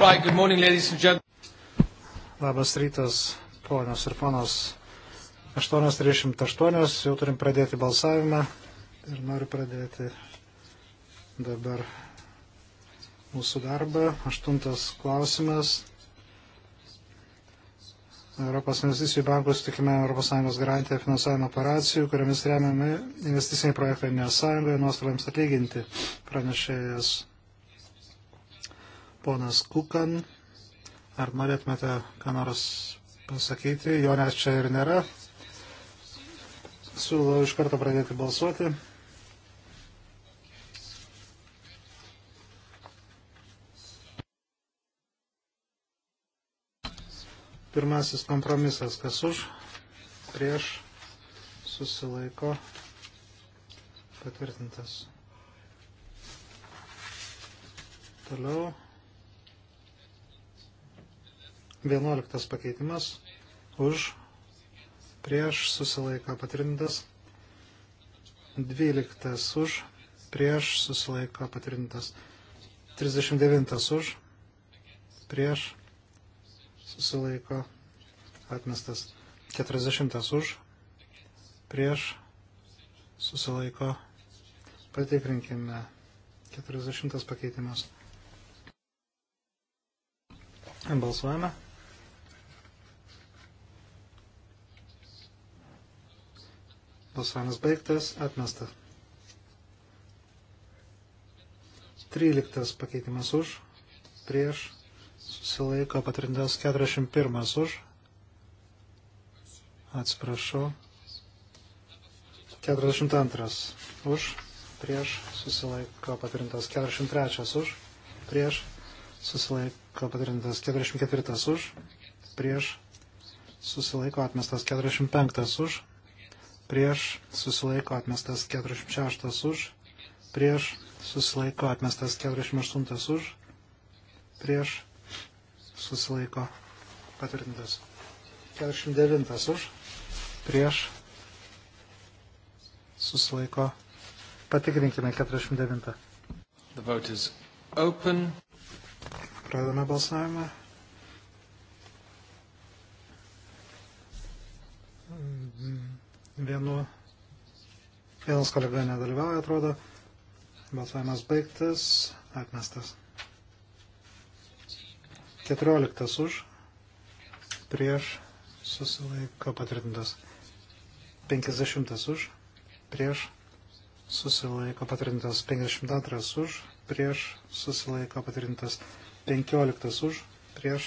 Right, good morning, ladies and gentlemen. Labas rytas, ponios ir ponos. 8.38, jau turim pradėti balsavimą ir noriu pradėti dabar mūsų darbą. Aštuntas klausimas. Europos investicijų bankų sutikime ES garantiją finansavimo operacijų, kuriamis remiami investiciniai projektai ne sąjungoje, nuostoliams atlyginti, pranešėjas Ponas Kukan, ar norėtumėte ką nors pasakyti? Jo nes čia ir nėra. Siūlau iš karto pradėti balsuoti. Pirmasis kompromisas, kas už, prieš, susilaiko, patvirtintas. Toliau. 11 pakeitimas už prieš susilaiko patvirtintas. 12 už prieš susilaiko patvirtintas. 39 už prieš susilaiko atmestas. 40 už prieš susilaiko patikrinkime. 40 pakeitimas. Balsuojame. Balsavimas baigtas, atmesta. 13 pakeitimas už, prieš, susilaiko patvirtintas 41 už, atsiprašau, 42 už, prieš, susilaiko patvirtintas 43 už, prieš, susilaiko patvirtintas 44 už, prieš, susilaiko atmestas 45 už, prieš susilaiko atmestas 46 už, prieš susilaiko atmestas 48 už, prieš susilaiko patvirtintas 49 už, prieš susilaiko. Patikrinkime 49. The vote is open. Pradame balsavimą. vienu, vienas kolega nedalyvauja, atrodo. Balsavimas baigtas, atmestas. 14 už, prieš, susilaiko patvirtintas. 50 už, prieš, susilaiko patvirtintas. 52 už, prieš, susilaiko patvirtintas. 15 už, prieš,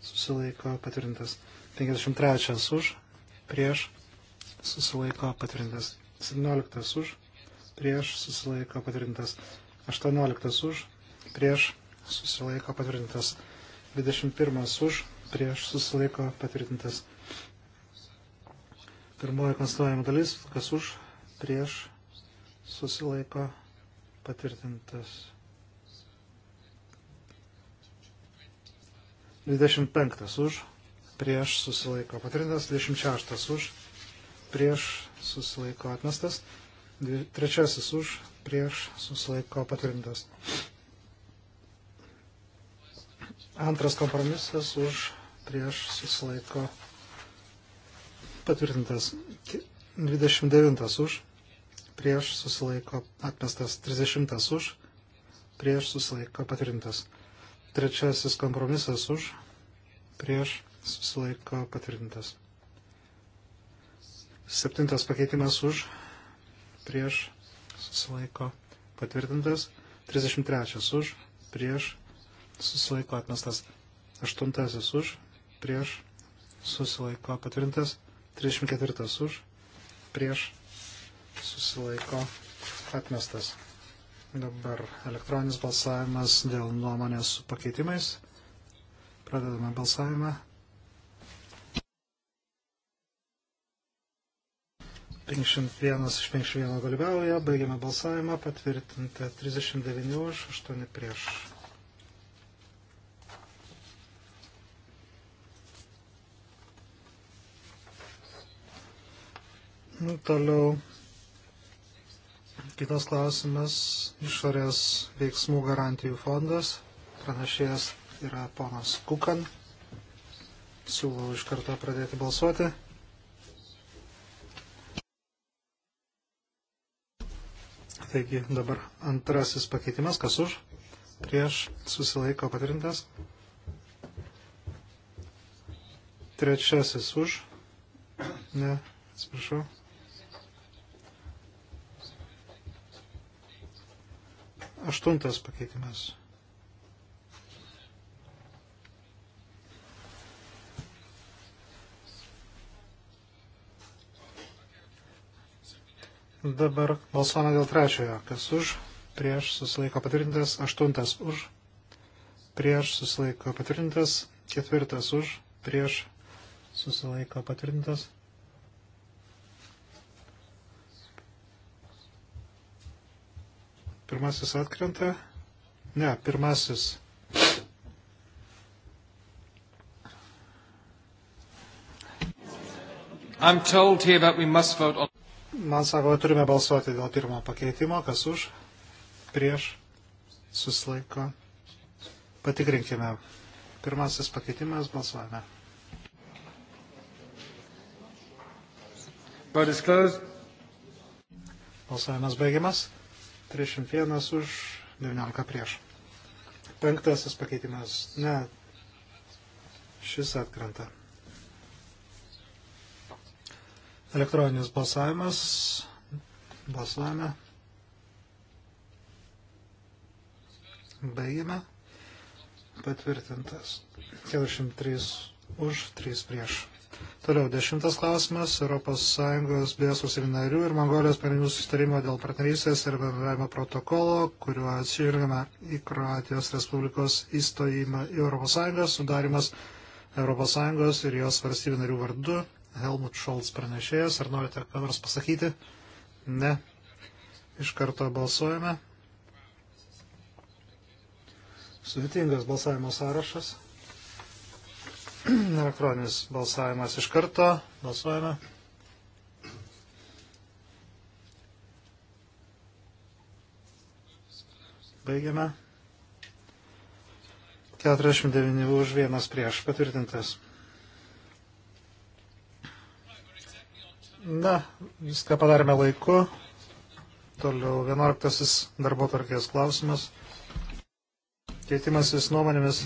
susilaiko patvirtintas. 53 už, prieš, susilaiko patvirtintas 17 už, prieš susilaiko patvirtintas 18 už, prieš susilaiko patvirtintas 21 už, prieš susilaiko patvirtintas. Pirmoji konstatuojama dalis, kas už, prieš susilaiko patvirtintas. 25 už, prieš susilaiko patvirtintas, 26 už prieš susilaiko atmestas, trečiasis už, prieš susilaiko patvirtintas. Antras kompromisas už, prieš susilaiko patvirtintas. 29 už, prieš susilaiko atmestas, 30 už, prieš susilaiko patvirtintas. Trečiasis kompromisas už, prieš susilaiko patvirtintas. Septintas pakeitimas už, prieš, susilaiko patvirtintas. 33 už, prieš, susilaiko atmestas. Aštuntasis už, prieš, susilaiko patvirtintas. 34 už, prieš, susilaiko atmestas. Dabar elektroninis balsavimas dėl nuomonės su pakeitimais. Pradedame balsavimą. 51 iš 51 dalyvauja, baigiame balsavimą, patvirtinta 39 už, 8 prieš. Nu, toliau kitas klausimas - išorės veiksmų garantijų fondas. Pranešėjas yra ponas Kukan. Siūlau iš karto pradėti balsuoti. Taigi dabar antrasis pakeitimas, kas už, prieš susilaiko patvirtintas. Trečiasis už, ne, atsiprašau. Aštuntas pakeitimas. Dabar balsuojame dėl trečiojo. Kas už, prieš susilaiko patvirtintas. Aštuntas už, prieš susilaiko patvirtintas. Ketvirtas už, prieš susilaiko patvirtintas. Pirmasis atkrenta. Ne, pirmasis. I'm told here that we must vote on Man sako, turime balsuoti dėl pirmo pakeitimo, kas už, prieš, susilaiko. Patikrinkime. Pirmasis pakeitimas, balsuojame. Balsavimas baigiamas. 31 už, 19 prieš. Penktasis pakeitimas. Ne. Šis atkrenta. Elektroninis balsavimas. Balsuojame. Baigime. Patvirtintas. 43 už, 3 prieš. Toliau, dešimtas klausimas. ES bei susirinarių ir Mongolijos sprendimų sustarimo dėl partnerystės ir bendravimo protokolo, kuriuo atsižvelgiame į Kroatijos Respublikos įstojimą į ES, sudarimas ES ir jos valstybių narių vardu Helmut Scholz pranešėjas. Ar norite ką nors pasakyti? Ne. Iš karto balsuojame. Sudėtingas balsavimo sąrašas. Elektroninis balsavimas iš karto. Balsuojame. Baigiame. 49 už vienas prieš patvirtintas. Na, viską padarėme laiku. Toliau 11 darbo tvarkės klausimas. Keitimasis nuomonėmis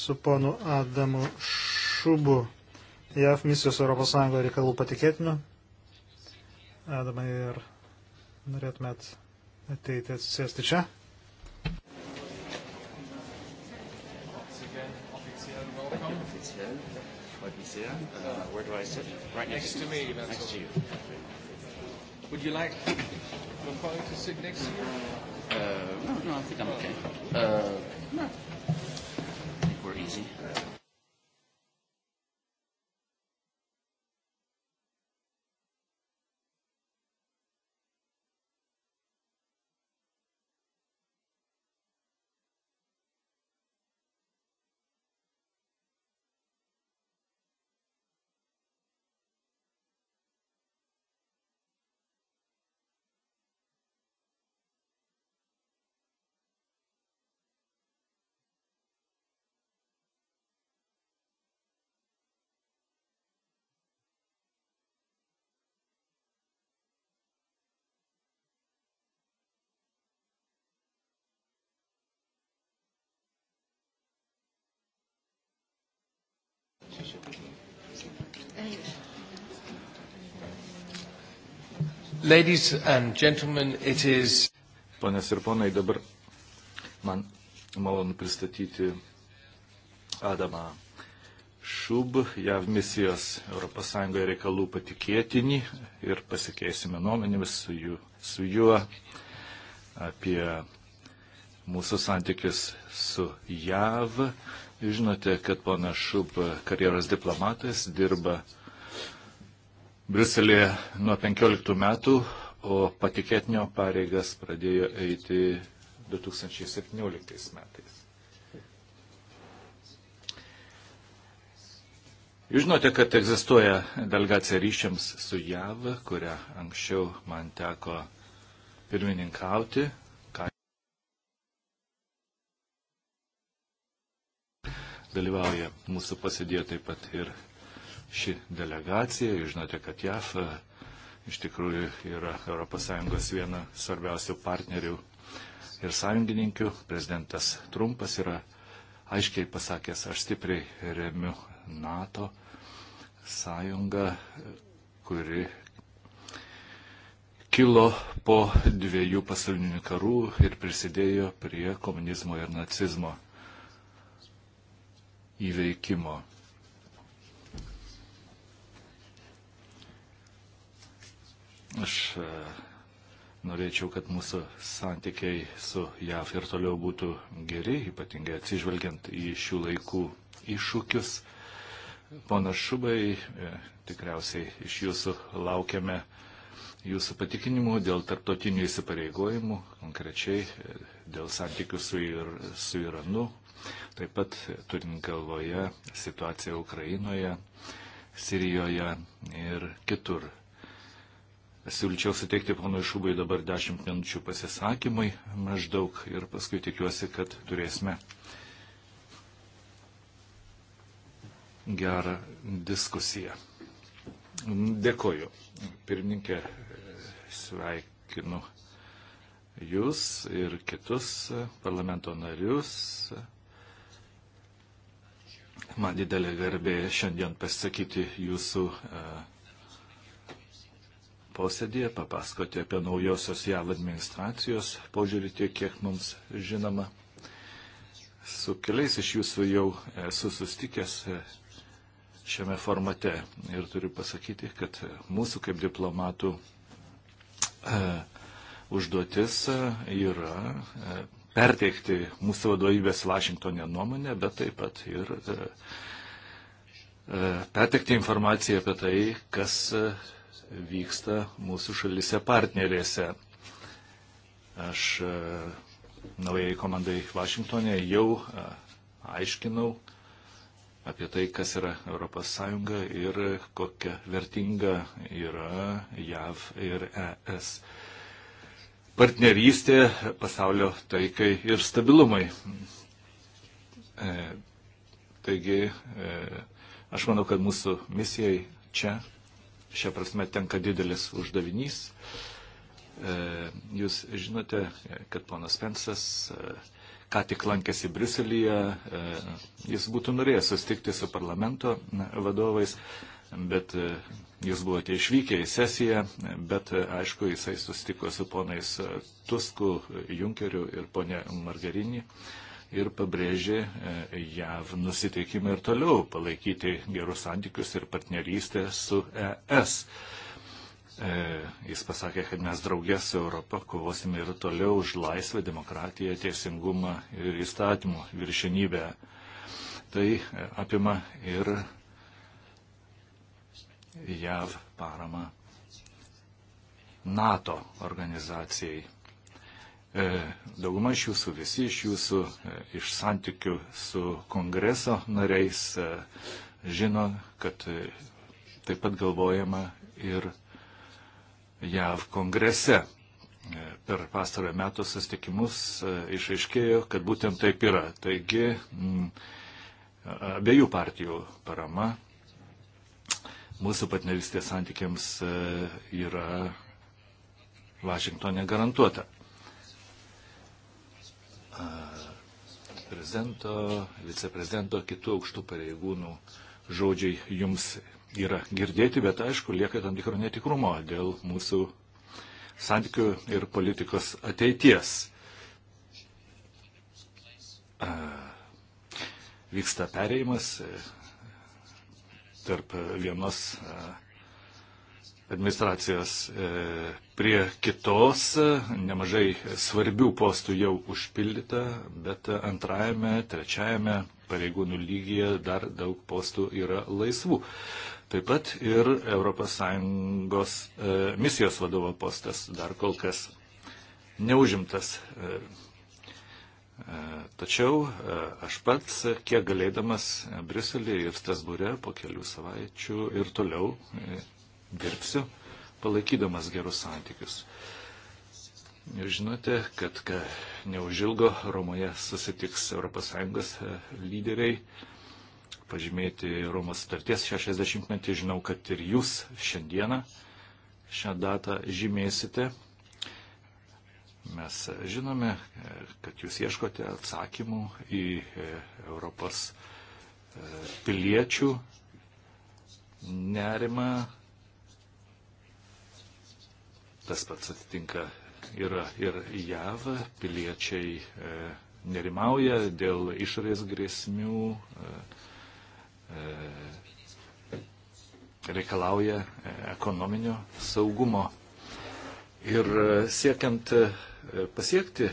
su ponu Adamu Šubu, JAF misijos ES reikalų patikėtiniu. Adamai, ir norėtumėt ateiti atsisėsti čia? see that? Uh, where do I sit? Right next, next to me. That's next to you. Would you like your colleague to sit next to you? Uh, no, no, I think I'm okay. Uh, no. I think we're easy. Uh, Ladies and gentlemen, it is. Ponės ir ponai, dabar man malonu pristatyti Adamą Šub, JAV misijos ES reikalų patikėtinį ir pasikeisime nuomenėmis su, ju, su juo apie mūsų santykius su JAV. Žinote, kad ponas Šub karjeros diplomatas dirba Briuselėje nuo 15 metų, o patikėtinio pareigas pradėjo eiti 2017 metais. Jūs žinote, kad egzistuoja delegacija ryšiams su JAV, kurią anksčiau man teko pirmininkauti. Dalyvauja mūsų pasidėjo taip pat ir ši delegacija. Žinote, kad JAF e, iš tikrųjų yra ES viena svarbiausių partnerių ir sąjungininkių. Prezidentas Trumpas yra aiškiai pasakęs, aš stipriai remiu NATO sąjungą, kuri kilo po dviejų pasaulinių karų ir prisidėjo prie komunizmo ir nacizmo įveikimo. Aš e, norėčiau, kad mūsų santykiai su JAF ir toliau būtų geri, ypatingai atsižvelgiant į šių laikų iššūkius. Ponas Šubai, e, tikriausiai iš jūsų laukiame jūsų patikinimų dėl tarptautinių įsipareigojimų, konkrečiai e, dėl santykių su, ir, su Iranu, taip pat turint galvoje situaciją Ukrainoje, Sirijoje ir kitur. Siūlyčiau suteikti ponui Šubai dabar 10 minučių pasisakymai maždaug ir paskui tikiuosi, kad turėsime gerą diskusiją. Dėkoju. Pirmininkė, sveikinu Jūs ir kitus parlamento narius. Man didelė garbė šiandien pasakyti Jūsų uh, posėdėje, papasakoti apie naujosios JAV administracijos požiūrį tiek, kiek mums žinoma. Su keliais iš jūsų jau esu sustikęs e, šiame formate ir turiu pasakyti, kad mūsų kaip diplomatų e, užduotis e, yra e, perteikti mūsų vadovybės Vašingtonė nuomonę, bet taip pat ir e, e perteikti informaciją apie tai, kas vyksta mūsų šalise partnerėse. Aš e, naujai komandai Vašingtonė jau e, aiškinau apie tai, kas yra ES ir kokia vertinga yra JAV ir ES partnerystė pasaulio taikai ir stabilumai. E, taigi, e, aš manau, kad mūsų misijai čia Šia prasme tenka didelis uždavinys. E, jūs žinote, kad ponas Pensas e, ką tik lankėsi Briuselyje, e, jis būtų norėjęs sustikti su parlamento vadovais, bet jūs buvote išvykę į sesiją, bet aišku, jisai sustiko su ponais Tusku, Junkeriu ir ponė Margarinį ir pabrėžė e, JAV nusiteikimą ir toliau palaikyti gerus santykius ir partnerystę su ES. E, jis pasakė, kad mes draugės su Europą kovosime ir toliau už laisvę, demokratiją, teisingumą ir įstatymų viršenybę. Tai e, apima ir JAV paramą NATO organizacijai. E, dauguma iš jūsų, visi iš jūsų e, iš santykių su kongreso nariais e, žino, kad taip pat galvojama ir JAV kongrese. Per pastarąją metų sustikimus išaiškėjo, kad būtent taip yra. Taigi abiejų partijų parama mūsų partneristės santykiams yra Vašingtonė garantuota prezidento, viceprezidento, kitų aukštų pareigūnų žodžiai jums yra girdėti, bet aišku, lieka tam tikro netikrumo dėl mūsų santykių ir politikos ateities. A, vyksta pereimas e, tarp vienos a, administracijos e, prie kitos. E, nemažai svarbių postų jau užpildyta, bet antrajame, trečiajame pareigūnų lygyje dar daug postų yra laisvų. Taip pat ir ES e, misijos vadovo postas dar kol kas neužimtas. Tačiau aš pats, kiek galėdamas Briuselėje ir Strasbūre po kelių savaičių ir toliau dirbsiu, palaikydamas gerus santykius. Ir žinote, kad neužilgo Romoje susitiks ES e, lyderiai, pažymėti Romos starties 60-metį. Žinau, kad ir jūs šiandieną šią datą žymėsite. Mes žinome, e, kad jūs ieškote atsakymų į e, Europos piliečių nerimą Tas pats atitinka ir, ir JAV piliečiai e, nerimauja dėl išorės grėsmių, e, e reikalauja e, ekonominio saugumo. Ir e, siekiant pasiekti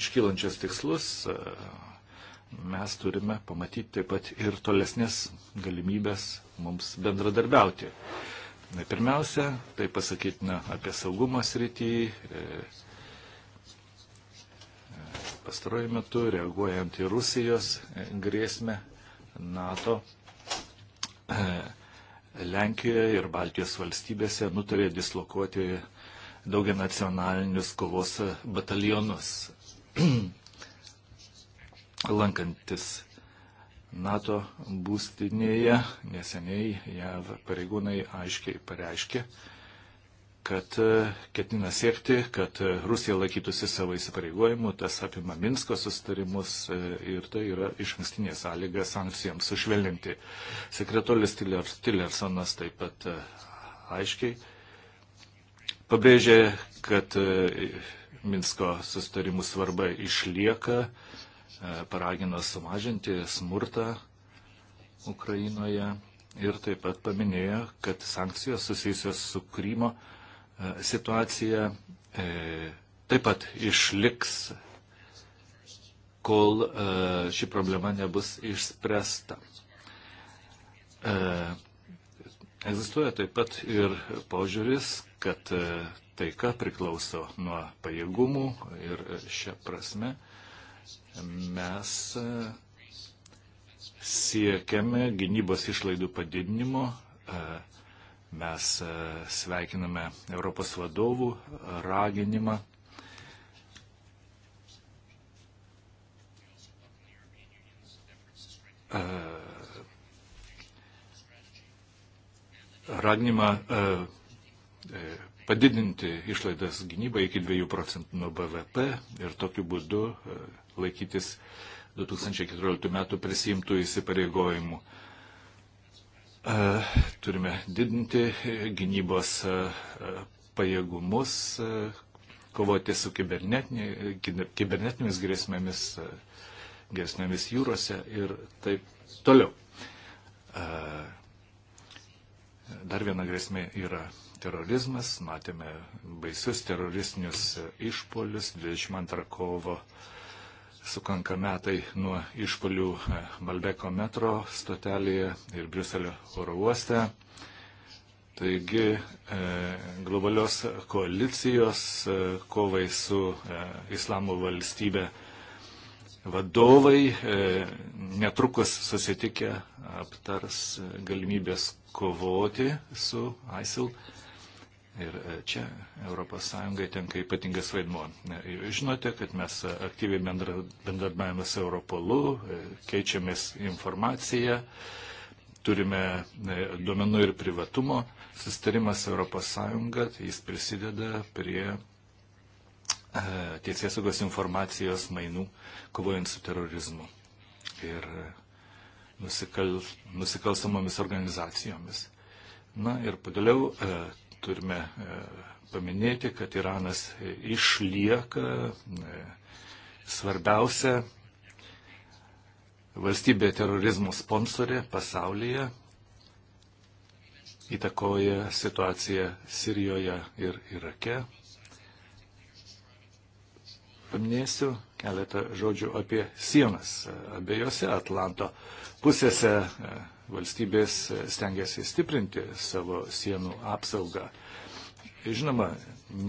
iškylančius tikslus, mes turime pamatyti taip pat ir tolesnės galimybės mums bendradarbiauti. Pirmiausia, tai pasakytina apie saugumo srity. E, e, pastaruoju metu, reaguojant į Rusijos e, grėsmę NATO, Lenkijoje ir Baltijos valstybėse nutarė dislokuoti daugia nacionalinius kovos batalionus. Lankantis NATO būstinėje neseniai JAV pareigūnai aiškiai pareiškė, kad e, ketina siekti, kad e, Rusija laikytųsi savo įsipareigojimų, tas apima Minsko sustarimus e, ir tai yra iš ankstinė sąlyga sankcijams sušvelninti. Sekretorius Tillersonas taip pat aiškiai pabrėžė, kad Minsko sustarimų svarba išlieka E, paragino sumažinti smurtą Ukrainoje ir taip pat paminėjo, kad sankcijos susijusios su Krymo e, situacija e, taip pat išliks, kol ši problema nebus išspręsta. Egzistuoja taip pat ir požiūris, kad taika priklauso nuo pajėgumų ir šią prasme mes e, siekiame gynybos išlaidų padidinimo, e, mes e, sveikiname Europos vadovų raginimą. Raginimą padidinti išlaidas gynybai iki 2 procentų nuo BVP ir tokiu būdu laikytis 2014 metų prisimtų įsipareigojimų. E, turime didinti gynybos e, pajėgumus, e, kovoti su kibernetinė, kibernetinėmis grėsmėmis, grėsmėmis jūrose ir taip toliau. Dar viena grėsmė yra terorizmas. Matėme baisius teroristinius išpolius 22 kovo uh, sukanka metai nuo išpolių e, Malbeko metro stotelėje ir Briuselio oro uoste. Taigi e, globalios koalicijos e, kovai su Islamo valstybė vadovai netrukus susitikę aptars galimybės kovoti su ISIL Ir e, čia ES tenka ypatingas vaidmuo. E, žinote, kad mes e, aktyviai bendradarbiavame su Europolu, keičiamės informaciją, turime duomenų ir privatumo. Sustarimas ES, tai jis prisideda prie teisėsaugos informacijos mainų kovojant su terorizmu ir nusikal, nusikalstamomis organizacijomis. Na ir pagaliau turime e, paminėti, kad Iranas išlieka e, svarbiausia valstybė terorizmo sponsorė pasaulyje, įtakoja situaciją Sirijoje ir Irake. Paminėsiu keletą žodžių apie sienas abiejose Atlanto pusėse e, valstybės e, stengiasi stiprinti savo sienų apsaugą. Žinoma,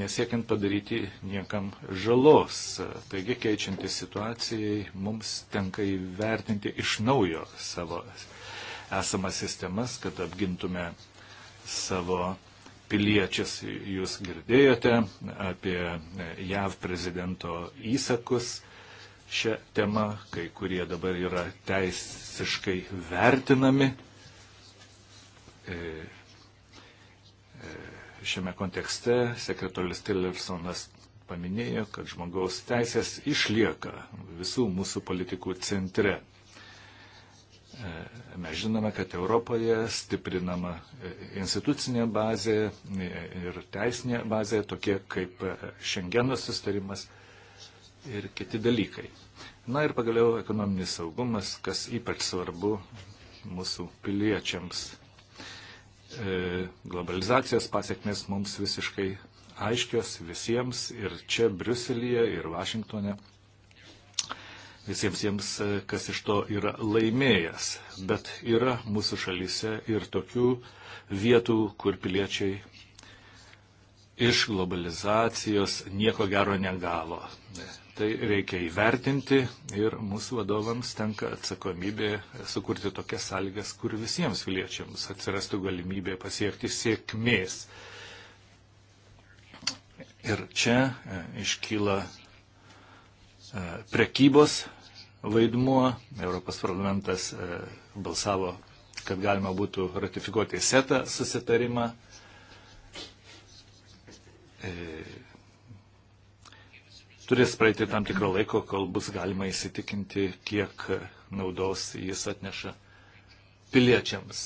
nesiekiant padaryti niekam žalos. E, taigi, keičiantis situacijai, mums tenka įvertinti iš naujo savo esamas sistemas, kad apgintume savo piliečius. Jūs girdėjote apie e, JAV prezidento įsakus šią temą, kai kurie dabar yra teisiškai vertinami. E, e, šiame kontekste sekretorius Tillersonas paminėjo, kad žmogaus teisės išlieka visų mūsų politikų centre. E, mes žinome, kad Europoje stiprinama e, institucinė bazė e, ir teisinė bazė, tokie kaip Šengeno sustarimas ir kiti dalykai. Na ir pagaliau ekonominis saugumas, kas ypač svarbu mūsų piliečiams. E, globalizacijos pasiekmes mums visiškai aiškios visiems ir čia Briuselyje ir Vašingtone. Visiems jiems, e, kas iš to yra laimėjęs. Bet yra mūsų šalyse ir tokių vietų, kur piliečiai iš globalizacijos nieko gero negavo. Tai reikia įvertinti ir mūsų vadovams tenka atsakomybė sukurti tokias sąlygas, kur visiems piliečiams atsirastų galimybė pasiekti sėkmės. Ir čia e, iškyla e, prekybos vaidmuo. Europos parlamentas e, balsavo, kad galima būtų ratifikuoti setą susitarimą. Turės praeiti tam tikrą laiko, kol bus galima įsitikinti, kiek naudos jis atneša piliečiams.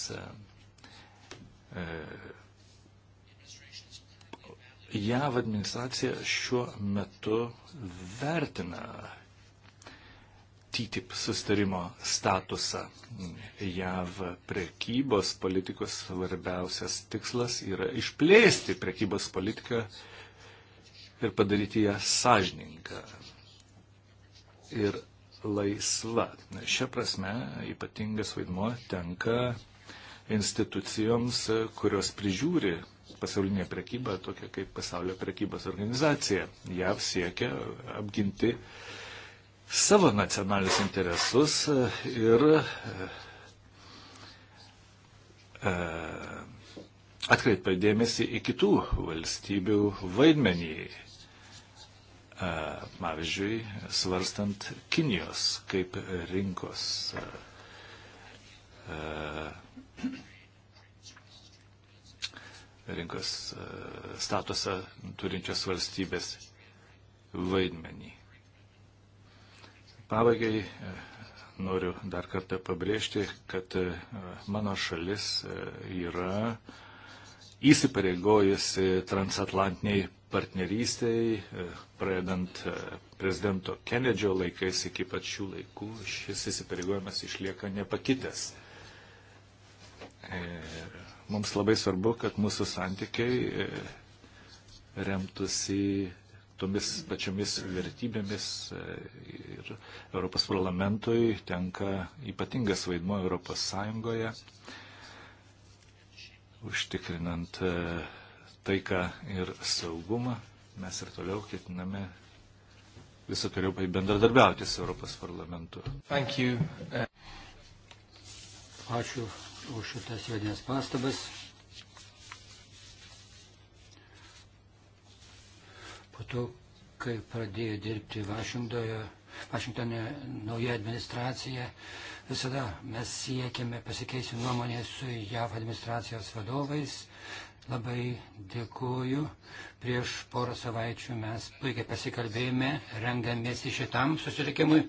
JAV administracija šiuo metu vertina TTIP sustarimo statusą. JAV prekybos politikos svarbiausias tikslas yra išplėsti prekybos politiką ir padaryti ją sąžiningą ir laisva. Šia prasme ypatingas vaidmuo tenka institucijoms, kurios prižiūri pasaulinė prekyba, tokia kaip pasaulio prekybos organizacija. JAV siekia apginti savo nacionalinius interesus ir e, e, atkreipia dėmesį į kitų valstybių vaidmenį E, pavyzdžiui, svarstant Kinijos kaip rinkos e, e, rinkos statusą turinčios valstybės vaidmenį. Pabaigai noriu dar kartą pabrėžti, kad mano šalis yra įsipareigojusi transatlantiniai partnerystiai, e, pradedant e, prezidento Kenedžio laikais iki pačių laikų, šis įsipareigojimas išlieka nepakitęs. Mums labai svarbu, kad mūsų santykiai e, remtųsi tomis pačiomis vertybėmis ir Europos parlamentui tenka ypatingas vaidmuo Europos Sąjungoje, užtikrinant uh, taiką ir saugumą, mes ir toliau ketiname visą toliau bendradarbiauti su Europos parlamentu. Ačiū už šitas vedinės pastabas. Po to, kai pradėjo dirbti Vašingtonė nauja administracija, visada mes siekėme pasikeisti nuomonės su JAV administracijos vadovais, Labai dėkuoju. Prieš porą savaičių mes puikiai pasikalbėjome, rengiamėsi šitam susitikimui.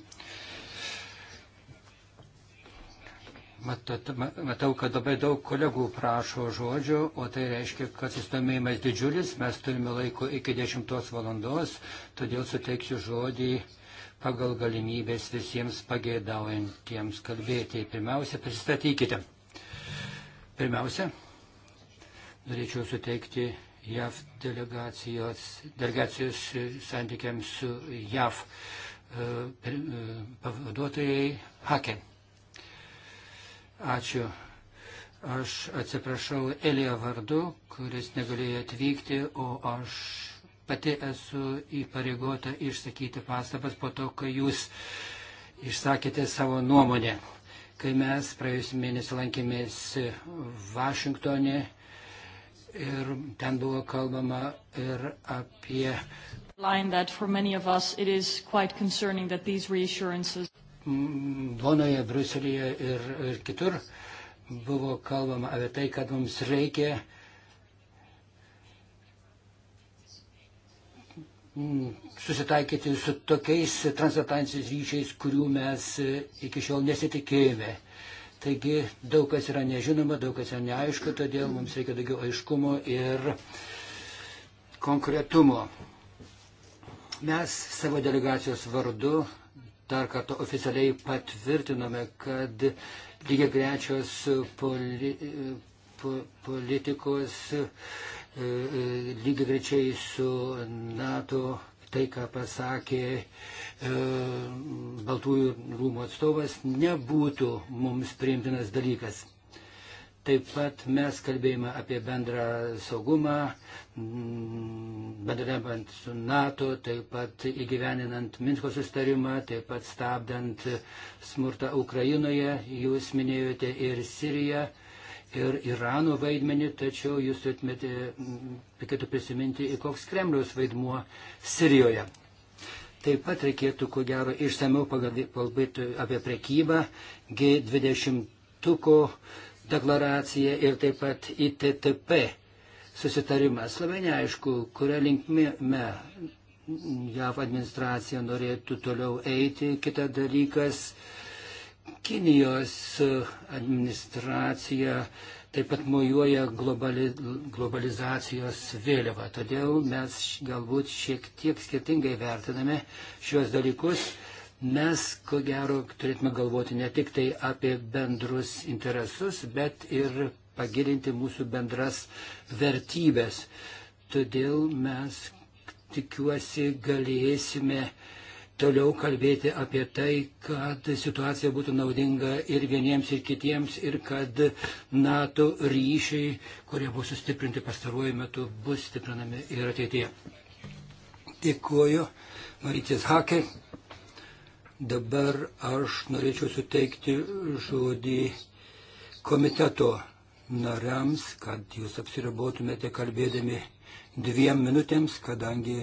Matau, kad labai daug kolegų prašo žodžio, o tai reiškia, kad sustomėjimas didžiulis, mes turime laiko iki 10 valandos, todėl suteiksiu žodį pagal galimybės visiems pageidaujantiems kalbėti. Pirmiausia, pristatykite. Pirmiausia, norėčiau suteikti JAV delegacijos, delegacijos santykiams su JAV e, e, pavaduotojai Hakė. Ačiū. Aš atsiprašau Elio vardu, kuris negalėjo atvykti, o aš pati esu įpareigota išsakyti pastabas po to, kai jūs išsakėte savo nuomonę. Kai mes praėjusį mėnesį lankėmės Vašingtonė, ir ten buvo kalbama ir apie. Bonoje, mm, Bruselėje ir, ir kitur buvo kalbama apie tai, kad mums reikia susitaikyti su tokiais transatlantiniais ryšiais, kurių mes iki šiol nesitikėjome. Taigi daug kas yra nežinoma, daug kas yra neaišku, todėl mums reikia daugiau aiškumo ir konkretumo. Mes savo delegacijos vardu dar kartą oficialiai patvirtinome, kad lygiai grečios poli, po, politikos e, e, lygiai grečiai su NATO tai, ką pasakė E, Baltųjų rūmų atstovas nebūtų mums priimtinas dalykas. Taip pat mes kalbėjome apie bendrą saugumą, mm, bendradarbiant su NATO, taip pat įgyveninant Minsko sustarimą, taip pat stabdant smurtą Ukrainoje, jūs minėjote ir Siriją, ir Irano vaidmenį, tačiau jūs turėtumėte, mm, reikėtų prisiminti, koks Kremliaus vaidmuo Sirijoje. Taip pat reikėtų, ko gero, išsameu kalbėti apie prekybą, G20 deklaraciją ir taip pat ITTP susitarimas. Labai neaišku, kuria linkme JAV administracija norėtų toliau eiti. Kita dalykas, Kinijos administracija taip pat mojuoja globali, globalizacijos vėliava. Todėl mes galbūt šiek tiek skirtingai vertiname šios dalykus. Mes, ko gero, turėtume galvoti ne tik tai apie bendrus interesus, bet ir pagilinti mūsų bendras vertybės. Todėl mes, tikiuosi, galėsime uh, toliau kalbėti apie tai, kad situacija būtų naudinga ir vieniems, ir kitiems, ir kad NATO ryšiai, kurie buvo sustiprinti pastaruoju metu, bus stiprinami ir ateityje. Dėkuoju, Marytis Hakė. Dabar aš norėčiau suteikti žodį komiteto nariams, kad jūs apsiribotumėte kalbėdami dviem minutėms, kadangi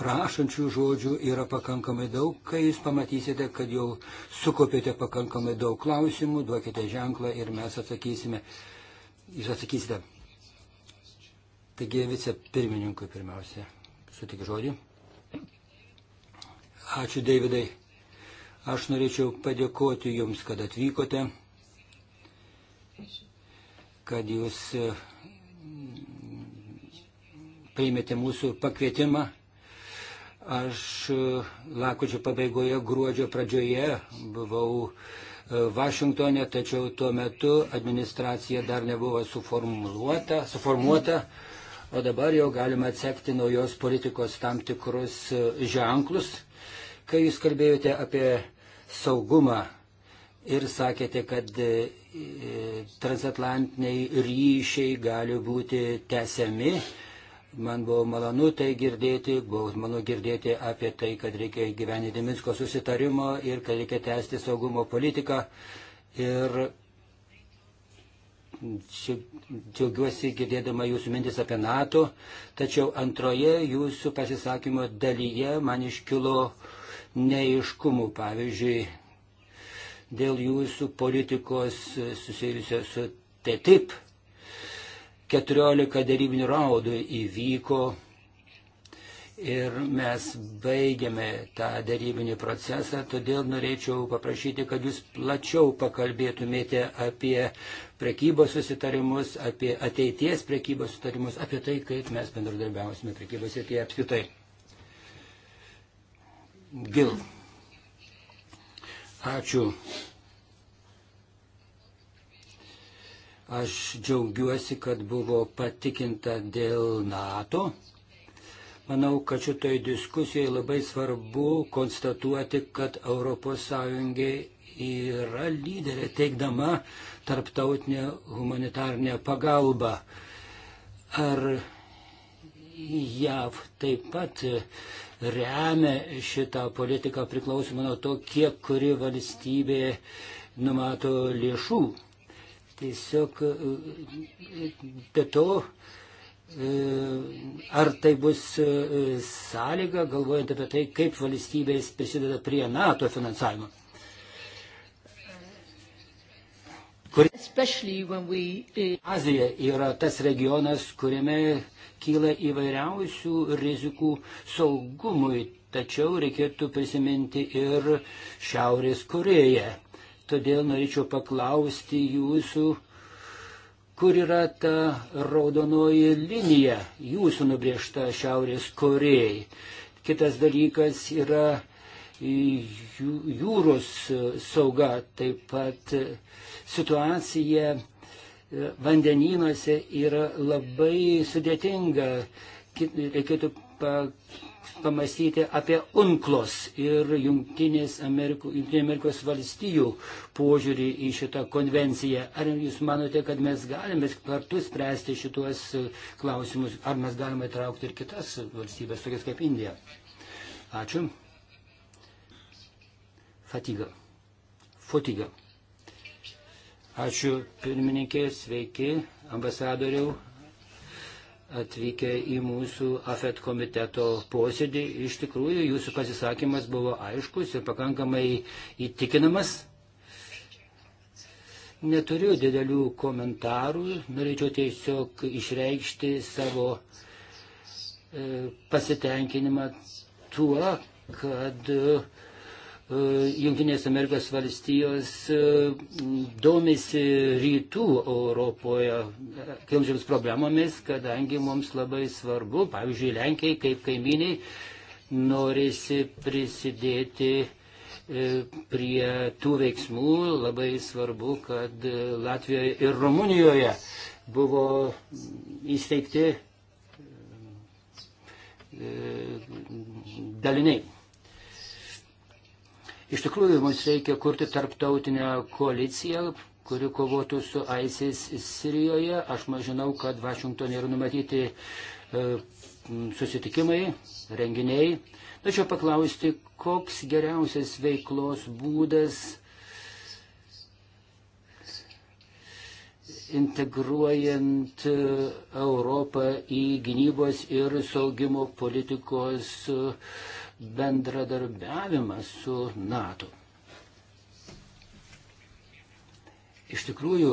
prašančių žodžių yra pakankamai daug. Kai jūs pamatysite, kad jau sukopėte pakankamai daug klausimų, duokite ženklą ir mes atsakysime. Jūs atsakysite. Taigi vicepirmininkui pirmiausia sutik žodį. Ačiū, Davidai. Aš norėčiau padėkoti Jums, kad atvykote, kad Jūs mm, priimėte mūsų pakvietimą Aš e, lakučio pabaigoje, gruodžio pradžioje buvau e, Vašingtonė, tačiau tuo metu administracija dar nebuvo suformuota, suformuota, o dabar jau galima atsekti naujos politikos tam tikrus e, ženklus. Kai jūs kalbėjote apie saugumą ir sakėte, kad transatlantiniai ryšiai gali būti tęsiami, Man buvo malonu tai girdėti, buvo malonu girdėti apie tai, kad reikia gyveninti Minsko susitarimo ir kad reikia tęsti saugumo politiką. Ir džiaugiuosi girdėdama jūsų mintis apie NATO, tačiau antroje jūsų pasisakymo dalyje man iškilo neiškumų, pavyzdžiui, dėl jūsų politikos susijusios su TTIP. Tai 14 darybinių raudų įvyko ir mes baigėme tą darybinį procesą, todėl norėčiau paprašyti, kad jūs plačiau pakalbėtumėte apie prekybos susitarimus, apie ateities prekybos susitarimus, apie tai, kaip mes bendradarbiausime prekybos ir tie apskritai. Gil. Ačiū Aš džiaugiuosi, kad buvo patikinta dėl NATO. Manau, kad šitoj diskusijoje labai svarbu konstatuoti, kad ES yra lyderė teikdama tarptautinę humanitarnę pagalbą. Ar JAV taip pat remia šitą politiką priklausomą nuo to, kiek kuri valstybė numato lėšų Tiesiog e, be to, e, ar tai bus e, sąlyga, galvojant apie tai, kaip valstybės prisideda prie NATO finansavimo. Kur... We... Azija yra tas regionas, kuriame kyla įvairiausių rizikų saugumui, tačiau reikėtų prisiminti ir Šiaurės Koreją. Todėl norėčiau paklausti jūsų, kur yra ta raudonoji linija jūsų nubriežta Šiaurės Korejai. Kitas dalykas yra jūros sauga, taip pat situacija e, vandenynuose yra labai sudėtinga. Reikėtų pa pamastyti apie UNCLOS ir Junktinės Amerikos, Junktinė Amerikos valstijų požiūrį į šitą konvenciją. Ar jūs manote, kad mes galime kartu spręsti šituos klausimus, ar mes galime įtraukti ir kitas valstybės, tokias kaip Indija? Ačiū. Fatiga. Fatiga. Ačiū pirmininkė, sveiki, ambasadoriau, atvykę į mūsų AFET komiteto posėdį. Iš tikrųjų, jūsų pasisakymas buvo aiškus ir pakankamai įtikinamas. Neturiu didelių komentarų, norėčiau tiesiog išreikšti savo e, pasitenkinimą tuo, kad e, E, Junktinės Amerikos valstijos e, domisi rytų Europoje e, kilžiams problemomis, kadangi mums labai svarbu, pavyzdžiui, Lenkiai kaip kaiminiai norisi prisidėti prie tų veiksmų. Labai svarbu, kad Latvijoje ir Rumunijoje buvo įsteigti daliniai. Iš tikrųjų, mums reikia kurti tarptautinę koaliciją, kuri kovotų su ISIS Sirijoje. Aš žinau, kad Vašingtonė yra numatyti e, susitikimai, renginiai. Tačiau paklausti, koks geriausias veiklos būdas integruojant e, Europą į gynybos ir saugimo politikos uh, bendradarbiavimą su NATO. Iš tikrųjų,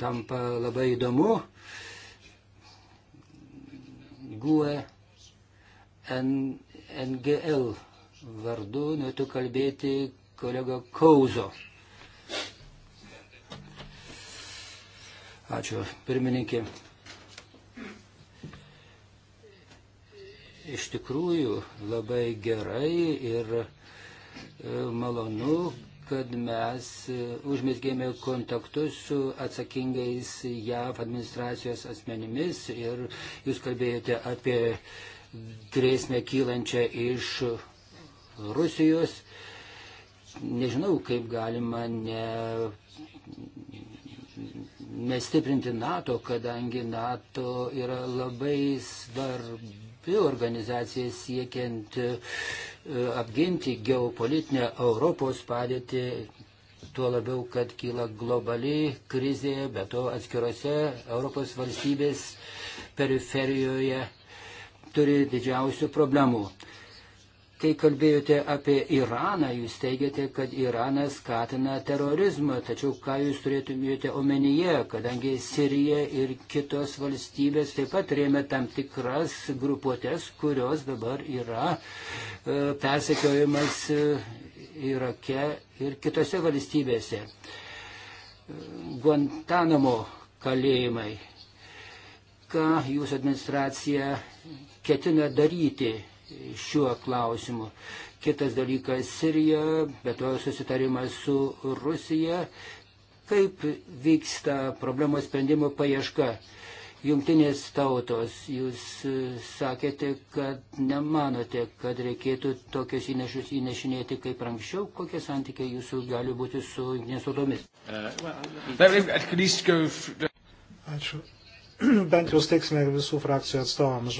tampa labai įdomu. GUE NGL vardu norėtų kalbėti kolega Kauzo. Ačiū, pirmininkė. iš tikrųjų labai gerai ir e, malonu, kad mes e, užmėsgėme kontaktus su atsakingais JAV administracijos asmenimis ir jūs kalbėjote apie grėsmę kylančią iš Rusijos. Nežinau, kaip galima ne, nestiprinti NATO, kadangi NATO yra labai svarbi svarbi organizacija siekiant e, apginti geopolitinę Europos padėtį, tuo labiau, kad kyla globali krizė, bet to atskirose Europos valstybės periferijoje turi didžiausių problemų. Kai kalbėjote apie Iraną, jūs teigiate, kad Iranas skatina terorizmą, tačiau ką jūs turėtumėte omenyje, kadangi Sirija ir kitos valstybės taip pat rėmė tam tikras grupuotės, kurios dabar yra e, persekiojimas e, Irake ir kitose valstybėse. E, Guantanamo kalėjimai. Ką jūsų administracija ketina daryti šiuo klausimu. Kitas dalykas - Sirija, bet to susitarimas su Rusija. Kaip vyksta problemos sprendimo paieška? Jungtinės tautos, jūs e, sakėte, kad nemanote, kad reikėtų tokius įnešus įnešinėti kaip anksčiau. Kokie santykiai jūsų gali būti su jungtinės tautomis? Uh, Ačiū. bent jau steiksime visų frakcijų atstovams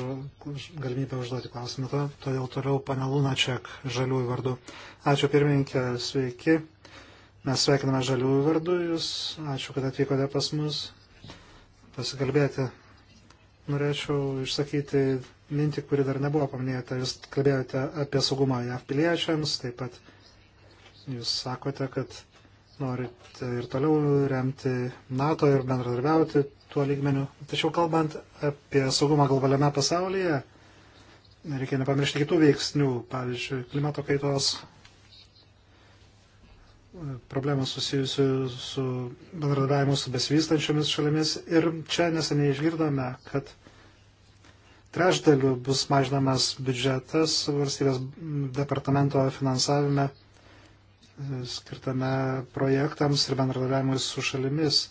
galimybę užduoti klausimą. Todėl toliau pana Lunačiak žaliųjų vardu. Ačiū pirmininkė, sveiki. Mes sveikiname žaliųjų vardu jūs. Ačiū, kad atvykote pas mus pasikalbėti. Norėčiau išsakyti mintį, kuri dar nebuvo paminėta. Jūs kalbėjote apie saugumą JAV piliečiams, taip pat jūs sakote, kad norite ir toliau remti NATO ir bendradarbiauti tuo lygmeniu. Tačiau kalbant apie saugumą globaliame pasaulyje, reikia nepamiršti kitų veiksnių, pavyzdžiui, klimato kaitos problemų susijusių su bendradavimu su besivystančiomis šalimis. Ir čia neseniai išgirdome, kad trešdaliu bus mažinamas biudžetas valstybės departamento finansavime e, skirtame projektams ir bendradavimui su šalimis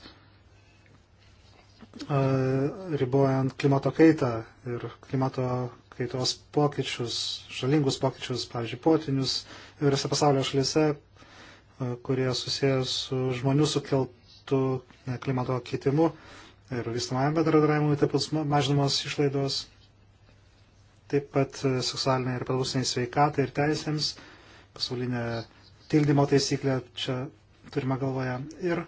ribojant klimato kaitą ir klimato kaitos pokyčius, žalingus pokyčius, pavyzdžiui, potinius įvairiose pasaulio šalyse, kurie susijęs su žmonių sukeltų klimato keitimu ir vystamajam bendradarbiavimui, taip pat mažinamos išlaidos, taip pat e, seksualiniai ir padusiniai sveikatai ir teisėms, pasaulinė tildymo taisyklė čia turime galvoje. Ir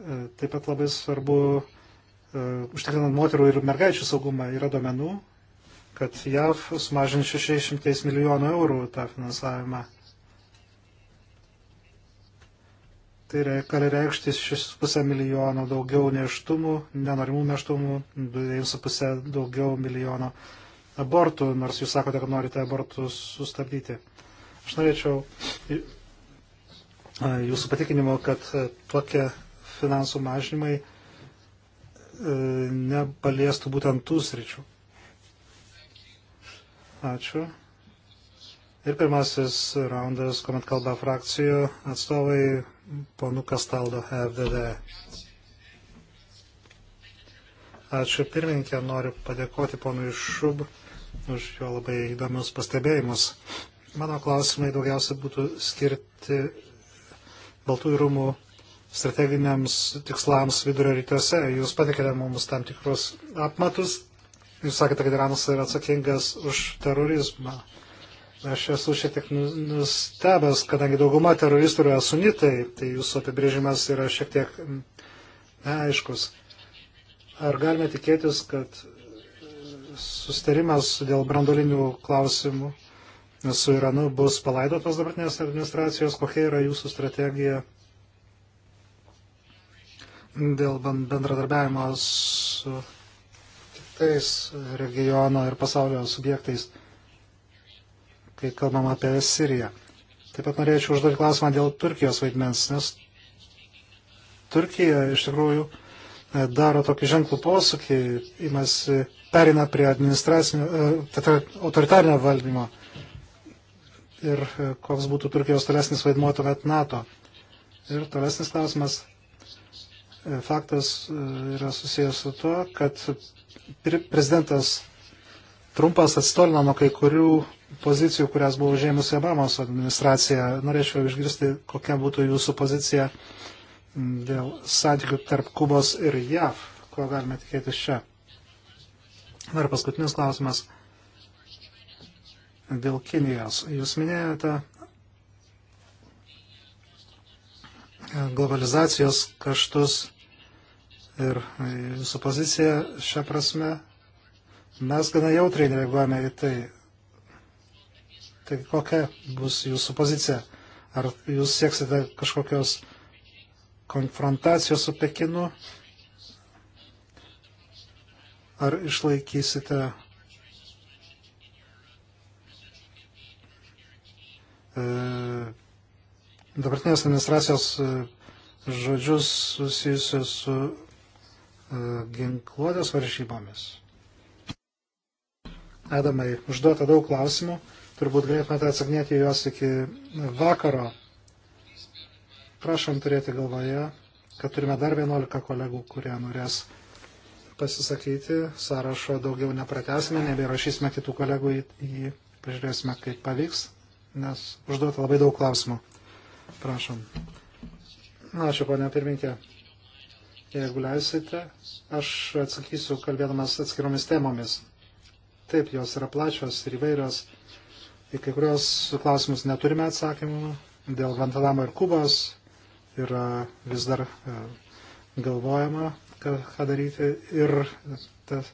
E, taip pat labai svarbu, e, užtikrinant moterų ir mergaičių saugumą, yra domenų, kad JAV sumažins 600 milijonų eurų tą finansavimą. Tai gali reikšti 6,5 milijono daugiau neštumų, nenorimų neštumų, 2,5 daugiau milijono abortų, nors jūs sakote, kad norite abortus sustabdyti. Aš norėčiau jūsų patikinimo, kad e, tokia finansų mažinimai e, nepaliestų būtent tų sričių. Ačiū. Ir pirmasis raundas, kuomet kalba frakcijų atstovai, ponu Kastaldo, FDD. Ačiū pirmininkė, noriu padėkoti ponui Šub už jo labai įdomius pastebėjimus. Mano klausimai daugiausia būtų skirti Baltųjų rūmų strateginiams tikslams vidurio rytuose. Jūs patikėte mums tam tikrus apmatus. Jūs sakėte, kad Iranas yra atsakingas už terorizmą. Aš esu šiek tiek nu- nustebęs, kadangi dauguma teroristų yra sunitai, tai jūsų apibrėžimas yra šiek tiek mm, neaiškus. Ar galime tikėtis, kad e, sustarimas dėl brandolinių klausimų su Iranu bus palaidotas dabartinės administracijos? Kokia yra jūsų strategija dėl bendradarbiavimo su kitais regiono ir pasaulio subjektais, kai kalbam apie Siriją. Taip pat norėčiau užduoti klausimą dėl Turkijos vaidmens, nes Turkija iš tikrųjų e, daro tokį ženklų posūkį, imasi, perina prie administracinio, tai autoritarinio valdymo. Ir e, koks būtų Turkijos tolesnis vaidmuo tuomet NATO. Ir tolesnis klausimas, E, faktas e, yra susijęs su tuo, kad prezidentas Trumpas atstolino nuo kai kurių pozicijų, kurias buvo užėmusi Obamos administracija. Norėčiau išgirsti, kokia būtų jūsų pozicija dėl santykių tarp Kubos ir JAV, ko galime tikėtis čia. Dar paskutinis klausimas dėl Kinijos. Jūs minėjote globalizacijos kaštus ir jūsų poziciją šią prasme. Mes gana jautriai reaguojame į tai. Tai kokia bus jūsų pozicija? Ar jūs sieksite kažkokios konfrontacijos su Pekinu? Ar išlaikysite dabartinės administracijos e, žodžius susijusius su e, ginkluotės varžybomis. Adamai, užduota daug klausimų, turbūt galėtumėte atsakinėti juos iki vakaro. Prašom turėti galvoje, kad turime dar 11 kolegų, kurie norės pasisakyti. Sąrašo daugiau nepratesime, nebėrašysime kitų kolegų į jį. Pažiūrėsime, kaip pavyks, nes užduota labai daug klausimų. Prašom. Ačiū, ponia pirminkė. Jeigu leisite, aš atsakysiu kalbėdamas atskiromis temomis. Taip, jos yra plačios ir įvairios. Į kai kurios klausimus neturime atsakymų. Dėl Vantalamo ir Kubos yra vis dar e, galvojama, ką daryti. Ir tas,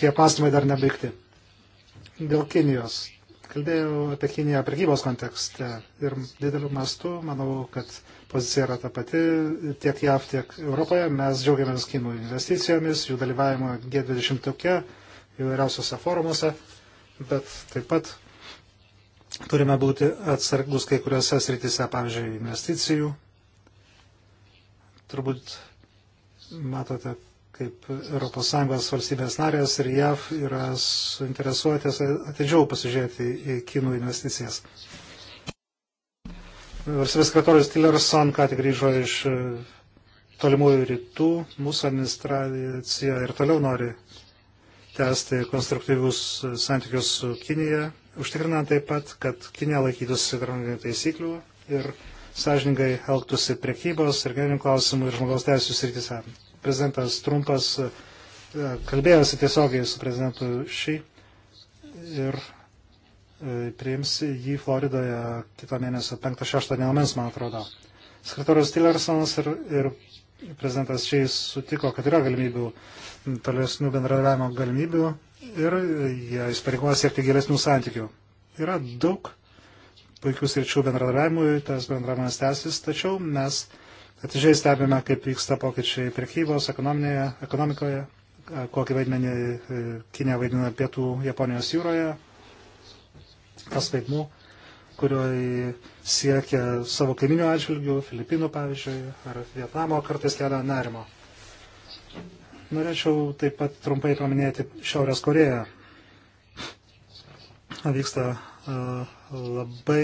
tie pastumai dar nebaigti. Dėl Kinijos Kalbėjau apie Kiniją prekybos kontekste ir dideliu mastu, manau, kad pozicija yra ta pati tiek JAV, tiek Europoje. Mes džiaugiamės Kinų investicijomis, jų dalyvavimo G20 tokia, įvairiausiose forumuose, bet taip pat turime būti atsargus kai kuriuose srityse, pavyzdžiui, investicijų. Turbūt matote, kaip ES valstybės narės ir JAV yra suinteresuotis atidžiau pasižiūrėti į kinų investicijas. Valstybės sekretorius Tillerson ką tik grįžo iš e, tolimųjų rytų. Mūsų administracija ir toliau nori tęsti konstruktyvius e, santykius su Kinija, užtikrinant taip pat, kad Kinija laikytųsi tarptautinių taisyklių ir sąžiningai elgtųsi priekybos ir gerinių klausimų ir žmogaus teisų srityse prezidentas Trumpas e, kalbėjosi tiesiogiai su prezidentu šį ir e, priims jį Floridoje kito mėnesio 5-6 dienomis, man atrodo. Sekretorius Tillersonas ir, ir prezidentas Šiais sutiko, kad yra galimybių, tolesnių bendradavimo galimybių ir jie įsipareigoja siekti gilesnių santykių. Yra daug puikių sričių bendradavimui, tas bendradavimas tęsis, tačiau mes Atidžiai stebime, kaip vyksta pokyčiai prekybos, ekonomikoje, kokį vaidmenį e, Kinė vaidina pietų Japonijos jūroje, tas vaidmuo, kurio siekia savo kaiminių atžvilgių, Filipinų pavyzdžiui, ar Vietnamo kartais kelia nerimo. Norėčiau taip pat trumpai paminėti Šiaurės Koreją. Vyksta labai,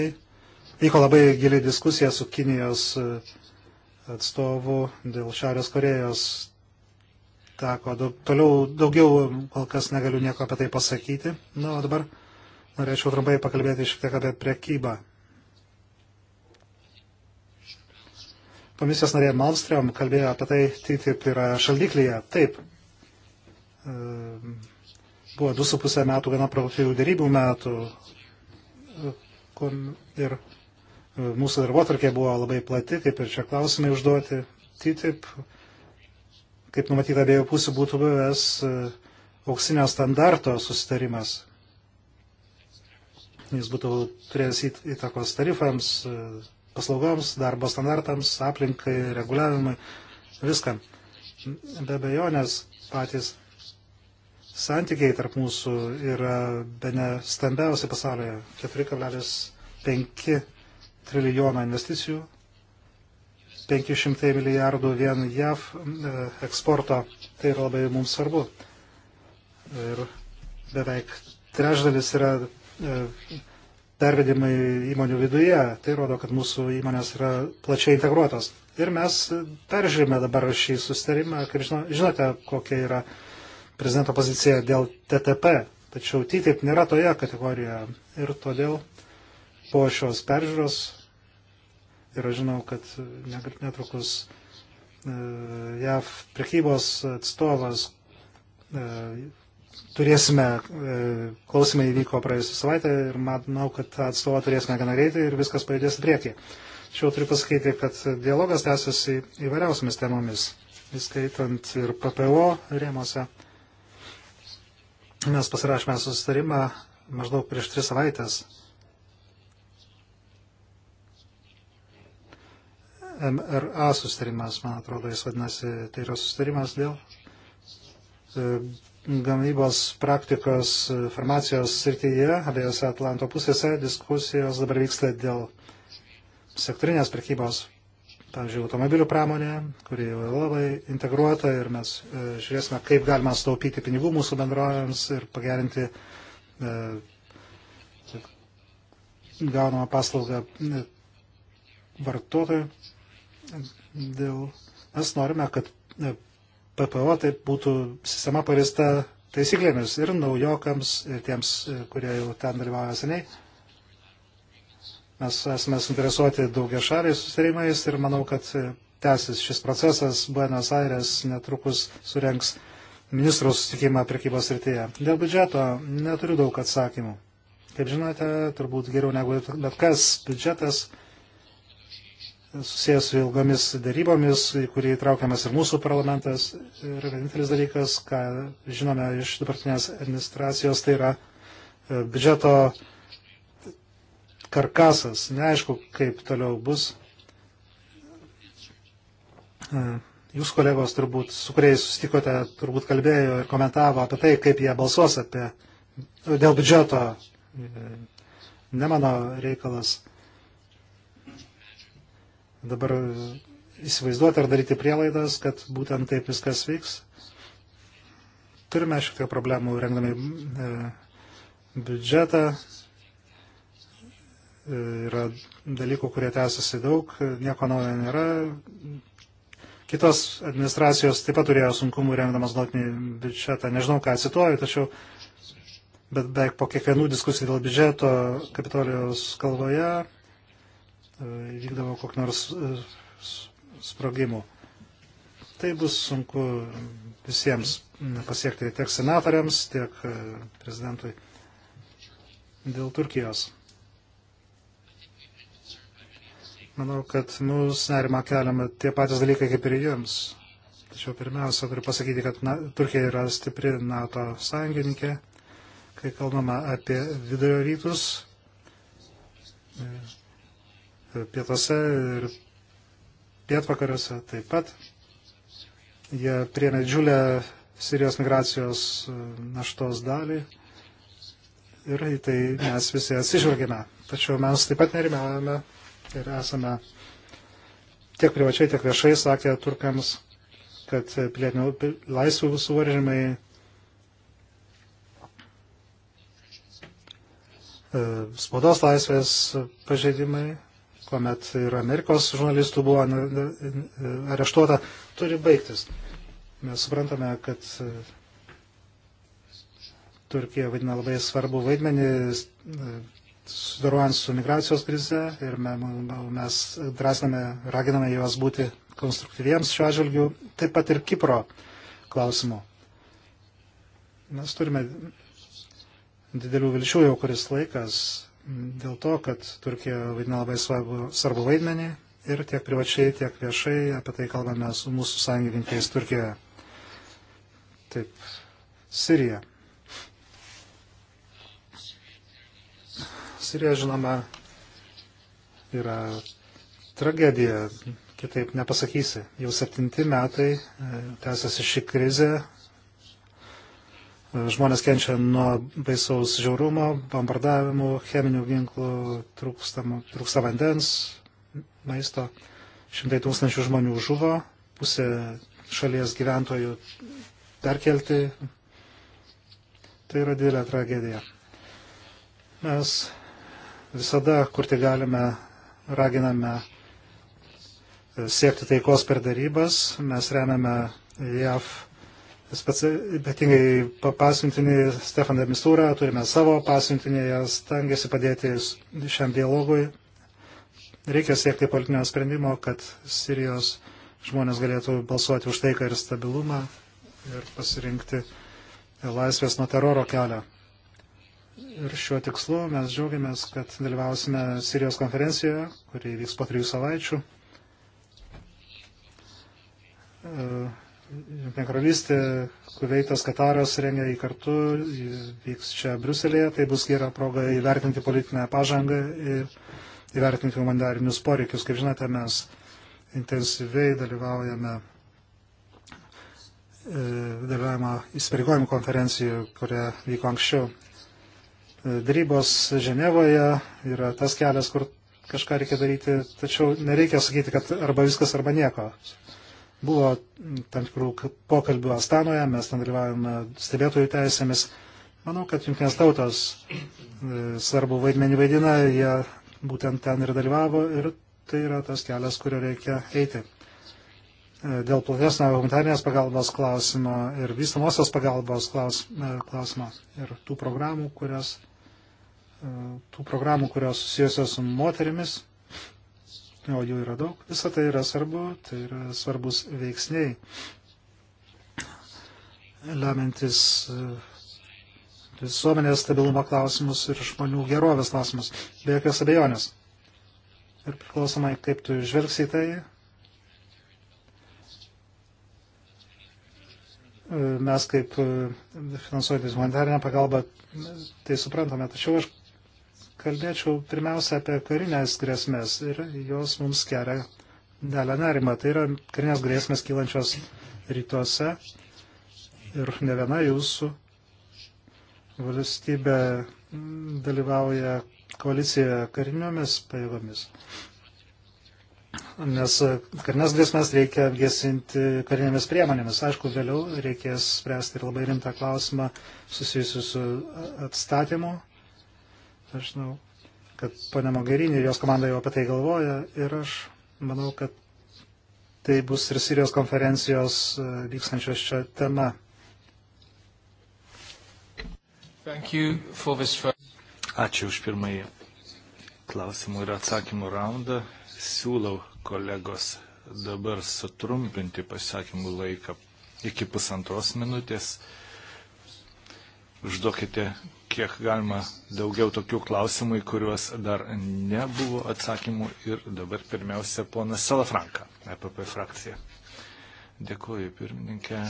vyko labai gili diskusija su Kinijos uh, atstovų dėl Šiaurės Korejos teko daug, toliau daugiau, kol kas negaliu nieko apie tai pasakyti. Na, o dabar norėčiau trumpai pakalbėti šiek tiek apie priekybą. Komisijos narė Malmström kalbėjo apie tai, TTIP yra šaldiklyje. Taip. E, buvo 2,5 metų gana produktyvių dėrybų metų. E, ir mūsų darbotvarkė buvo labai plati, kaip ir čia klausimai užduoti. TTIP, kaip numatyta abiejų pusių, būtų buvęs e, auksinio standarto susitarimas. Jis būtų turėjęs įtakos tarifams, e, paslaugoms, darbo standartams, aplinkai, reguliavimui, viskam. Be bejonės patys santykiai tarp mūsų yra bene stambiausi pasaulyje - 4,5 trilijoną investicijų, 500 milijardų vien JAV e, eksporto. Tai yra labai mums svarbu. Ir beveik trečdalis yra e, pervedimai įmonių viduje. Tai rodo, kad mūsų įmonės yra plačiai integruotos. Ir mes peržiūrime dabar šį sustarimą, kaip žino, žinote, kokia yra prezidento pozicija dėl TTP. Tačiau TTIP nėra toje kategorijoje ir todėl po šios peržiūros. Ir aš žinau, kad netrukus e, JAV prekybos atstovas e, turėsime, e, klausimai vyko praėjusią savaitę ir manau, kad tą atstovą turėsime gana greitai ir viskas pajudės priekį. Tačiau turiu pasakyti, kad dialogas tęsiasi įvairiausiamis temomis, įskaitant ir PPO rėmose. Mes pasirašėme susitarimą maždaug prieš tris savaitės MRA sustarimas, man atrodo, jis vadinasi, tai yra sustarimas dėl e, gamybos praktikos e, farmacijos srityje, abiejose Atlanto pusėse diskusijos dabar vyksta dėl sektorinės prekybos, pavyzdžiui, automobilių pramonė, kuri jau labai integruota ir mes e, žiūrėsime, kaip galima staupyti pinigų mūsų bendrovėms ir pagerinti gaunamą paslaugą vartotojui dėl... Mes norime, kad e, PPO taip būtų sistema pavista taisyklėmis ir naujokams, ir tiems, e, kurie jau ten dalyvauja seniai. Mes esame suinteresuoti daugia šaliai susitarimais ir manau, kad e, tęsis šis procesas. Buenos Aires netrukus surenks ministrų susitikimą prekybos rytyje. Dėl biudžeto neturiu daug atsakymų. Kaip žinote, turbūt geriau negu bet kas biudžetas susijęs su ilgomis darybomis, į kurį įtraukiamas ir mūsų parlamentas. Ir vienintelis dalykas, ką žinome iš dabartinės administracijos, tai yra e, biudžeto karkasas. Neaišku, kaip toliau bus. E, jūs kolegos turbūt, su kuriais susitikote, turbūt kalbėjo ir komentavo apie tai, kaip jie balsuos apie, dėl biudžeto. E, ne mano reikalas dabar įsivaizduoti ar daryti prielaidas, kad būtent taip viskas vyks. Turime šiek tiek problemų rengdami e, biudžetą. E, yra dalykų, kurie tęsiasi daug, nieko naujo nėra. Kitos administracijos taip pat turėjo sunkumų rengdamas nuotinį biudžetą. Nežinau, ką cituoju, tačiau bet beveik po kiekvienų diskusijų dėl biudžeto Kapitolijos kalboje E, vykdavo kokį nors e, sprogimų. Tai bus sunku visiems pasiekti tiek senatoriams, tiek e, prezidentui dėl Turkijos. Manau, kad mus nerima keliama tie patys dalykai kaip ir jums. Tačiau pirmiausia, turiu pasakyti, kad na, Turkija yra stipri NATO sąjungininkė, kai kalbama apie vidurio rytus pietuose ir pietvakariuose taip pat. Jie priemė didžiulę Sirijos migracijos e, naštos dalį ir į tai mes visi atsižvelgėme. Tačiau mes taip pat nerimavome ir esame tiek privačiai, tiek viešai sakę turkams, kad pilietinių laisvų suvaržymai e, spaudos laisvės pažeidimai kuomet ir Amerikos žurnalistų buvo areštuota, turi baigtis. Mes suprantame, kad e, Turkija vaidina labai svarbu vaidmenį e, sudarojant su migracijos krize ir mes drąsiname, raginame juos būti konstruktyviems šiuo atžvilgiu, taip pat ir Kipro klausimu. Mes turime didelių vilčių jau kuris laikas dėl to, kad Turkija vaidina labai svarbu, svarbu vaidmenį ir tiek privačiai, tiek viešai apie tai kalbame su mūsų sąjungininkais Turkijoje. Taip, Sirija. Sirija, žinoma, yra tragedija, kitaip nepasakysi. Jau septinti metai e, tęsiasi ši krizė Žmonės kenčia nuo baisaus žiaurumo, bombardavimų, cheminių ginklų, trūksta vandens, maisto. Šimtai tūkstančių žmonių žuvo, pusė šalies gyventojų perkelti. Tai yra didelė tragedija. Mes visada, kur tik galime, raginame siekti taikos per darybas. Mes remiame JAV ypatingai pasiuntinį Stefaną Mistūrą, turime savo pasiuntinį, jas tengiasi padėti šiam dialogui. Reikia siekti politinio sprendimo, kad Sirijos žmonės galėtų balsuoti už taiką ir stabilumą ir pasirinkti laisvės nuo teroro kelią. Ir šiuo tikslu mes džiaugiamės, kad dalyvausime Sirijos konferencijoje, kuri vyks po trijų savaičių. E Junktinė karalystė, Kuveitas, Kataras rengia jį kartu, vyks čia Bruselėje, tai bus gera proga įvertinti politinę pažangą ir įvertinti humanitarinius poreikius. Kaip žinote, mes intensyviai dalyvaujame e, dalyvavimo įsipareigojimų konferencijų, kurie vyko anksčiau. E, darybos Ženevoje yra tas kelias, kur kažką reikia daryti, tačiau nereikia sakyti, kad arba viskas, arba nieko. Buvo tam tikrų pokalbių Astanoje, mes ten dalyvavome stebėtojų teisėmis. Manau, kad jungtinės tautos e, svarbu vaidmenį vaidina, jie būtent ten ir dalyvavo ir tai yra tas kelias, kurio reikia eiti. E, dėl platesnio humanitarinės pagalbos klausimo ir vystamosios pagalbos klaus, e, klausimo ir tų programų, kurios, tų programų, kurios susijusios su moterimis, o jų yra daug, visą tai yra svarbu, tai yra svarbus veiksniai, lemantis e, visuomenės stabilumo klausimus ir žmonių gerovės klausimus, be jokios abejonės. Ir priklausomai, kaip tu žvelgsi į tai, e, mes kaip e, finansuojantys humanitarinę pagalbą tai suprantame. Tačiau aš Kalbėčiau pirmiausia apie karinės grėsmės ir jos mums kelia nelę nerimą. Tai yra karinės grėsmės kylančios rytuose ir ne viena jūsų valstybė dalyvauja koalicijoje kariniomis pajėgomis. Nes karinės grėsmės reikia gesinti karinėmis priemonėmis. Aišku, vėliau reikės spręsti ir labai rimtą klausimą susijusiu su atstatymu Aš žinau, kad ponia Mogherini ir jos komanda jau apie tai galvoja ir aš manau, kad tai bus ir Sirijos konferencijos e, vykstančios čia tema. Ačiū už pirmąjį klausimų ir atsakymų raundą. Siūlau kolegos dabar sutrumpinti pasakymų laiką iki pusantros minutės. Užduokite kiek galima daugiau tokių klausimų, į kuriuos dar nebuvo atsakymų. Ir dabar pirmiausia, ponas Salafranka, EPP frakcija. Dėkuoju, pirmininkė.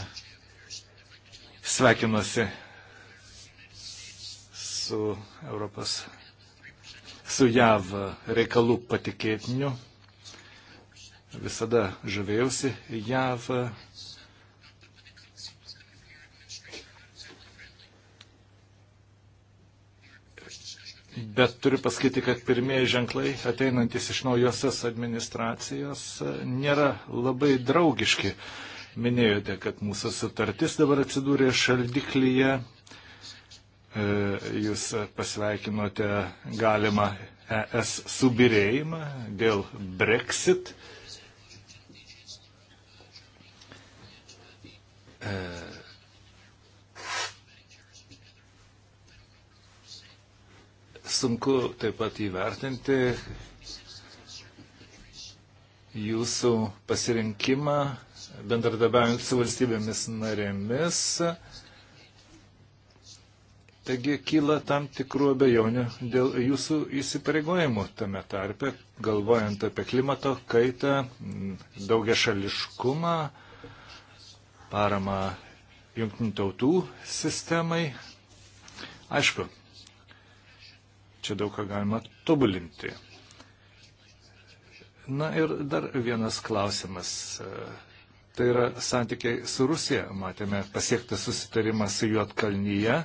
Sveikinuosi su Europos, su JAV reikalų patikėtiniu. Visada žavėjausi JAV bet turiu pasakyti, kad pirmieji ženklai ateinantis iš naujosios administracijos e, nėra labai draugiški. Minėjote, kad mūsų sutartis dabar atsidūrė šaldiklyje. E, Jūs pasveikinote galimą ES subirėjimą dėl Brexit. E, sunku taip pat įvertinti jūsų pasirinkimą bendradarbiaujant su valstybėmis narėmis. Taigi kyla tam tikrų abejonių dėl jūsų įsipareigojimų tame tarpe, galvojant apie klimato kaitą, daugia šališkumą, paramą jungtinių tautų sistemai. Aišku, Čia daug ką galima tobulinti. Na ir dar vienas klausimas. Tai yra santykiai su Rusija. Matėme pasiektą susitarimą su Juotkalnyje.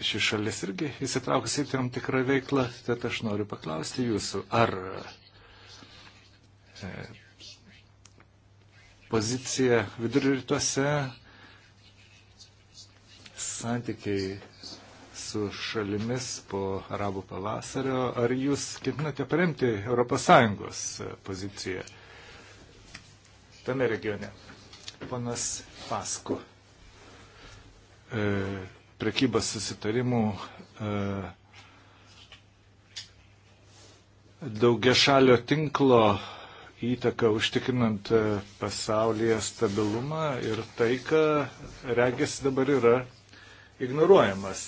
Ši šalis irgi įsitraukusi į tam tikrą veiklą. Tad aš noriu paklausti jūsų, ar e, pozicija vidurio rytuose santykiai su šalimis po arabų pavasario. Ar jūs ketinate paremti ES e, poziciją tame regione? Panas Pasku. E, prekybos susitarimų e, daugia šalio tinklo įtaka užtikrinant e, pasaulyje stabilumą ir taiką, regis dabar yra ignoruojamas.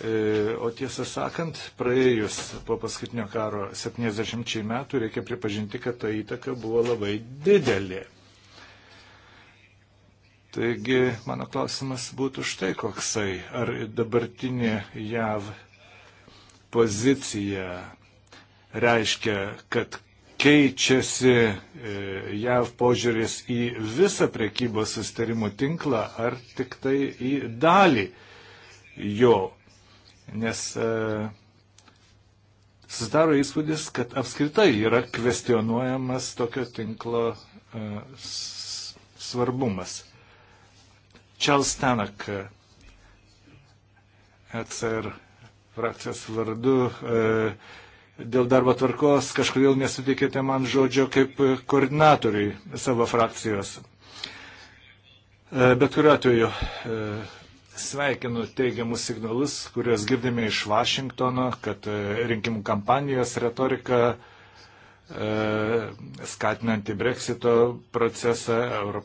E, o tiesą sakant, praėjus po paskutinio karo 70 metų reikia pripažinti, kad ta įtaka buvo labai didelė. Taigi mano klausimas būtų štai koksai. Ar dabartinė JAV pozicija reiškia, kad keičiasi e, JAV požiūris į visą prekybos sustarimų tinklą ar tik tai į dalį jo? nes e, susidaro įspūdis, kad apskritai yra kvestionuojamas tokio tinklo e, svarbumas. Charles Tanak, ECR frakcijos vardu, e, dėl darbo tvarkos kažkodėl nesutikėte man žodžio kaip koordinatoriui savo frakcijos. Bet kuriuo atveju Sveikinu teigiamus signalus, kuriuos girdime iš Vašingtono, kad e, rinkimų kampanijos retorika e, skatinanti breksito procesą,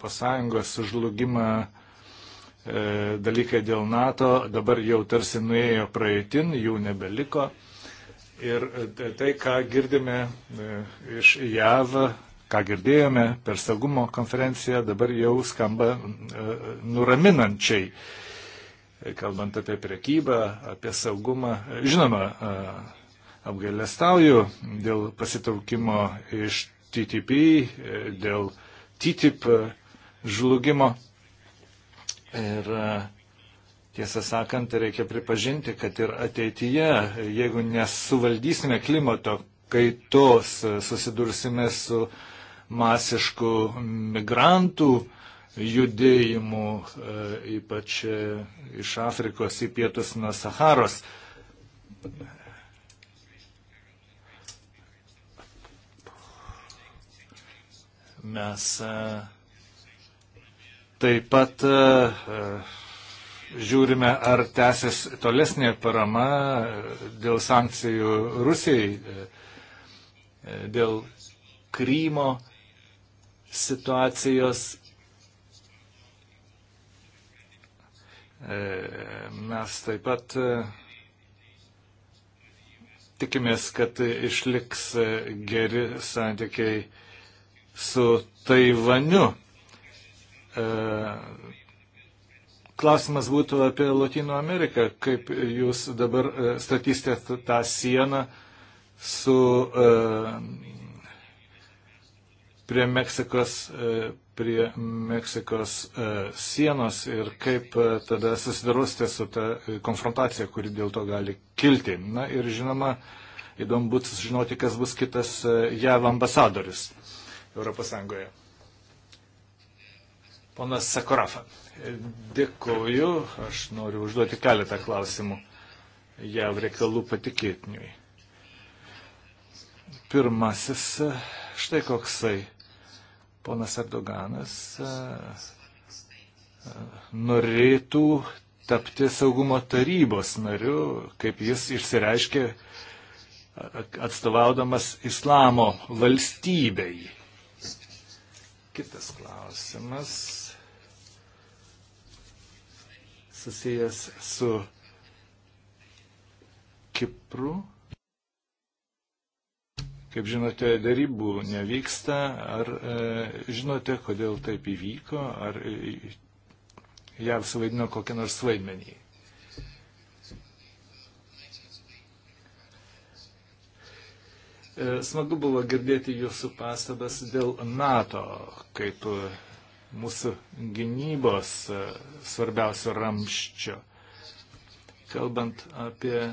ES sužlugimą, e, dalykai dėl NATO dabar jau tarsi nuėjo praeitin, jų nebeliko. Ir tai, ką girdime iš JAV, ką girdėjome per saugumo konferenciją, dabar jau skamba nuraminančiai kalbant apie prekybą, apie saugumą. Žinoma, apgailestauju dėl pasitaukimo iš TTP, e, dėl TTIP žlugimo. Ir tiesą sakant, reikia pripažinti, kad ir ateityje, jeigu nesuvaldysime klimato kaitos, susidursime su masišku migrantų judėjimų, e, ypač e, iš Afrikos į pietus nuo Saharos. Mes e, taip pat žiūrime, ar tęsis tolesnė parama dėl sankcijų Rusijai, dėl Krymo situacijos E, mes taip pat e, tikimės, kad išliks e, geri santykiai su Taivaniu. Klausimas būtų apie Latino Ameriką, kaip jūs dabar statysite tą sieną su prie Meksikos, e, prie Meksikos e, sienos ir kaip e, tada susidarosite su ta konfrontacija, kuri dėl to gali kilti. Na ir žinoma, įdomu būtų sužinoti, kas bus kitas JAV ambasadoris ES. Ponas Sakorafa, dėkoju, aš noriu užduoti keletą klausimų JAV reikalų patikėtiniui. Pirmasis štai koksai ponas Erdoganas e, e, norėtų tapti saugumo tarybos nariu, kaip jis išsireiškė e, atstovaudamas islamo valstybei. Kitas klausimas susijęs su Kipru Kaip žinote, darybų nevyksta. Ar e, žinote, kodėl taip įvyko? Ar e, JAV suvaidino kokią nors vaidmenį? E, smagu buvo girdėti jūsų pastabas dėl NATO kaip mūsų gynybos e, svarbiausio ramščio. Kalbant apie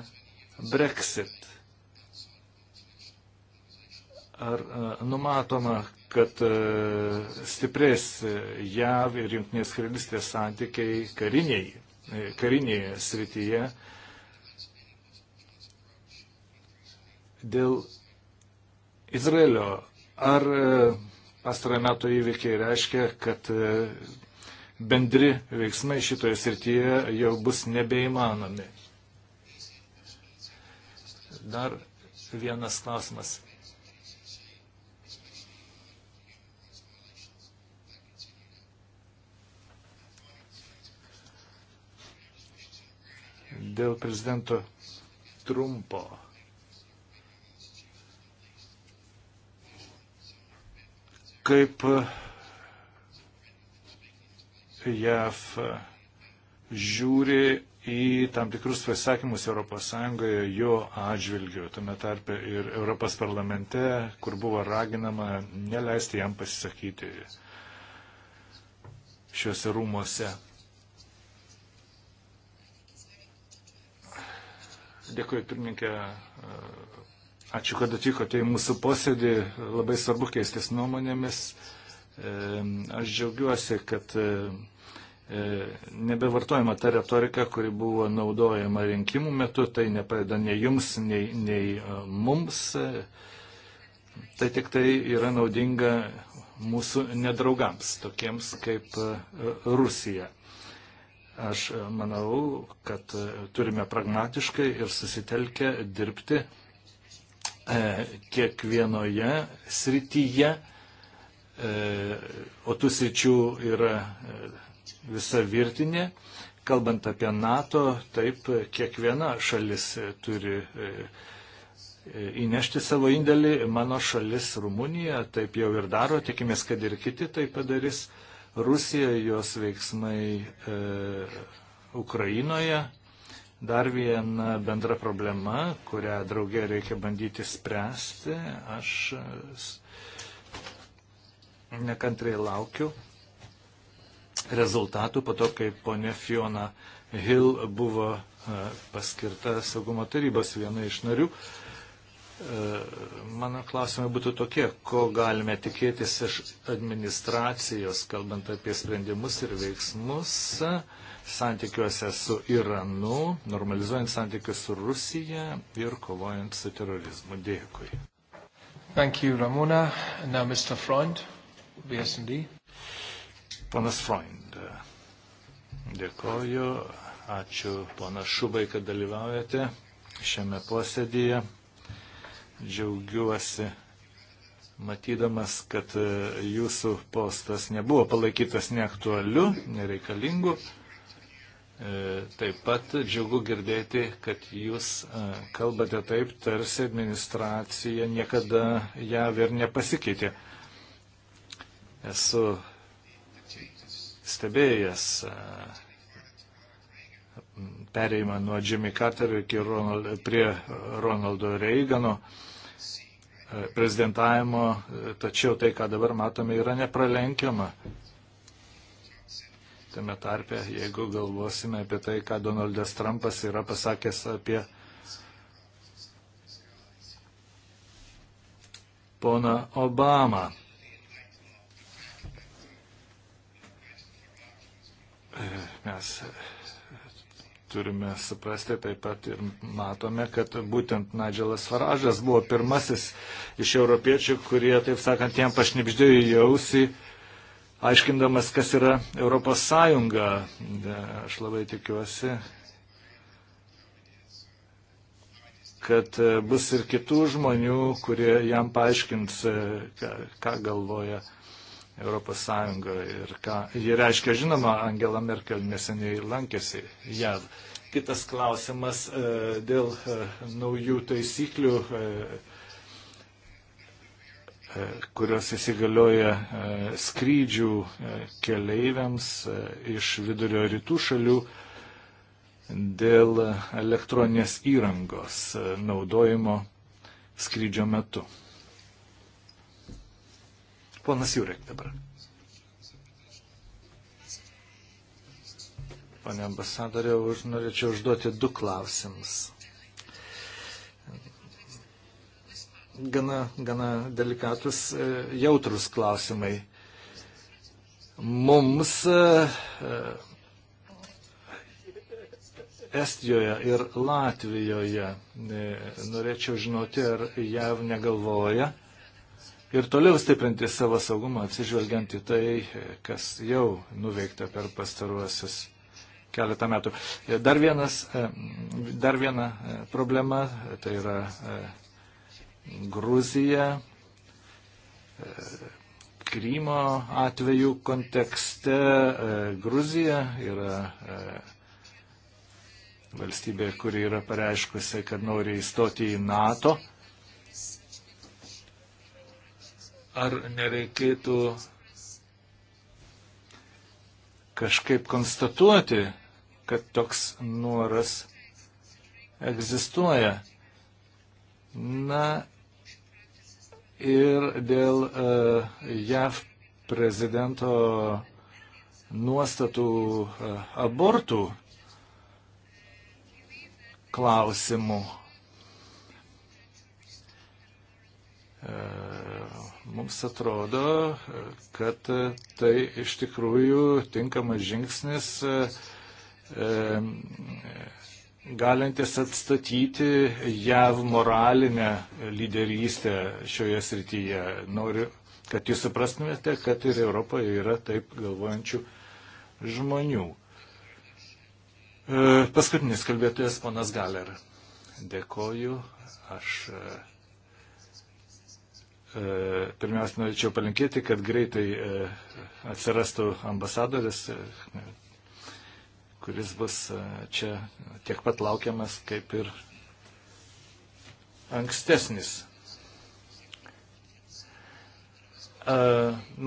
Brexit, Ar e, numatoma, kad e, stiprės e, JAV ir Junktinės karalystės santykiai kariniai, karinėje srityje dėl Izraelio? Ar pastarą metų įvykiai reiškia, kad bendri veiksmai šitoje srityje jau bus nebeįmanomi? Dar vienas klausimas. dėl prezidento Trumpo. Kaip JAV žiūri į tam tikrus pasakymus ES jo atžvilgiu, tame tarpe ir Europos parlamente, kur buvo raginama neleisti jam pasisakyti šiuose rūmose. Dėkuoju, pirmininkė. Ačiū, kad atvykote į mūsų posėdį. Labai svarbu keistis nuomonėmis. E, aš džiaugiuosi, kad e, e, nebevartojama ta retorika, kuri buvo naudojama rinkimų metu, tai nepadeda nei jums, nei, nei mums. Tai tik tai yra naudinga mūsų nedraugams, tokiems kaip Rusija. Aš e, manau, kad e, turime pragmatiškai ir susitelkę dirbti e, kiekvienoje srityje, o tų sričių yra visa virtinė. Kalbant apie NATO, taip, kiekviena šalis turi įnešti savo indėlį. Mano šalis Rumunija taip jau ir daro, tikimės, kad ir kiti tai padarys. Rusija, jos veiksmai e, Ukrainoje. Dar viena bendra problema, kurią draugė reikia bandyti spręsti. Aš e, nekantrai laukiu rezultatų po to, kai ponė Fiona Hill buvo e, paskirta saugumo tarybos viena iš narių. E, E, mano klausimai būtų tokie, ko galime tikėtis iš administracijos, kalbant apie sprendimus ir veiksmus santykiuose su Iranu, normalizuojant santykius su Rusija ir kovojant su terorizmu. Dėkui. Thank you, Ramona. And now Mr. Freund, BSD. Panas Freund, dėkoju. Ačiū, panas Šubai, kad dalyvaujate šiame posėdėje džiaugiuosi matydamas, kad e, jūsų postas nebuvo palaikytas neaktualiu, nereikalingu. E, taip pat džiugu girdėti, kad jūs e, kalbate taip, tarsi administracija niekada ją ir nepasikeitė. Esu stebėjęs perėjimą nuo Jimmy Carterio iki Ronald, prie Ronaldo Reigano e, prezidentavimo, e, tačiau tai, ką dabar matome, yra nepralenkiama. Tame tarpe, jeigu galvosime apie tai, ką Donaldas Trumpas yra pasakęs apie poną Obamą. E, mes turime suprasti taip pat ir matome, kad būtent Nigelas Faražas buvo pirmasis iš europiečių, kurie, taip sakant, jam pašnipždėjo į jausį, aiškindamas, kas yra Europos Sąjunga. Aš labai tikiuosi, kad e, bus ir kitų žmonių, kurie jam paaiškins, e, ką, ką galvoja ES ir ką jie reiškia. Žinoma, Angela Merkel neseniai lankėsi JAV. Kitas klausimas e, dėl e, naujų taisyklių, e, kurios įsigalioja skrydžių keleiviams iš vidurio rytų šalių dėl elektroninės įrangos naudojimo skrydžio metu. Ponas Jurek dabar. Pane ambasadoriau, aš norėčiau užduoti du klausimus. Gana, gana delikatus, e, jautrus klausimai. Mums e, e, Estijoje ir Latvijoje norėčiau žinoti, ar jav negalvoja ir toliau stiprinti savo saugumą, atsižvelgiant į tai, kas jau nuveikta per pastaruosius keletą metų. Dar, vienas, e, dar viena e, problema, tai yra e, Gruzija, Krymo atvejų kontekste. Gruzija yra valstybė, kuri yra pareiškusi, kad nori įstoti į NATO. ar nereikėtų kažkaip konstatuoti, kad toks nuoras egzistuoja. Na ir dėl uh, JAV prezidento nuostatų uh, abortų klausimų. E, mums atrodo, e, kad tai iš tikrųjų tinkamas žingsnis e, galintis atstatyti JAV moralinę lyderystę šioje srityje. Noriu, kad jūs suprastumėte, kad ir Europoje yra taip galvojančių žmonių. Paskutinis kalbėtojas ponas Galer. Dėkoju. Aš E, pirmiausia, norėčiau palinkėti, kad greitai e, atsirastų ambasadoris, e, kuris bus čia tiek pat laukiamas, kaip ir ankstesnis.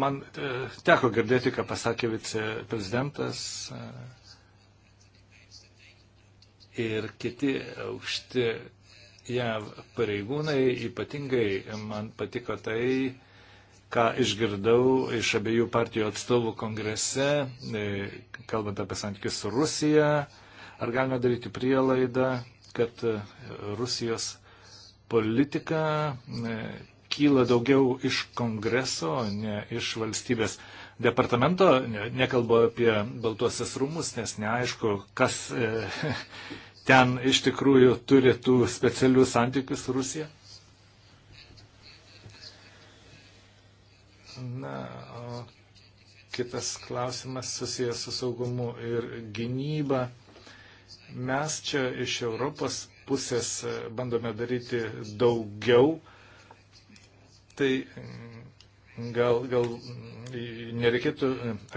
Man teko girdėti, ką pasakė viceprezidentas ir kiti aukšti JAV pareigūnai, ypatingai man patiko tai, ką išgirdau iš abiejų partijų atstovų kongrese, e, kalbant apie santykius su Rusija. Ar galime daryti prielaidą, kad e, Rusijos politika e, kyla daugiau iš kongreso, ne iš valstybės departamento, nekalbu apie Baltuosius rūmus, nes neaišku, kas e, ten iš tikrųjų turi tų specialių santykių su Rusija? Na, o kitas klausimas susijęs su saugumu ir gynyba. Mes čia iš Europos pusės bandome daryti daugiau, tai Gal, gal nereikėtų,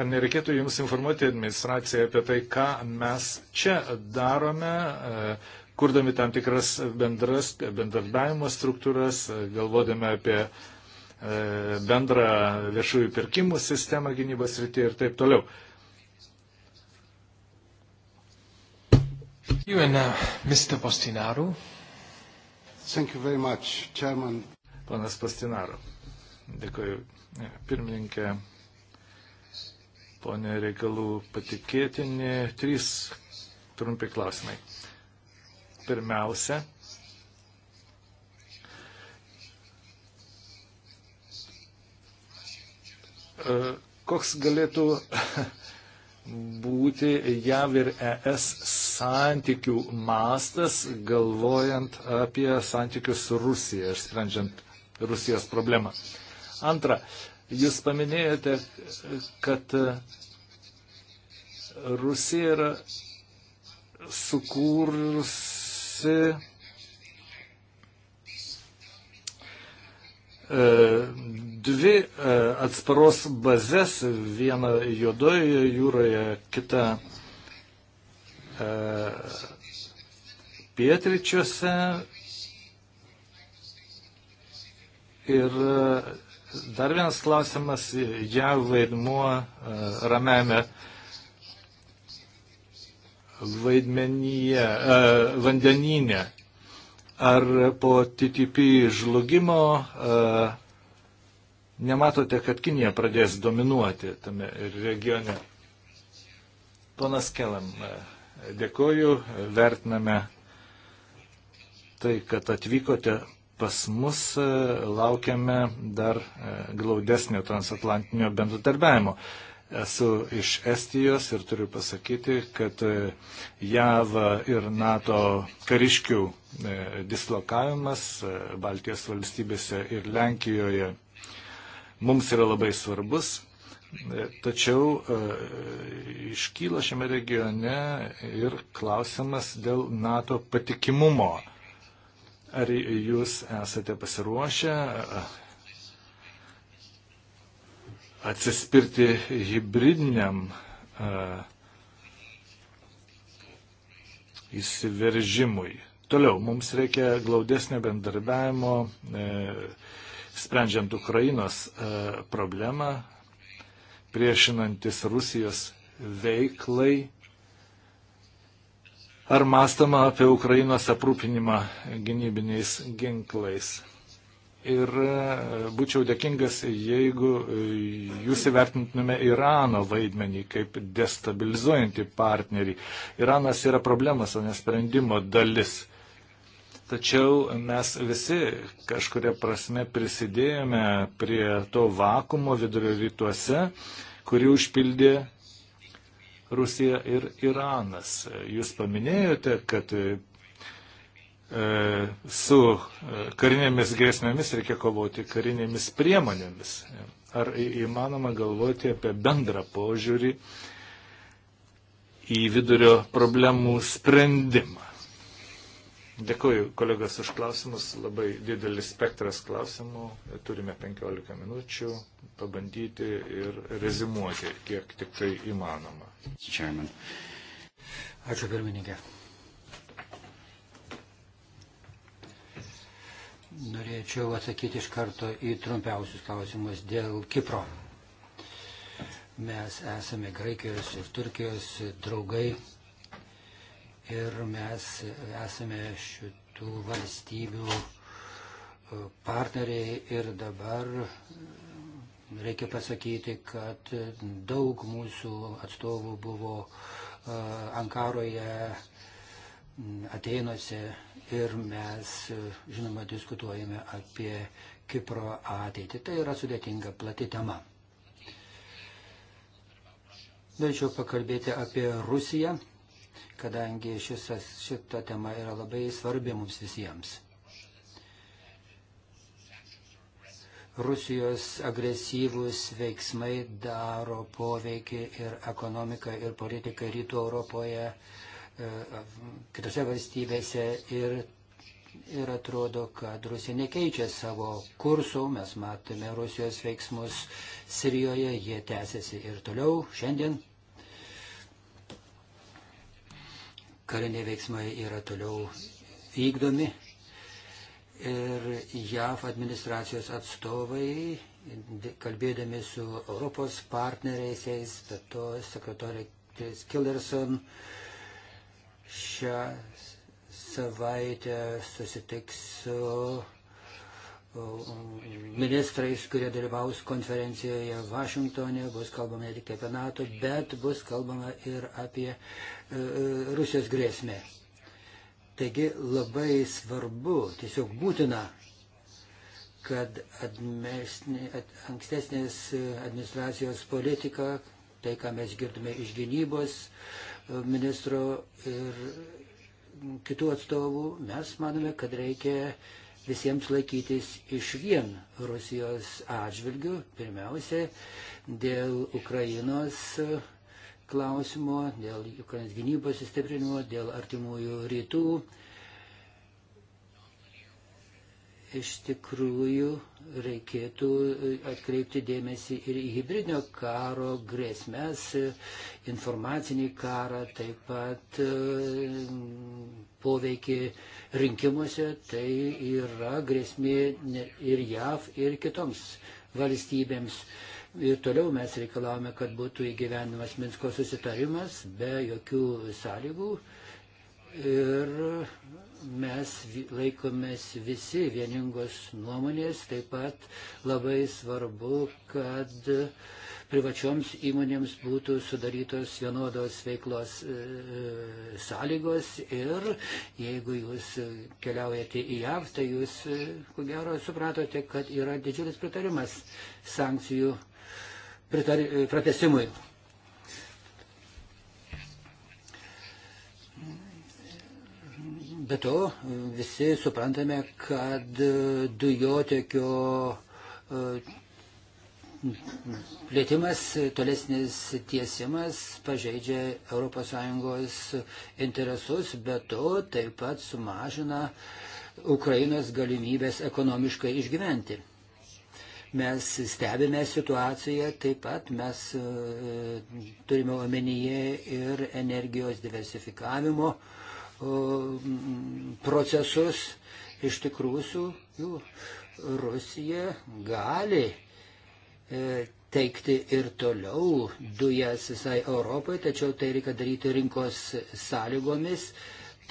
ar nereikėtų jums informuoti administraciją apie tai, ką mes čia darome, e, kurdami tam tikras bendras, bendradavimo struktūras, e, galvodami apie e, bendrą viešųjų pirkimų sistemą gynybos rytyje ir taip toliau. You and now, uh, Mr. Postinaru. Thank you very much, Chairman. Panas Postinaru. Dėkoju pirmininkė, ponė reikalų patikėtinė. Trys trumpi klausimai. Pirmiausia, e, koks galėtų būti JAV ir ES santykių mastas, galvojant apie santykius su Rusija ir sprendžiant Rusijos problemą. Antra, jūs paminėjote, kad e, Rusija yra sukūrusi e, dvi e, atsparos bazės, vieną juodojoje jūroje, kitą pietričiuose. Ir Dar vienas klausimas, jav vaidmuo e, ramiame vaidmenyje, e, vandenyne. Ar po TTP žlugimo e, nematote, kad Kinija pradės dominuoti tame regione? Ponas Kelam, dėkoju, vertiname tai, kad atvykote pas mus e, laukiame dar e, glaudesnio transatlantinio bendradarbiavimo. Esu iš Estijos ir turiu pasakyti, kad e, JAV ir NATO kariškių dislokavimas Baltijos valstybėse ir Lenkijoje mums yra labai svarbus. Tačiau iškyla šiame regione ir klausimas dėl NATO patikimumo. Ar jūs esate pasiruošę uh, atsispirti hybridiniam uh, įsiveržimui? Toliau, mums reikia glaudesnio bendarbiavimo, uh, sprendžiant Ukrainos problemą, priešinantis Rusijos veiklai Ar mąstama apie Ukrainos aprūpinimą gynybiniais ginklais? Ir e, būčiau dėkingas, jeigu e, jūs įvertintume Irano vaidmenį kaip destabilizuojantį partnerį. Iranas yra problemas, o nesprendimo dalis. Tačiau mes visi kažkuria prasme prisidėjome prie to vakumo vidurio rytuose, kurį užpildė Rusija ir Iranas. Jūs paminėjote, kad e, su e, karinėmis grėsmėmis reikia kovoti karinėmis priemonėmis. Ar įmanoma galvoti apie bendrą požiūrį į vidurio problemų sprendimą? Dėkuoju kolegos už klausimus. Labai didelis spektras klausimų. Turime 15 minučių pabandyti ir rezimuoti, kiek tik tai įmanoma. Chairman. Ačiū pirmininkė. Norėčiau atsakyti iš karto į trumpiausius klausimus dėl Kipro. Mes esame Graikijos ir Turkijos draugai ir mes esame šitų valstybių e, partneriai ir dabar reikia pasakyti, kad daug mūsų atstovų buvo e, Ankaroje, Atenuose ir mes, e, žinoma, diskutuojame apie Kipro ateitį. Tai yra sudėtinga plati tema. Norėčiau pakalbėti apie Rusiją kadangi šis, šita tema yra labai svarbi mums visiems. Rusijos agresyvūs veiksmai daro poveikį ir ekonomiką, ir politiką rytų Europoje, e, kitose valstybėse ir ir atrodo, kad Rusija nekeičia savo kursų, mes matome Rusijos veiksmus Sirijoje, jie tęsiasi ir toliau šiandien. kariniai veiksmai yra toliau vykdomi. Ir JAV administracijos atstovai, kalbėdami su Europos partneriais, to sekretorė Killerson, šią savaitę susitiks su ministrais, kurie dalyvaus konferencijoje Vašingtonė, bus kalbama ne tik apie NATO, bet bus kalbama ir apie e, e, Rusijos grėsmę. Taigi labai svarbu, tiesiog būtina, kad ankstesnės administracijos politika, tai ką mes girdime iš gynybos e, ministro ir kitų atstovų, mes manome, kad reikia visiems laikytis iš vien Rusijos atžvilgių, pirmiausia, dėl Ukrainos klausimo, dėl Ukrainos gynybos įstiprinimo, dėl artimųjų rytų iš tikrųjų reikėtų e, atkreipti dėmesį ir į hybridinio karo grėsmės, informacinį karą, taip pat e, poveikį rinkimuose, tai yra grėsmė ir JAV, ir kitoms valstybėms. Ir toliau mes reikalavome, kad būtų įgyvenimas Minsko susitarimas be jokių sąlygų. Ir mes laikomės visi vieningos nuomonės, taip pat labai svarbu, kad privačioms įmonėms būtų sudarytos vienodos veiklos e, e, sąlygos ir jeigu jūs keliaujate į JAV, tai jūs e, ko gero supratote, kad yra didžiulis pritarimas sankcijų pritar, pratesimui. Be to, visi suprantame, kad e, dujotekio e, plėtimas, tolesnis tiesimas pažeidžia ES interesus, bet to taip pat sumažina Ukrainos galimybės ekonomiškai išgyventi. Mes stebime situaciją, taip pat mes e, turime omenyje ir energijos diversifikavimo uh, procesus, iš tikrųjų jų Rusija gali e, teikti ir toliau dujas visai Europai, tačiau tai reikia daryti rinkos sąlygomis.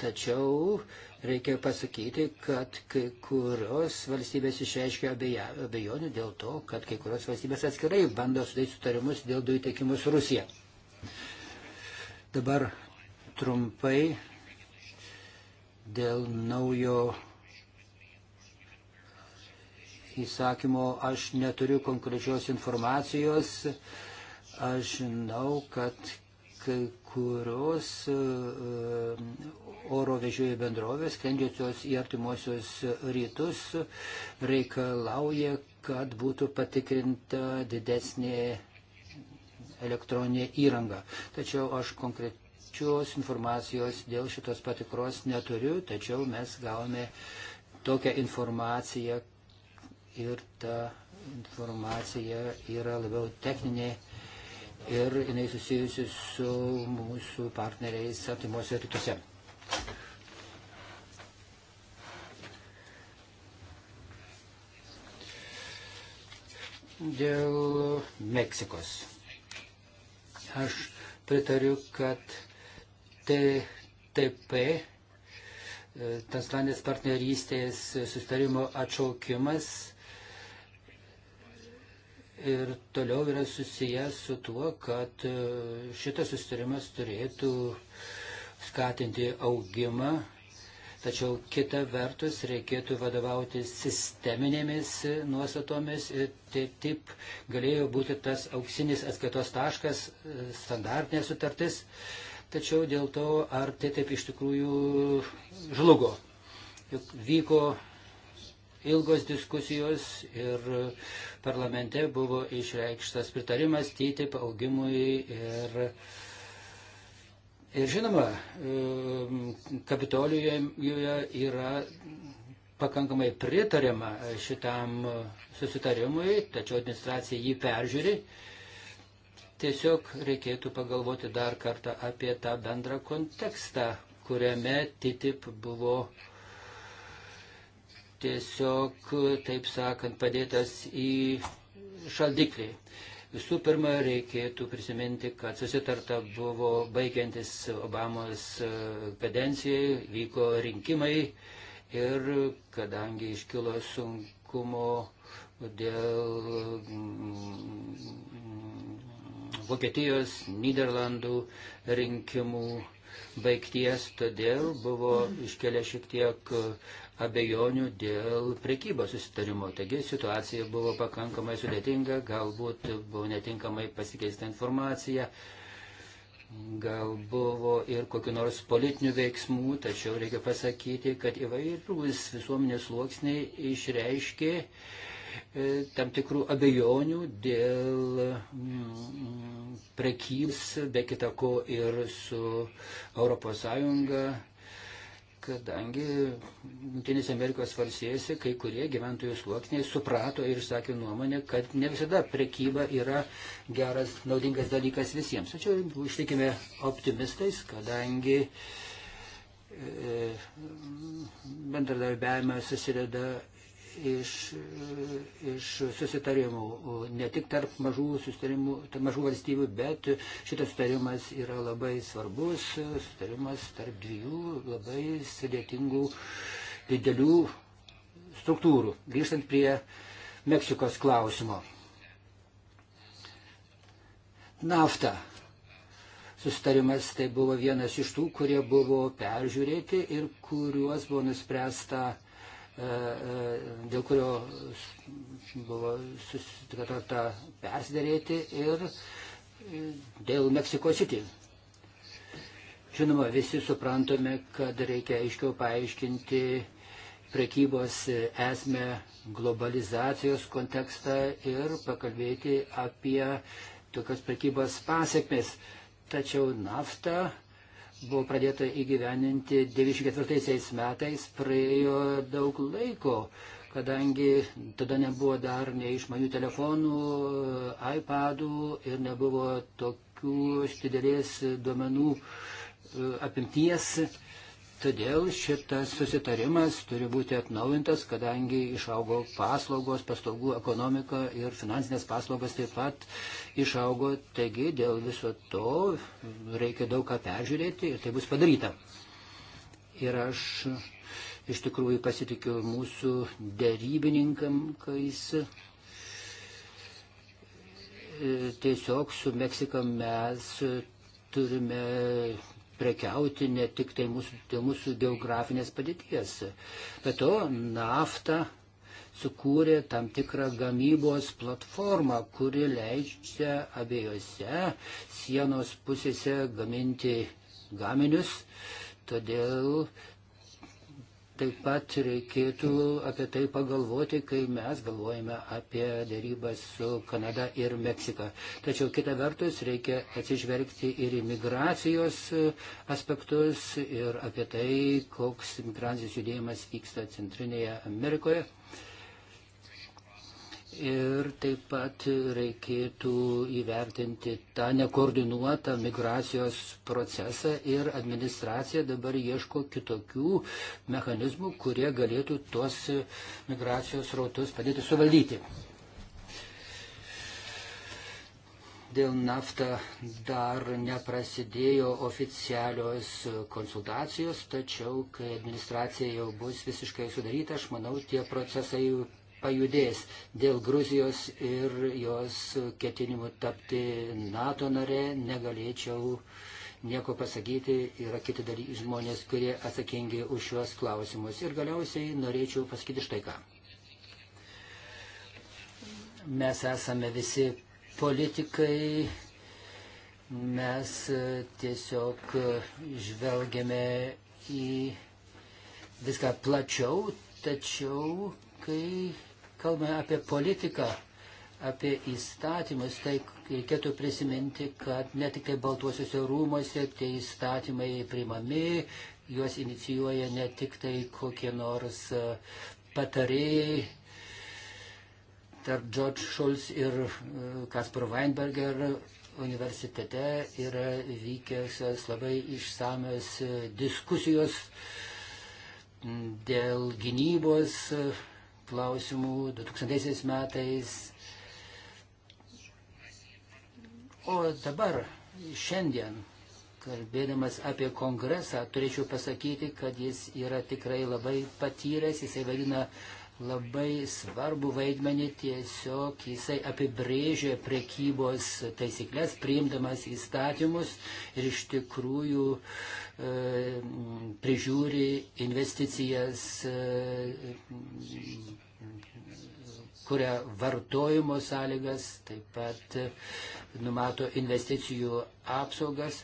Tačiau reikia pasakyti, kad kai kurios valstybės išreiškia abejonių dėl to, kad kai kurios valstybės atskirai bando sudaryti sutarimus dėl dujų tiekimus Rusija. Dabar trumpai dėl naujo įsakymo aš neturiu konkrečios informacijos. Aš žinau, kad kai kurios e, oro vežėjų bendrovės, skrendžiusios į artimuosius rytus, reikalauja, kad būtų patikrinta didesnė elektroninė įranga. Tačiau aš konkrečiai konkrečios informacijos dėl šitos patikros neturiu, tačiau mes gavome tokią informaciją ir ta informacija yra labiau techninė ir jinai susijusi su mūsų partneriais artimuose rytuose. Dėl Meksikos. Aš pritariu, kad TTP, e, Translandės partnerystės sustarimo atšaukimas ir toliau yra susijęs su tuo, kad e, šitas sustarimas turėtų skatinti augimą, tačiau kita vertus reikėtų vadovauti sisteminėmis nuostatomis ir taip, taip galėjo būti tas auksinis atskaitos taškas, e, standartinė sutartis tačiau dėl to, ar tai taip iš tikrųjų žlugo. Juk vyko ilgos diskusijos ir parlamente buvo išreikštas pritarimas TTIP augimui ir, ir žinoma, Kapitolijoje yra pakankamai pritariama šitam susitarimui, tačiau administracija jį peržiūri Tiesiog reikėtų pagalvoti dar kartą apie tą bendrą kontekstą, kuriame TTIP buvo tiesiog, taip sakant, padėtas į šaldiklį. Visų pirma, reikėtų prisiminti, kad susitarta buvo baigiantis Obamos e, kadencijai, vyko rinkimai ir kadangi iškilo sunkumo dėl Vokietijos, Niderlandų rinkimų baigties, todėl buvo iškelia šiek tiek abejonių dėl prekybos susitarimo. Taigi situacija buvo pakankamai sudėtinga, galbūt buvo netinkamai pasikeista informacija, gal buvo ir kokiu nors politinių veiksmų, tačiau reikia pasakyti, kad įvairūs visuomenės sluoksniai išreiškė E, tam tikrų abejonių dėl mm, prekybs, be kitako ir su ES, kadangi Junktinės Amerikos valstijose kai kurie gyventojų sluoksniai suprato ir sakė nuomonę, kad ne visada prekyba yra geras, naudingas dalykas visiems. Tačiau išlikime optimistais, kadangi e, bendradarbiavimas susideda iš, iš susitarimų, ne tik tarp mažų, tarp mažų valstybių, bet šitas susitarimas yra labai svarbus, susitarimas tarp dviejų labai sudėtingų didelių struktūrų. Grįžtant prie Meksikos klausimo. Nafta. Sustarimas tai buvo vienas iš tų, kurie buvo peržiūrėti ir kuriuos buvo nuspręsta uh, E, e, dėl kurio buvo susitarta persidarėti ir e, dėl Meksiko City. Žinoma, visi suprantame, kad reikia aiškiau paaiškinti prekybos esmę globalizacijos kontekstą ir pakalbėti apie tokios prekybos pasiekmes. Tačiau nafta buvo pradėta įgyveninti 94 metais, praėjo daug laiko, kadangi tada nebuvo dar nei išmanių telefonų, e, iPadų ir nebuvo tokių didelės duomenų e, apimties. Todėl šitas susitarimas turi būti atnaujintas, kadangi išaugo paslaugos, paslaugų ekonomika ir finansinės paslaugos taip pat išaugo. Taigi dėl viso to reikia daug ką peržiūrėti ir tai bus padaryta. Ir aš iš tikrųjų pasitikiu mūsų dėrybininkams. Tiesiog su Meksika mes turime prekiauti ne tik tai mūsų, tai mūsų geografinės padėties. Bet to nafta sukūrė tam tikrą gamybos platformą, kuri leidžia abiejose sienos pusėse gaminti gaminius. Todėl Taip pat reikėtų apie tai pagalvoti, kai mes galvojame apie dėrybas su Kanada ir Meksika. Tačiau kita vertus reikia atsižvelgti ir į migracijos aspektus ir apie tai, koks migracijos judėjimas vyksta Centrinėje Amerikoje. Uh, Ir taip pat reikėtų įvertinti tą nekoordinuotą migracijos procesą ir administracija dabar ieško kitokių mechanizmų, kurie galėtų tuos migracijos rautus padėti suvaldyti. Dėl naftą dar neprasidėjo oficialios konsultacijos, tačiau kai administracija jau bus visiškai sudaryta, aš manau, tie procesai pajudės dėl Gruzijos ir jos ketinimų tapti NATO nare, negalėčiau nieko pasakyti, yra kiti daly, žmonės, kurie atsakingi už šios klausimus. Ir galiausiai norėčiau pasakyti štai ką. Mes esame visi politikai, mes tiesiog žvelgiame į viską plačiau, tačiau kai kalbame apie politiką, apie įstatymus, tai reikėtų prisiminti, kad ne tik tai Baltuosiuose rūmose tie įstatymai priimami, juos inicijuoja ne tik tai kokie nors e, patarėjai tarp George Schulz ir e, Kaspar Weinberger universitete yra vykiausios labai išsamios e, diskusijos dėl gynybos klausimų 2000 metais. O dabar, šiandien, kalbėdamas apie kongresą, turėčiau pasakyti, kad jis yra tikrai labai patyręs, jisai vadina uh, labai svarbu vaidmenį tiesiog jisai apibrėžė prekybos taisyklės, priimdamas įstatymus ir iš tikrųjų e, prižiūri investicijas, e, kuria vartojimo sąlygas, taip pat numato investicijų apsaugas,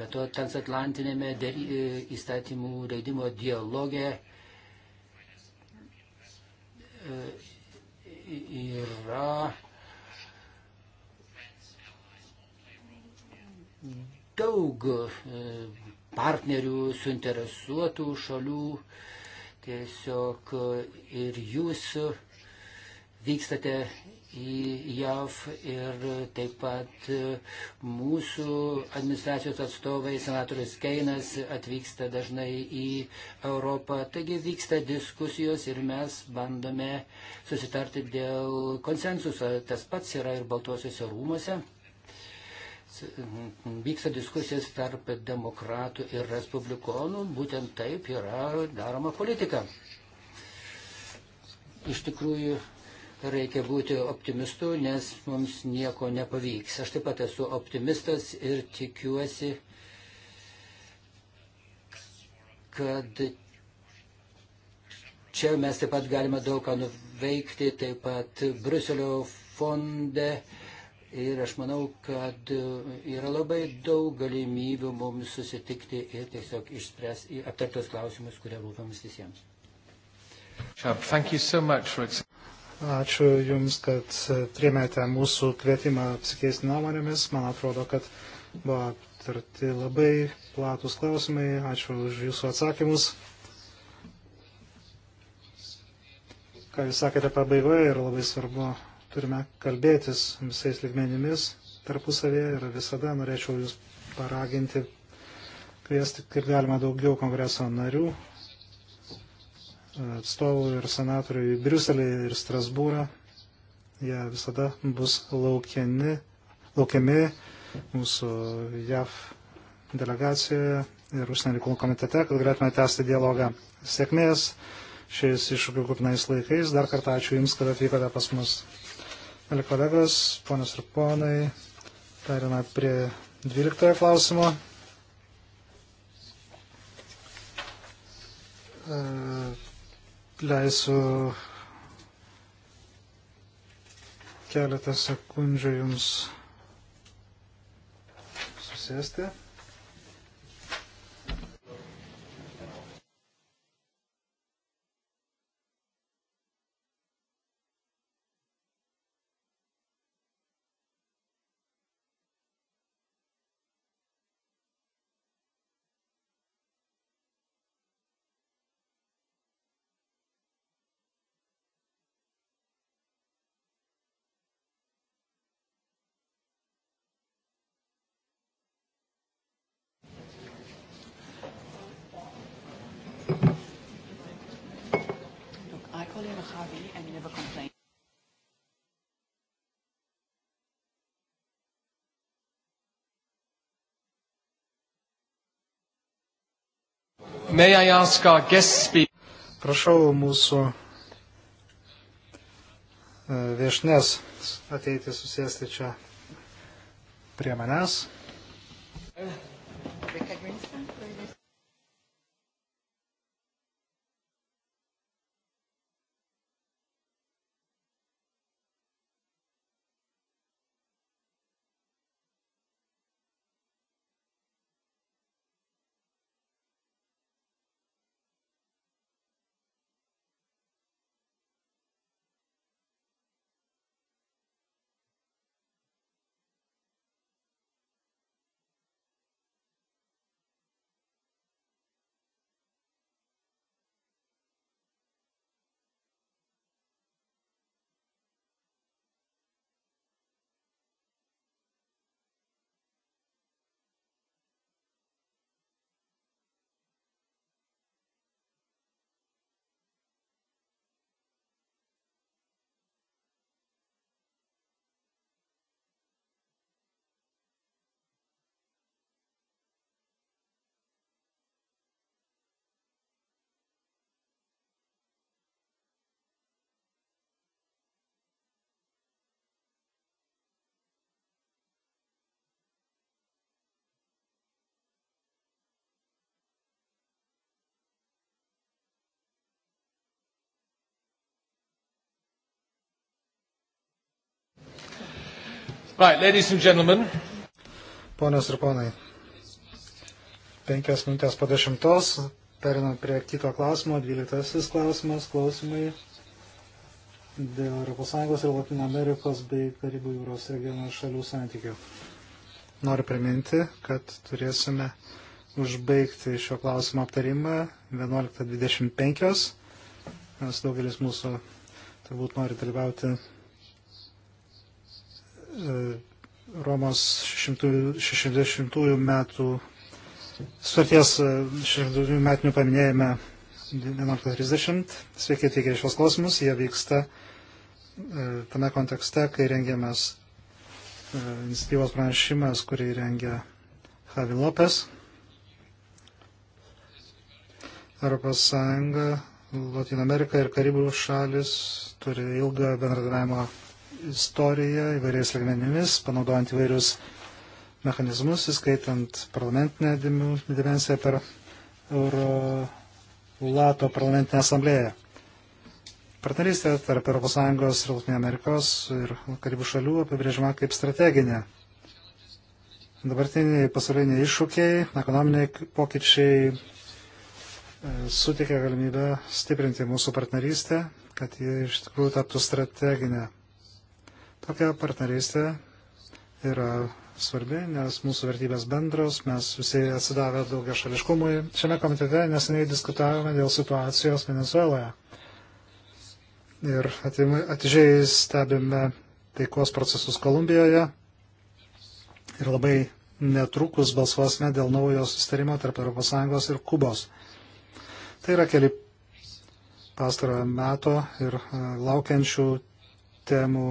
bet to transatlantinėme įstatymų leidimo dialoge E, e, yra daug e, partnerių suinteresuotų šalių. Tiesiog ir jūs vykstate JAV ir taip pat mūsų administracijos atstovai, senatorius Keinas atvyksta dažnai į Europą. Taigi vyksta diskusijos ir mes bandome susitarti dėl konsensuso. Tas pats yra ir Baltuosiuose rūmose. Vyksta diskusijas tarp demokratų ir respublikonų. Būtent taip yra daroma politika. Iš tikrųjų, reikia būti optimistu, nes mums nieko nepavyks. Aš taip pat esu optimistas ir tikiuosi, kad čia mes taip pat galime daug ką nuveikti, taip pat Bruselio fonde. Ir aš manau, kad yra labai daug galimybių mums susitikti ir tiesiog išspręs aptartos klausimus, kurie rūpiamus visiems. So for... Ačiū Jums, kad e, priemėte mūsų kvietimą apsikeisti nuomonėmis. Man atrodo, kad buvo aptarti labai platus klausimai. Ačiū už Jūsų atsakymus. Ką Jūs sakėte pabaigoje ir labai svarbu, turime kalbėtis visais ligmenimis tarpusavėje ir visada norėčiau Jūs paraginti kviesti kaip galima daugiau kongreso narių atstovų ir senatorių į Briuselį ir Strasbūrą. Jie visada bus laukiani, laukiami mūsų JAV delegacijoje ir užsienio reikalų komitete, kad galėtume tęsti dialogą. Sėkmės šiais iššūkių kupinais laikais. Dar kartą ačiū Jums, kad atvykote pas mus. Mėly kolegos, ponios ir ponai, perina prie 12 klausimo. E, leisiu keletą sekundžių jums susėsti. Prašau mūsų e, viešnės ateiti susėsti čia prie manęs. Yeah. Right, ladies and gentlemen. Ponios ir ponai, penkias minutės po dešimtos, perinam prie kito klausimo, dvyliktasis klausimas, klausimai dėl ES ir Latino Amerikos bei Karibų jūros regiono šalių santykių. Noriu priminti, kad turėsime užbaigti šio klausimo aptarimą 11.25, nes daugelis mūsų turbūt nori dalyvauti E, Romos 60-ųjų metų sutarties 60-ųjų e, metinių paminėjime 11.30. Sveiki atvykę šios klausimus. Jie vyksta e, tame kontekste, kai rengiamas iniciatyvos pranešimas, kurį rengia Javi Lopes. Europos Sąjunga, Latino Amerika ir Karibų šalis turi ilgą bendradarbiavimo istoriją įvairiais lygmenimis, panaudojant įvairius mechanizmus, įskaitant parlamentinę dimensiją per Eurolato parlamentinę asamblėją. Partnerystė tarp ES ir Latinė Amerikos ir Karibų šalių apibrėžima kaip strateginė. Dabartiniai pasauliniai iššūkiai, ekonominiai pokyčiai e, suteikia galimybę stiprinti mūsų partnerystę, kad ji iš tikrųjų taptų strateginę. Tokia partnerystė yra svarbi, nes mūsų vertybės bendros, mes visi atsidavę daugia šališkumui. Šiame komitete neseniai diskutavome dėl situacijos Venezueloje. Ir atidžiai stebime taikos procesus Kolumbijoje ir labai netrukus balsuosime dėl naujo sustarimo tarp ES ir Kubos. Tai yra keli pastarojo meto ir e, laukiančių temų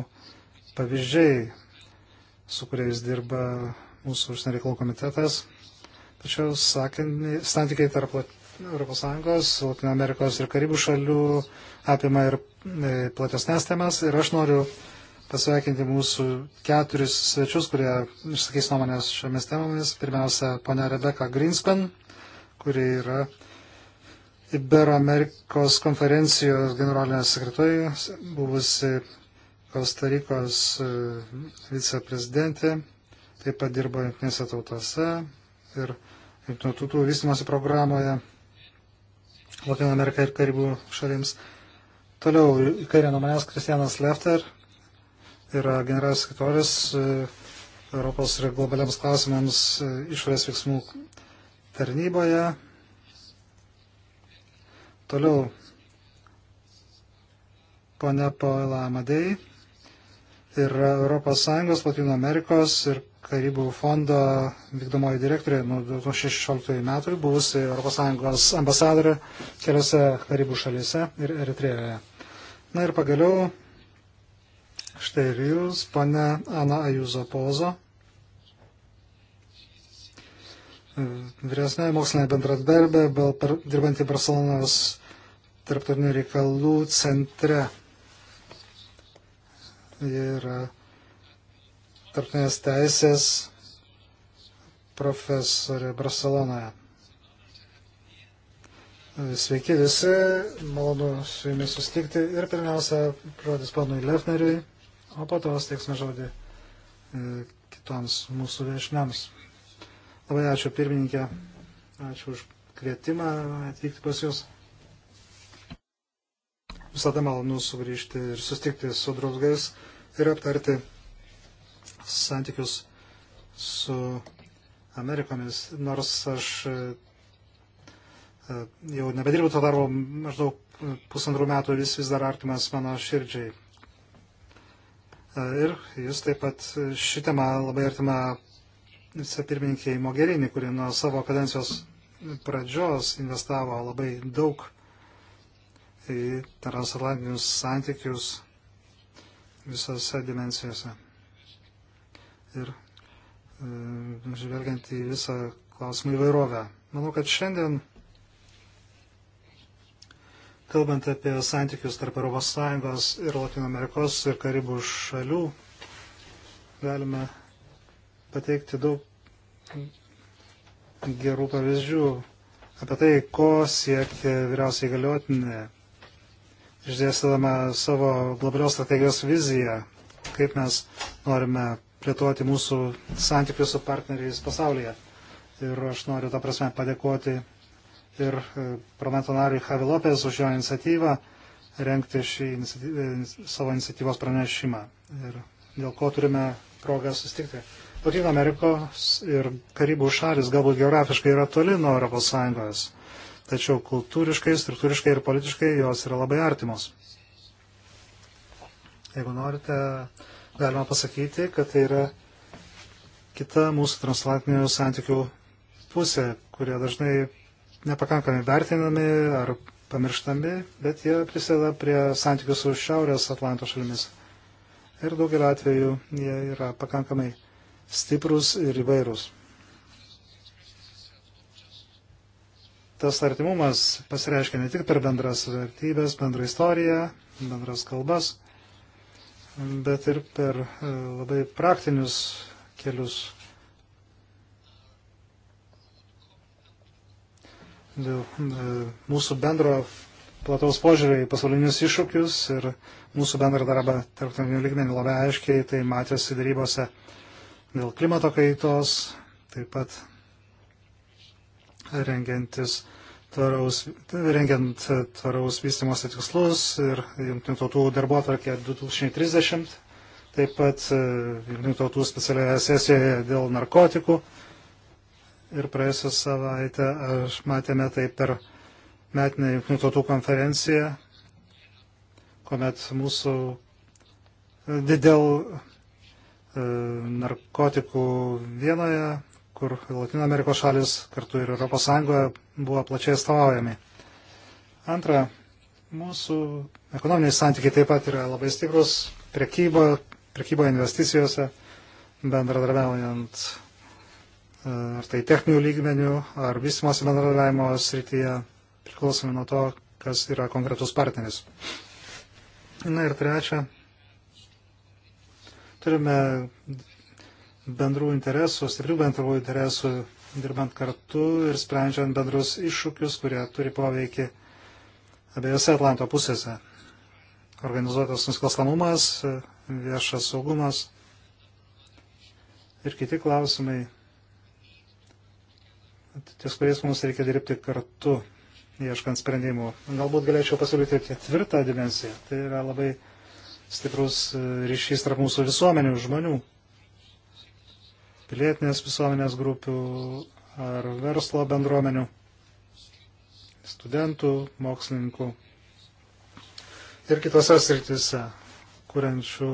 pavyzdžiai, su kuriais dirba mūsų užsienio reikalų komitetas. Tačiau santykiai tarp ES, Latino Amerikos ir Karibų šalių apima ir e, platesnės temas. Ir aš noriu pasveikinti mūsų keturis svečius, kurie išsakys nuomonės šiomis temomis. Pirmiausia, ponia Rebeka Greenspan, kuri yra Iberoamerikos konferencijos generalinė sekretorija, buvusi Kostarikos e, viceprezidentė, taip pat dirbo Junktinėse tautose ir Junktinių tautų vystimosi programoje Latino Amerika ir Karibų šalims. Toliau į kairę nuo manęs Kristianas Lefter yra generalinis sekretorius e, Europos ir globaliams klausimams e, išorės veiksmų tarnyboje. Toliau ponia Paula Amadei yra ES, Latino Amerikos ir Karibų fondo vykdomoji direktorė nuo 2016 metų, buvusi ES ambasadorė keliose Karibų šalyse ir Eritrėjoje. Na ir pagaliau, štai ir jūs, pane Ana Ajuzo Pozo, vyresnė mokslinė bendradarbė, dirbanti Barcelonos tarptautinių reikalų centre yra e, tarptautinės teisės profesorė Barcelonoje. Sveiki visi, malonu su jumis susitikti ir pirmiausia, žodis ponui Lefneriui, o po to steiksime žodį e, kitoms mūsų viešniams. Labai ačiū pirmininkė, ačiū už kvietimą atvykti pas jūs. Visada malonu sugrįžti ir susitikti su draugais ir aptarti santykius su Amerikomis, nors aš e, jau nebedirbu to darbo maždaug pusantrų metų, jis vis dar artimas mano širdžiai. E, ir jis taip pat ši tema labai artima vicepirmininkiai Mogherini, kuri nuo savo kadencijos pradžios investavo labai daug į transatlantinius santykius visose dimensijose. Ir e, žvelgiant į visą klausimų įvairovę. Manau, kad šiandien, kalbant apie santykius tarp ES ir Latino Amerikos ir Karibų šalių, galime pateikti daug gerų pavyzdžių apie tai, ko siekia vyriausiai galiotinė išdėstydama savo globalios strategijos viziją, kaip mes norime plėtoti mūsų santykius su partneriais pasaulyje. Ir aš noriu tą prasme padėkoti ir e, parlamento nariui Javi Lopez už jo iniciatyvą renkti šį iniciatyvą, e, savo iniciatyvos pranešimą. Ir dėl ko turime progą susitikti. Latino Amerikos ir Karibų šalis galbūt geografiškai yra toli nuo ES tačiau kultūriškai, struktūriškai ir politiškai jos yra labai artimos. Jeigu norite, galima pasakyti, kad tai yra kita mūsų transatlantinių santykių pusė, kurie dažnai nepakankamai vertinami ar pamirštami, bet jie prisideda prie santykių su Šiaurės Atlanto šalimis. Ir daugeliu atveju jie yra pakankamai stiprus ir įvairūs. tas artimumas pasireiškia ne tik per bendras vertybės, bendrą istoriją, bendras kalbas, bet ir per e, labai praktinius kelius. Dėl e, mūsų bendro plataus požiūrį į pasaulinius iššūkius ir mūsų bendrą darbą tarptautinių lygmenį labai aiškiai, tai matėsi darybose dėl klimato kaitos, taip pat rengiantis tvaraus, rengiant tvaraus vystimosi tikslus ir jungtinių tautų darbo atvarkė 2030, taip pat e, jungtinių tautų specialioje sesijoje dėl narkotikų. Ir praėjusią savaitę aš matėme tai per metinę jungtinių tautų konferenciją, kuomet mūsų e, dėl e, narkotikų vienoje kur Latino Amerikos šalis kartu ir ES buvo plačiai atstovaujami. Antra, mūsų ekonominiai santykiai taip pat yra labai stiprus prekybo, prekybo investicijose, bendradarbiaujant e, ar tai techninių lygmenių, ar vystimosi bendradarbiavimo srityje, priklausomai nuo to, kas yra konkretus partneris. Na ir trečia, turime bendrų interesų, stiprių bendrų interesų, dirbant kartu ir sprendžiant bendrus iššūkius, kurie turi poveikį abiejose Atlanto pusėse. Organizuotas nusikalstamumas, viešas saugumas ir kiti klausimai, ties kuriais mums reikia dirbti kartu, ieškant sprendimų. Galbūt galėčiau pasiūlyti ketvirtą dimensiją. Tai yra labai stiprus ryšys tarp mūsų visuomenių žmonių pilietinės visuomenės grupių ar verslo bendruomenių, studentų, mokslininkų ir kitose srityse, kuriančių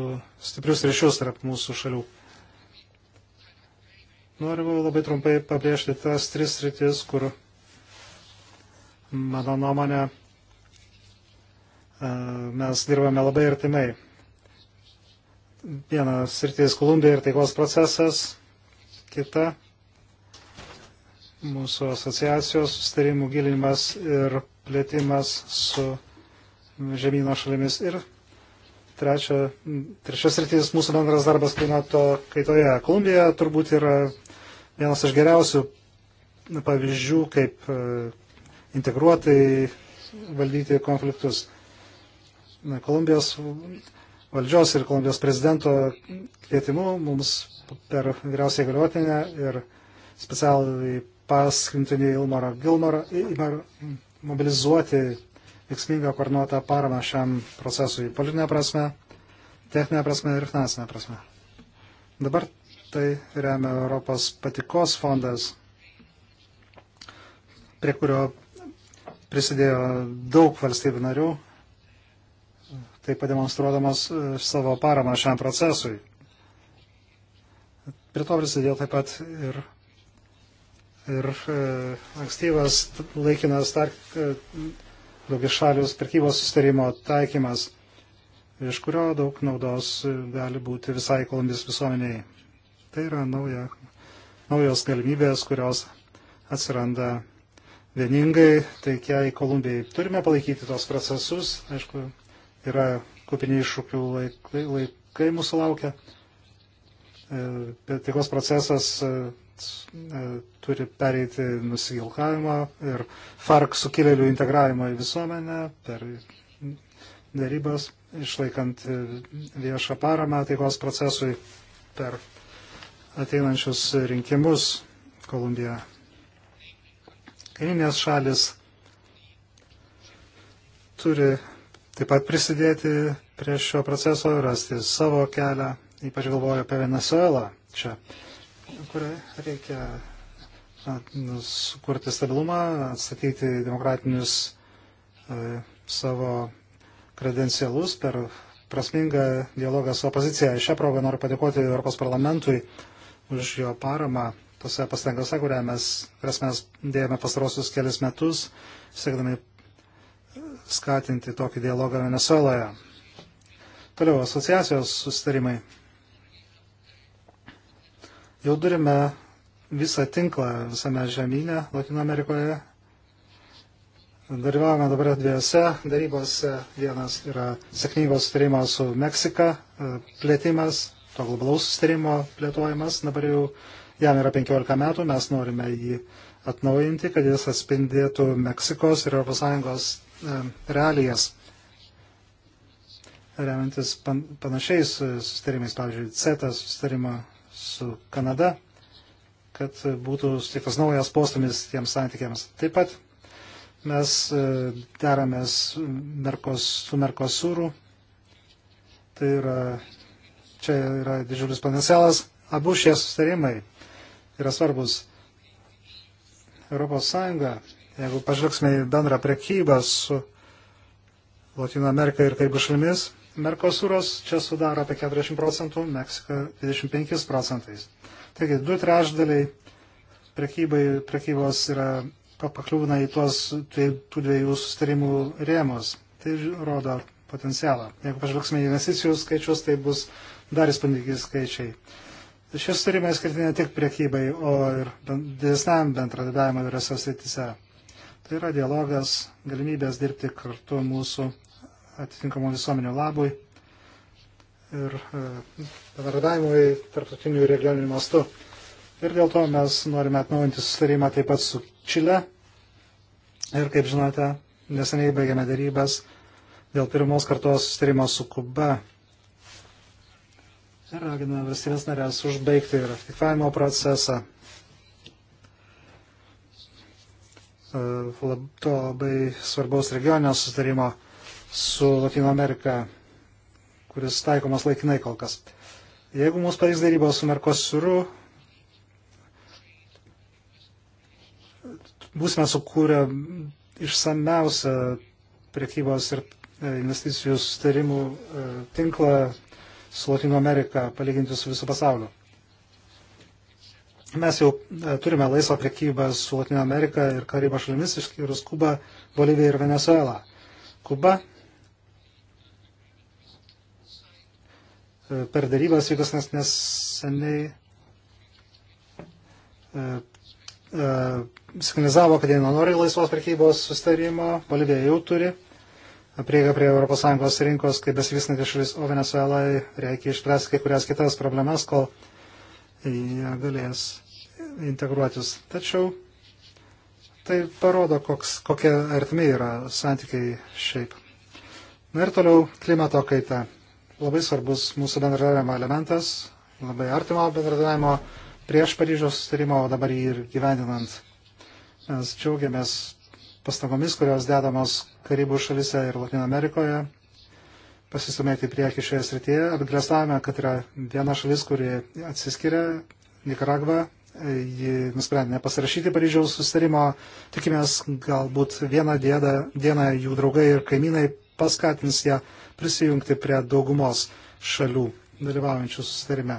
stiprius ryšius tarp mūsų šalių. Noriu labai trumpai pabrėžti tas tris sritis, kur, mano nuomonė, e, mes dirbame labai artimai. Vienas sritis Kolumbija ir taikos procesas, kita mūsų asociacijos sustarimų gilinimas ir plėtimas su žemyno šalimis. Ir trečia, trečias rytis mūsų bendras darbas klimato kaitoje. Kolumbija turbūt yra vienas iš geriausių pavyzdžių, kaip e, integruotai valdyti konfliktus. Kolumbijos valdžios ir Kolumbijos prezidento kvietimu mums per vyriausiai galiotinę ir specialai paskrintinį Ilmarą Gilmarą mobilizuoti veiksmingą koordinuotą paramą šiam procesui politinė prasme, techninė prasme ir finansinė prasme. Dabar tai remia Europos patikos fondas, prie kurio prisidėjo daug valstybių narių, tai pademonstruodamas e, savo paramą šiam procesui. Prie to prisidėjo taip pat ir, ir e, ankstyvas laikinas tarp e, daugišalius prekybos sustarimo taikymas, iš kurio daug naudos e, gali būti visai Kolumbijos visuomeniai. Tai yra nauja, naujos galimybės, kurios atsiranda vieningai taikiai Kolumbijai. Turime palaikyti tos procesus, aišku, yra kupiniai iššūkių laikai, laikai mūsų laukia. E, taikos procesas e, e, turi pereiti nusivilkavimą ir FARC sukilėlių integravimą į visuomenę per darybas, išlaikant viešą paramą taikos procesui per ateinančius rinkimus Kolumbija. Kaiminės šalis turi taip pat prisidėti prie šio proceso, rasti savo kelią ypač galvoju apie Venezuelą čia, kur reikia sukurti stabilumą, atstatyti demokratinius e, savo kredencialus per prasmingą dialogą su opozicija. Šią progą noriu padėkoti Europos parlamentui už jo paramą tose pastangose, kurias mes, kurias mes dėjome pastarosius kelias metus, siekdami skatinti tokį dialogą Venezueloje. Toliau asociacijos sustarimai. Jau turime visą tinklą visame žemynė Latino Amerikoje. Dalyvavome dabar dviejose darybose. Vienas yra sėkmingos sutarimo su Meksika e, plėtimas, to globalaus sustarimo plėtojimas. Dabar jau jam yra 15 metų, mes norime jį atnaujinti, kad jis atspindėtų Meksikos ir ES e, realijas, remiantis pan, panašiais e, sustarimais, pavyzdžiui, CETA sustarimo su Kanada, kad būtų suteiktas naujas postumis tiems santykiams. Taip pat mes e, deramės Merkos, su Merkosūru. Tai yra, čia yra didžiulis potencialas. Abu šie sustarimai yra svarbus. Europos Sąjunga, jeigu pažvelgsime į bendrą prekybą su Latino Amerika ir kaip šalimis, Merkosuras čia sudaro apie 40 procentų, Meksika 25 procentais. Taigi, du trešdaliai prekybai, prekybos yra pakliūna į tuos tų dviejų sustarimų rėmus. Tai rodo potencialą. Jeigu pažvelgsime į investicijų skaičius, tai bus dar įspūdingi skaičiai. Šie sustarimai skirti ne tik priekybai, o ir didesniam bendradarbiavimui įvairiose srityse. Tai yra dialogas, galimybės dirbti kartu mūsų atitinkamų visuomenių labui ir e, bendradavimui tarptautinių ir regioninių mastų. Ir dėl to mes norime atnaujinti susitarimą taip pat su Čile. Ir kaip žinote, neseniai baigėme darybas dėl pirmos kartos susitarimo su Kuba. Ir raginame valstybės narės užbaigti ratifikavimo procesą. E, to labai svarbaus regioninio susitarimo su Latino Amerika, kuris taikomas laikinai kol kas. Jeigu mums pavyks darybos su Merkosuru, būsime sukūrę išsameusią priekybos ir e, investicijų sustarimų e, tinklą su Latino Amerika, palyginti su visų pasauliu. Mes jau e, turime laisvą priekybą su Latino Amerika ir Karibų šalimis, išskyrus Kubą, Boliviją ir Venezuelą. Kuba per darybas vykus nes neseniai e, e, signalizavo, kad jie nenori laisvos prekybos sustarimo, Bolivija jau turi prieigą prie ES rinkos, kaip besivysnanti šalis, o Venezuelai reikia išspręsti kai kurias kitas problemas, kol jie galės integruotis. Tačiau tai parodo, koks, kokie artimi yra santykiai šiaip. Na ir toliau klimato kaita labai svarbus mūsų bendradavimo elementas, labai artimo bendradavimo prieš Paryžiaus sustarimo, o dabar jį ir gyvendinant. Mes džiaugiamės pastangomis, kurios dedamos Karibų šalise ir Latino Amerikoje, pasistumėti į priekį šioje srityje. Apgrestavome, kad yra viena šalis, kuri atsiskiria, Nikaragva, ji nusprendė nepasirašyti Paryžiaus sustarimo. Tikimės, galbūt vieną dėdą, dieną jų draugai ir kaimynai paskatins ją prisijungti prie daugumos šalių dalyvaujančių susitarime.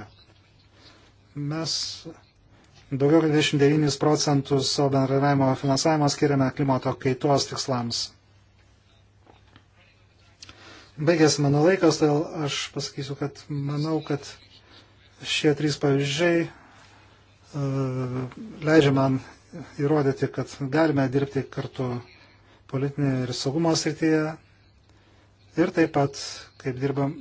Mes daugiau kaip 29 procentus savo bendravimo finansavimo skiriame klimato kaitos tikslams. Baigėsi mano laikas, todėl aš pasakysiu, kad manau, kad šie trys pavyzdžiai e, leidžia man įrodyti, kad galime dirbti kartu politinėje ir saugumo srityje, ir taip pat, kaip, dirbam,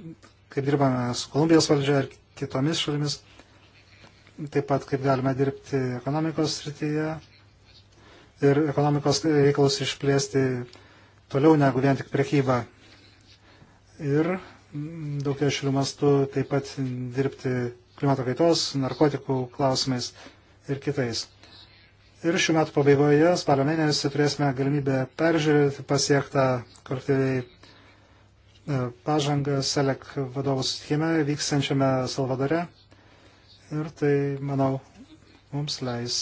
kaip dirbame su Kolumbijos valdžia ir kitomis šalimis, taip pat kaip galime dirbti ekonomikos srityje ir ekonomikos reikalus išplėsti toliau negu vien tik prekyba. Ir daugia šalių mastų taip pat dirbti klimato kaitos, narkotikų klausimais ir kitais. Ir šių metų pabaigoje, spalio mėnesį, turėsime galimybę peržiūrėti pasiektą kolektyviai E, pažangą SELEC vadovų sutikime vyksančiame Salvadore. Ir tai, manau, mums leis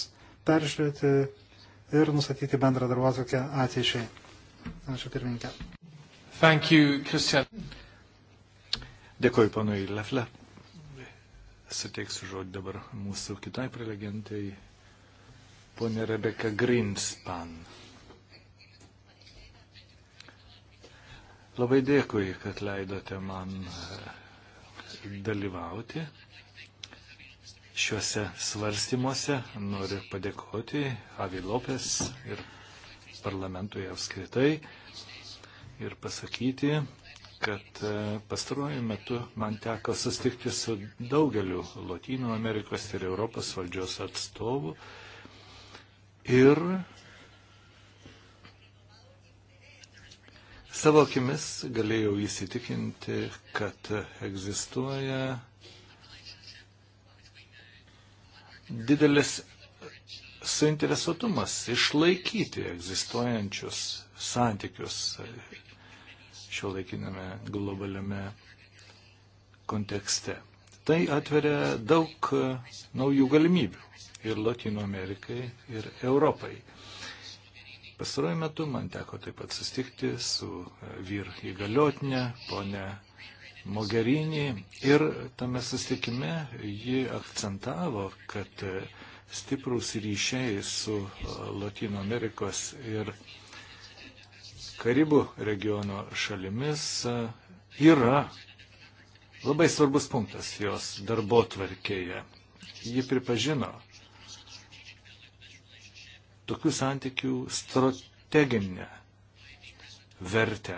peržiūrėti ir nustatyti bendrą darbotvarkę ateičiai. Ačiū pirmininkė. Thank you, Christian. Dėkuoju panui Lefle. Suteiksiu žodį dabar mūsų kitai prelegentei, ponė Rebeka Greenspan. Labai dėkui, kad leidote man e, dalyvauti šiuose svarstymuose. Noriu padėkoti Avi Lopes ir parlamentui apskritai ir pasakyti, kad e, pastaruoju metu man teko sustikti su daugeliu Latino Amerikos ir Europos valdžios atstovų ir Savo akimis galėjau įsitikinti, kad egzistuoja didelis suinteresuotumas išlaikyti egzistuojančius santykius šio laikiname globaliame kontekste. Tai atveria daug naujų galimybių ir Latino Amerikai, ir Europai. Pastaruoju metu man teko taip pat sustikti su e, vyr įgaliotinė, ponė Mogherini ir tame sustikime ji akcentavo, kad e, stiprus ryšiai su e, Latino Amerikos ir Karibų regiono šalimis yra labai svarbus punktas jos darbo tvarkėje. Ji pripažino, tokių santykių strateginę vertę.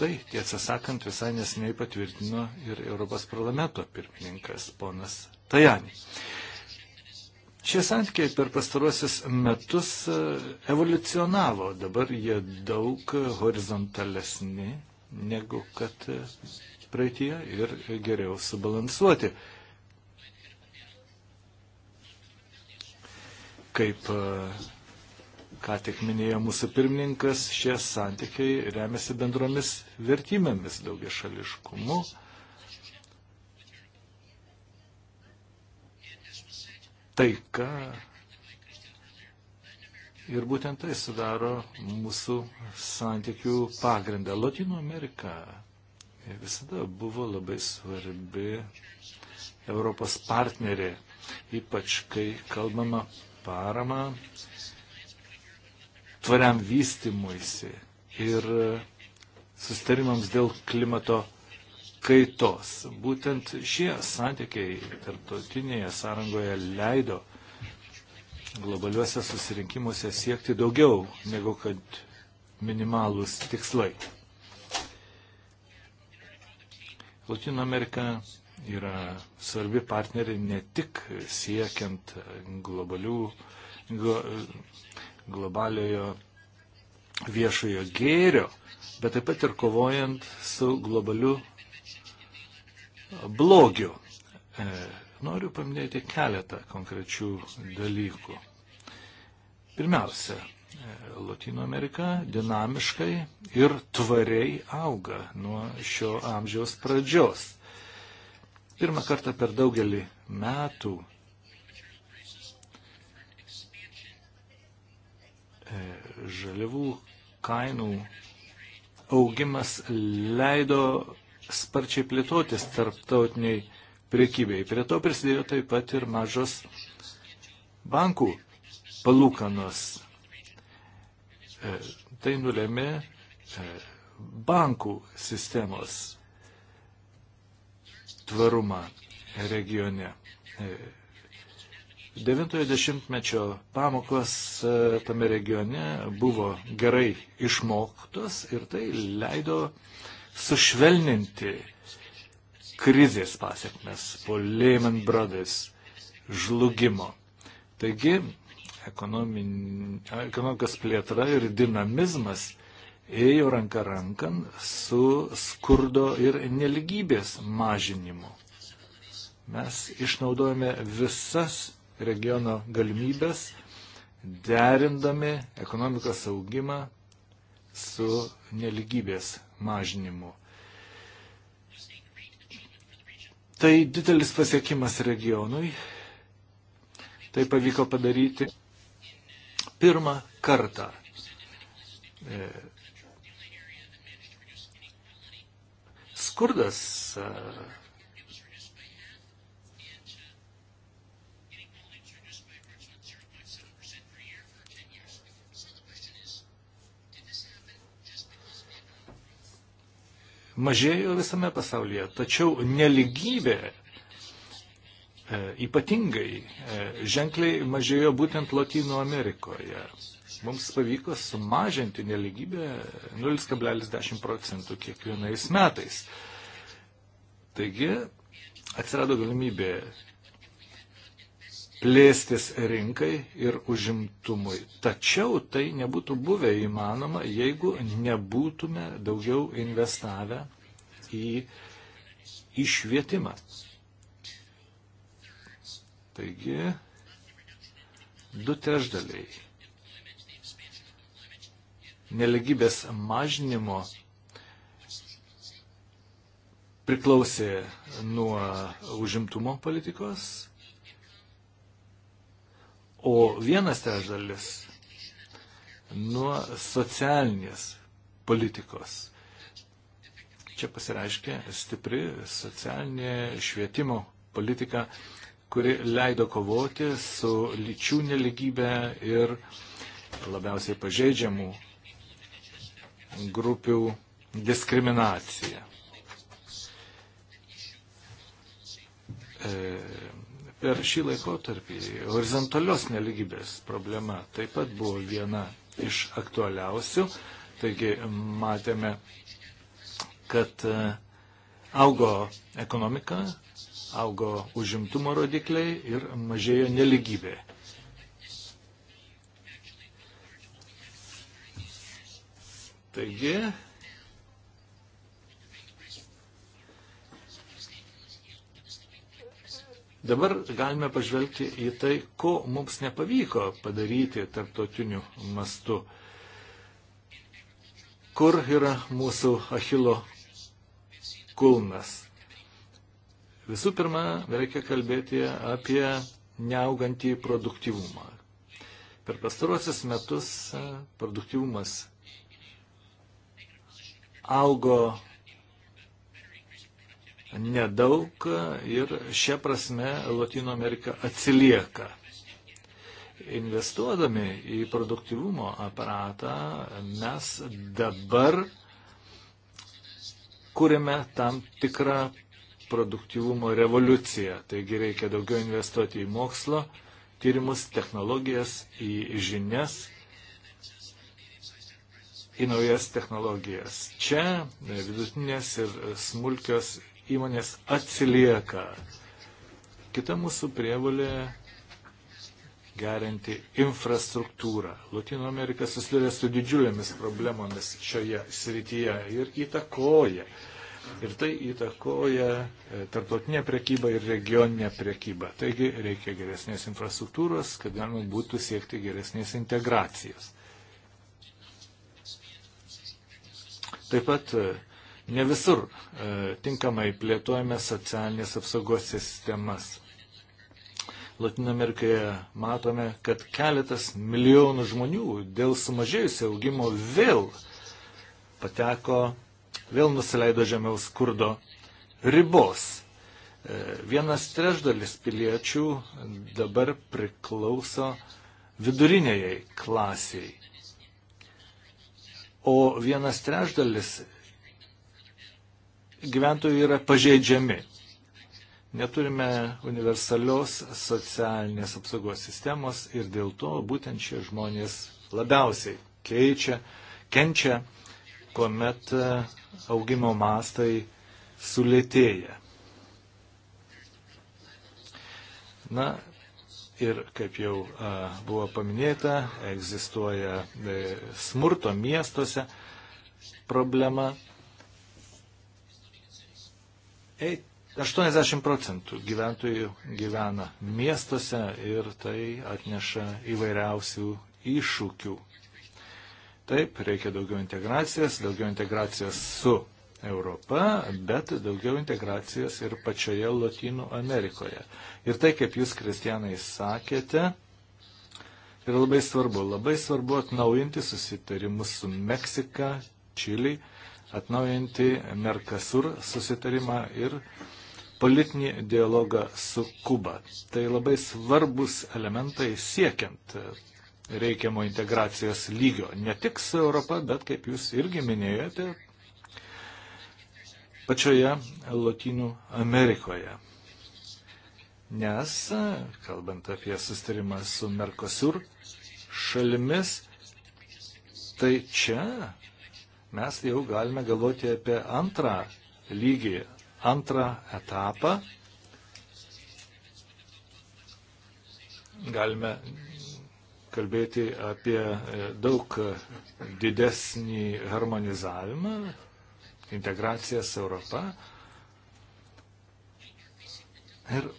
Tai, tiesą sakant, visai nesiniai patvirtino ir Europos parlamento pirmininkas ponas Tajani. Šie santykiai per pastaruosius metus e, evoliucionavo, dabar jie daug horizontalesni negu kad praeitie ir geriau subalansuoti. Kaip e, ką tik minėjo mūsų pirmininkas, šie santykiai remiasi bendromis vertybėmis daugia šališkumu. Taika. Ir būtent tai sudaro mūsų santykių pagrindą. Latino Amerika visada buvo labai svarbi Europos partnerė, ypač kai kalbama paramą tvariam vystimuisi ir sustarimams dėl klimato kaitos. Būtent šie santykiai tarptautinėje sąrangoje leido globaliuose susirinkimuose siekti daugiau negu kad minimalūs tikslai. Latino Amerika yra svarbi partneriai ne tik siekiant globalių, glo, globaliojo viešojo gėrio, bet taip pat ir kovojant su globaliu blogiu. E, noriu paminėti keletą konkrečių dalykų. Pirmiausia, e, Latino Amerika dinamiškai ir tvariai auga nuo šio amžiaus pradžios. Pirmą kartą per daugelį metų e, žaliavų kainų augimas leido sparčiai plėtotis tarptautiniai priekybei. Prie to prisidėjo taip pat ir mažos bankų palūkanos. E, tai nulėmė e, bankų sistemos tvarumą regione. 90-mečio e, pamokos e, tame regione buvo gerai išmoktos ir tai leido sušvelninti krizės pasiekmes po Lehman Brothers žlugimo. Taigi, ekonomin... ekonomikos plėtra ir dinamizmas ėjo ranka rankan su skurdo ir neligybės mažinimu. Mes išnaudojame visas regiono galimybės, derindami ekonomikos augimą su neligybės mažinimu. Tai didelis pasiekimas regionui. Tai pavyko padaryti pirmą kartą. E, skurdas. Mažėjo visame pasaulyje, tačiau neligybė ypatingai ženkliai mažėjo būtent Latino Amerikoje. Mums pavyko sumažinti neligybę 0,10 procentų kiekvienais metais. Taigi atsirado galimybė plėstis rinkai ir užimtumui. Tačiau tai nebūtų buvę įmanoma, jeigu nebūtume daugiau investavę į išvietimą. Taigi, du trešdaliai neligybės mažinimo priklausė nuo užimtumo politikos, o vienas trečdalis nuo socialinės politikos. Čia pasireiškia stipri socialinė švietimo politika, kuri leido kovoti su lyčių neligybė ir labiausiai pažeidžiamų grupių diskriminacija. E, per šį laikotarpį horizontalios neligybės problema taip pat buvo viena iš aktualiausių. Taigi matėme, kad e, augo ekonomika, augo užimtumo rodikliai ir mažėjo neligybė. Taigi, Dabar galime pažvelgti į tai, ko mums nepavyko padaryti tarptautiniu mastu. Kur yra mūsų Achilo kulnas? Visų pirma, reikia kalbėti apie neaugantį produktivumą. Per pastarosius metus produktivumas augo nedaug ir šia prasme Latino Amerika atsilieka. Investuodami į produktivumo aparatą mes dabar kūrėme tam tikrą produktivumo revoliuciją. Taigi reikia daugiau investuoti į mokslo, tyrimus, technologijas, į žinias, į naujas technologijas. Čia vidutinės ir smulkios įmonės atsilieka. Kita mūsų prievalė gerinti infrastruktūrą. Latino Amerika susiduria su didžiulėmis problemomis šioje srityje ir įtakoja. Ir tai įtakoja e, tarptautinę prekybą ir regioninę prekybą. Taigi reikia geresnės infrastruktūros, kad galima būtų siekti geresnės integracijos. Taip pat e, ne visur e, tinkamai plėtojame socialinės apsaugos sistemas. Latino Amerikoje matome, kad keletas milijonų žmonių dėl sumažėjusio augimo vėl pateko, vėl nusileido žemiau skurdo ribos. E, vienas trešdalis piliečių dabar priklauso viduriniai klasiai. O vienas trešdalis gyventojai yra pažeidžiami. Neturime universalios socialinės apsaugos sistemos ir dėl to būtent šie žmonės labiausiai keičia, kenčia, kuomet e, augimo mastai sulėtėja. Na ir kaip jau e, buvo paminėta, egzistuoja e, smurto miestuose problema 80 procentų gyventojų gyvena miestuose ir tai atneša įvairiausių iššūkių. Taip, reikia daugiau integracijos, daugiau integracijos su Europa, bet daugiau integracijos ir pačioje Latinų Amerikoje. Ir tai, kaip jūs, kristianai, sakėte, yra labai svarbu. Labai svarbu atnaujinti susitarimus su Meksika, Čili, atnaujinti Merkasur susitarimą ir politinį dialogą su Kuba. Tai labai svarbus elementai siekiant reikiamo integracijos lygio. Ne tik su Europa, bet kaip jūs irgi minėjote, pačioje Latinų Amerikoje. Nes, kalbant apie sustarimą su Mercosur šalimis, tai čia mes jau galime galvoti apie antrą lygį, antrą etapą. Galime kalbėti apie e, daug didesnį harmonizavimą, integraciją su Europa. Ir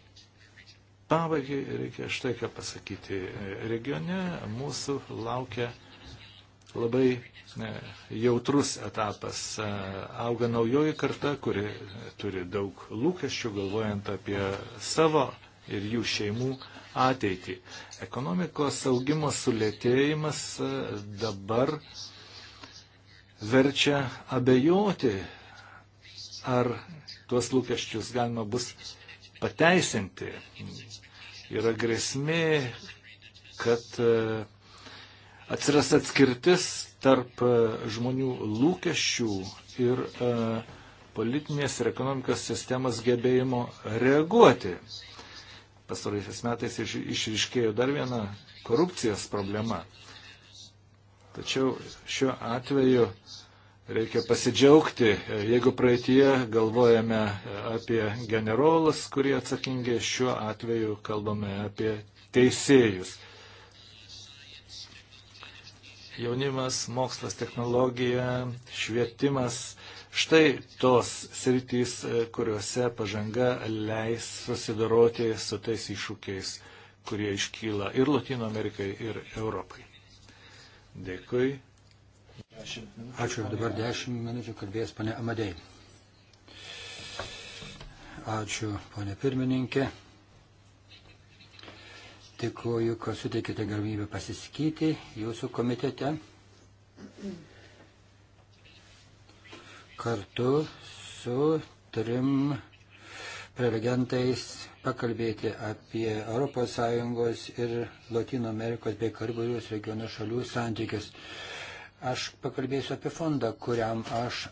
pabaigai reikia štai ką pasakyti. E, regione mūsų laukia labai e, jautrus etapas. E, auga naujoji karta, kuri turi daug lūkesčių, galvojant apie savo ir jų šeimų ateitį. Ekonomikos augimo sulėtėjimas e, dabar verčia abejoti, ar tuos lūkesčius galima bus pateisinti. Yra grėsmė, kad atsiras atskirtis tarp e, žmonių lūkesčių ir e, politinės ir ekonomikos sistemos gebėjimo reaguoti. Pastaraisiais metais iš, išriškėjo dar viena korupcijos problema. Tačiau šiuo atveju reikia pasidžiaugti, e, jeigu praeitie galvojame e, apie generolus, kurie atsakingi, šiuo atveju kalbame apie teisėjus jaunimas, mokslas, technologija, švietimas. Štai tos sritys, e, kuriuose pažanga leis susidoroti su tais iššūkiais, kurie iškyla ir Latino Amerikai, ir Europai. Dėkui. Ačiū. Dabar dešimt minučių kalbės pane Amadei. Ačiū, pane pirmininkė. Dėkuoju, kad suteikite galimybę pasiskyti jūsų komitete. Kartu su trim prelegentais pakalbėti apie ES ir Latino Amerikos bei Karibijos regiono šalių santykius. Aš pakalbėsiu apie fondą, kuriam aš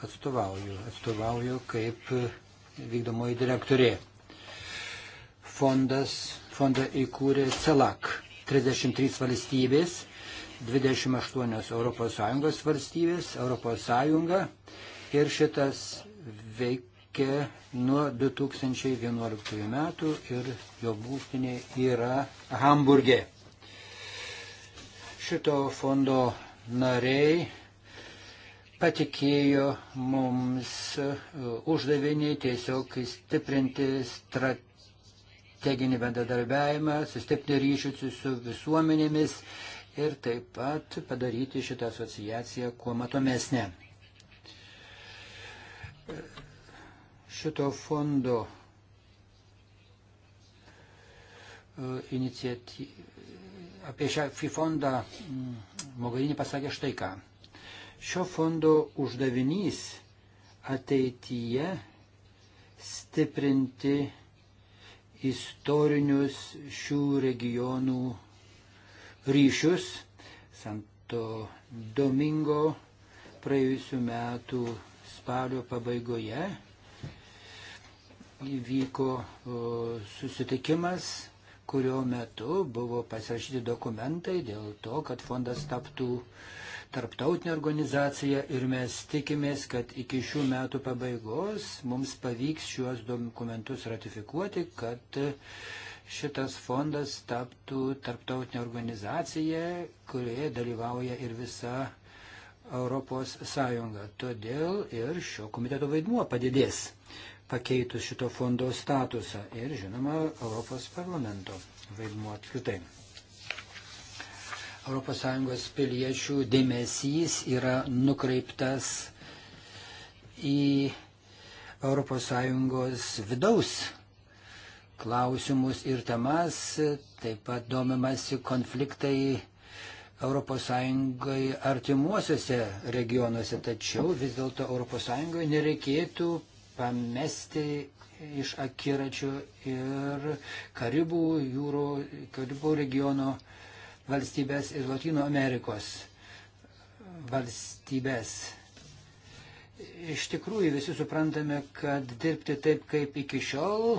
atstovauju. Atstovauju kaip vykdomoji direktorė. Fondas Fondą įkūrė CELAC 33 valstybės, 28 ES valstybės, ES ir šitas veikia nuo 2011 metų ir jo būstinė yra Hamburgė. Šito fondo nariai patikėjo mums e, uždavinį tiesiog stiprinti strat teiginį bendradarbiavimą, sustiprinti ryšius su visuomenėmis ir taip pat padaryti šitą asociaciją kuo matomesnė. Šito fondo e, iniciatyvą apie šią fondą mm, Mogarinį pasakė štai ką. Šio fondo uždavinys ateityje stiprinti istorinius šių regionų ryšius. Santo Domingo praėjusiu metu spalio pabaigoje įvyko susitikimas, kurio metu buvo pasirašyti dokumentai dėl to, kad fondas taptų uh, tarptautinė organizacija ir mes tikimės, kad iki šių metų pabaigos mums pavyks šiuos dokumentus ratifikuoti, kad šitas fondas taptų tarptautinė organizacija, kurioje dalyvauja ir visa Europos Sąjunga. Todėl ir šio komiteto vaidmuo padidės pakeitus šito fondo statusą ir, žinoma, Europos parlamento vaidmuo apskritai. ES piliečių dėmesys yra nukreiptas į ES vidaus klausimus ir temas, taip pat domimasi konfliktai ES artimuosiuose regionuose, tačiau vis dėlto ES nereikėtų pamesti iš akiračių ir Karibų jūrų, Karibų regiono valstybės ir Latino Amerikos valstybės. Iš tikrųjų visi suprantame, kad dirbti taip kaip iki šiol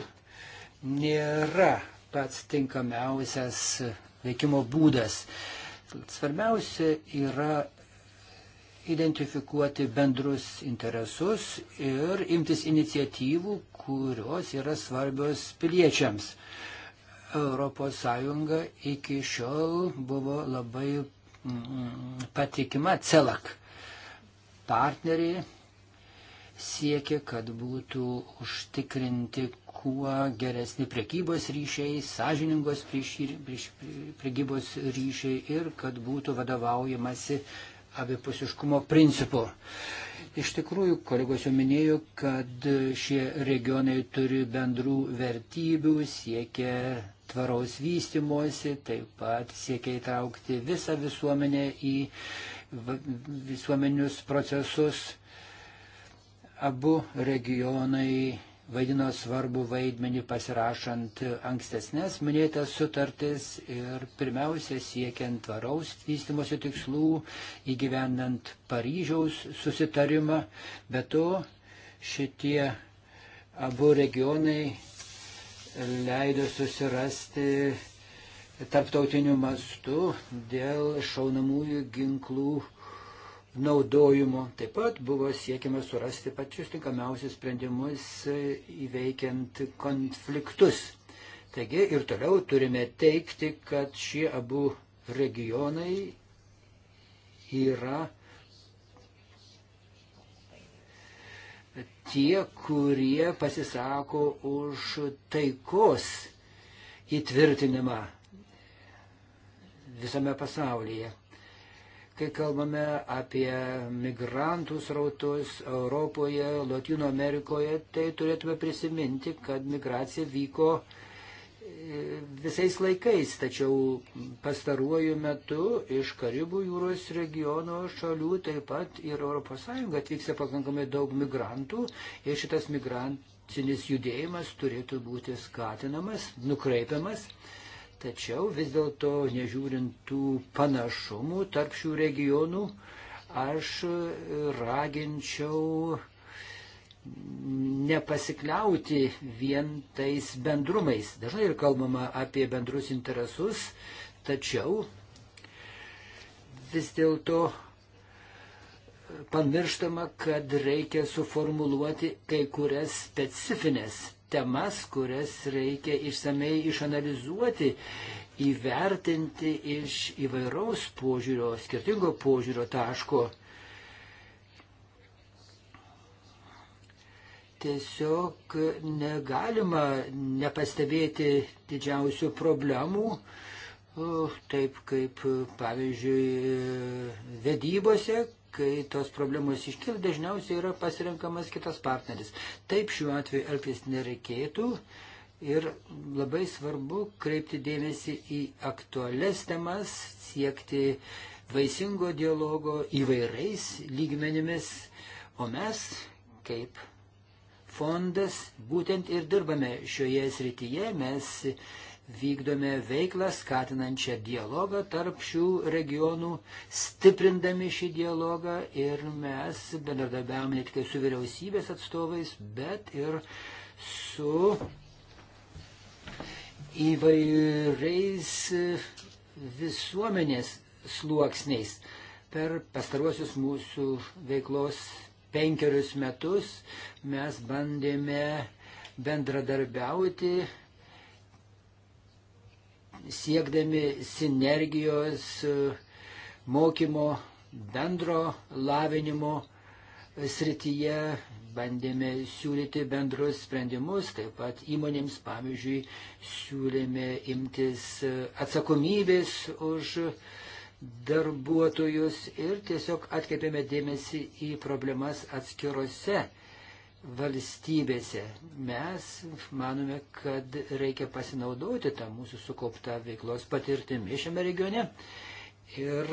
nėra pats tinkamiausias veikimo būdas. Svarbiausia yra identifikuoti bendrus interesus ir imtis iniciatyvų, kurios yra svarbios piliečiams. ES iki šiol buvo labai mm, patikima CELAK partneriai siekia, kad būtų užtikrinti kuo geresni prekybos ryšiai, sąžiningos prekybos ryšiai ir kad būtų vadovaujamasi abipusiškumo principu. Iš tikrųjų, kolegos jau minėjo, kad šie regionai turi bendrų vertybių, siekia tvaraus vystimosi, taip pat siekia įtraukti visą visuomenę į visuomenius procesus. Abu regionai vaidino svarbu vaidmenį pasirašant ankstesnės minėtas sutartis ir pirmiausia siekiant tvaraus vystimosi tikslų, įgyvendant Paryžiaus susitarimą, bet to šitie abu regionai leido susirasti tarptautiniu mastu dėl šaunamųjų ginklų naudojimo. Taip pat buvo siekiama surasti pačius tinkamiausius sprendimus įveikiant konfliktus. Taigi ir toliau turime teikti, kad šie abu regionai yra tie, kurie pasisako už taikos įtvirtinimą visame pasaulyje. Kai kalbame apie migrantų srautus Europoje, Latino Amerikoje, tai turėtume prisiminti, kad migracija vyko uh, visais laikais, tačiau pastaruoju metu iš Karibų jūros regiono šalių taip pat ir ES atvyksta pakankamai daug migrantų ir šitas migrantinis judėjimas turėtų būti skatinamas, nukreipiamas. Tačiau vis dėlto, nežiūrint tų panašumų tarp šių regionų, aš raginčiau nepasikliauti vien tais bendrumais. Dažnai ir kalbama apie bendrus interesus, tačiau vis dėlto pamirštama, kad reikia suformuluoti kai kurias specifines temas, kurias reikia išsamei išanalizuoti, įvertinti iš įvairaus požiūrio, skirtingo požiūrio taško. tiesiog negalima nepastebėti didžiausių problemų, taip kaip pavyzdžiui vedybose, kai tos problemos iškyla, dažniausiai yra pasirenkamas kitas partneris. Taip šiuo atveju elgtis nereikėtų. Ir labai svarbu kreipti dėmesį į aktualias temas, siekti vaisingo dialogo įvairiais lygmenimis, o mes kaip fondas, būtent ir dirbame šioje srityje, mes vykdome veiklą skatinančią dialogą tarp šių regionų, stiprindami šį dialogą ir mes bendradarbiavame ne tik tai su vyriausybės atstovais, bet ir su įvairiais visuomenės sluoksniais per pastaruosius mūsų veiklos penkerius metus mes bandėme bendradarbiauti, siekdami sinergijos mokymo bendro lavinimo srityje, bandėme siūlyti bendrus sprendimus, taip pat įmonėms, pavyzdžiui, siūlėme imtis atsakomybės už uh, darbuotojus ir tiesiog atkreipėme dėmesį į problemas atskirose valstybėse. Mes manome, kad reikia pasinaudoti tą mūsų sukauptą veiklos patirtimi šiame regione. Ir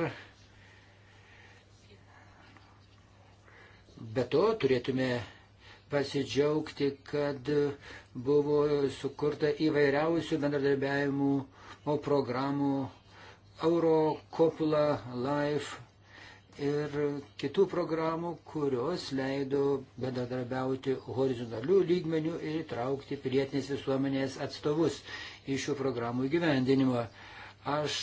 be to turėtume pasidžiaugti, kad buvo sukurta įvairiausių bendradarbiavimų programų Euro Copula Life ir kitų programų, kurios leido bendradarbiauti horizontalių lygmenių ir įtraukti pilietinės visuomenės atstovus į šių programų įgyvendinimą. Aš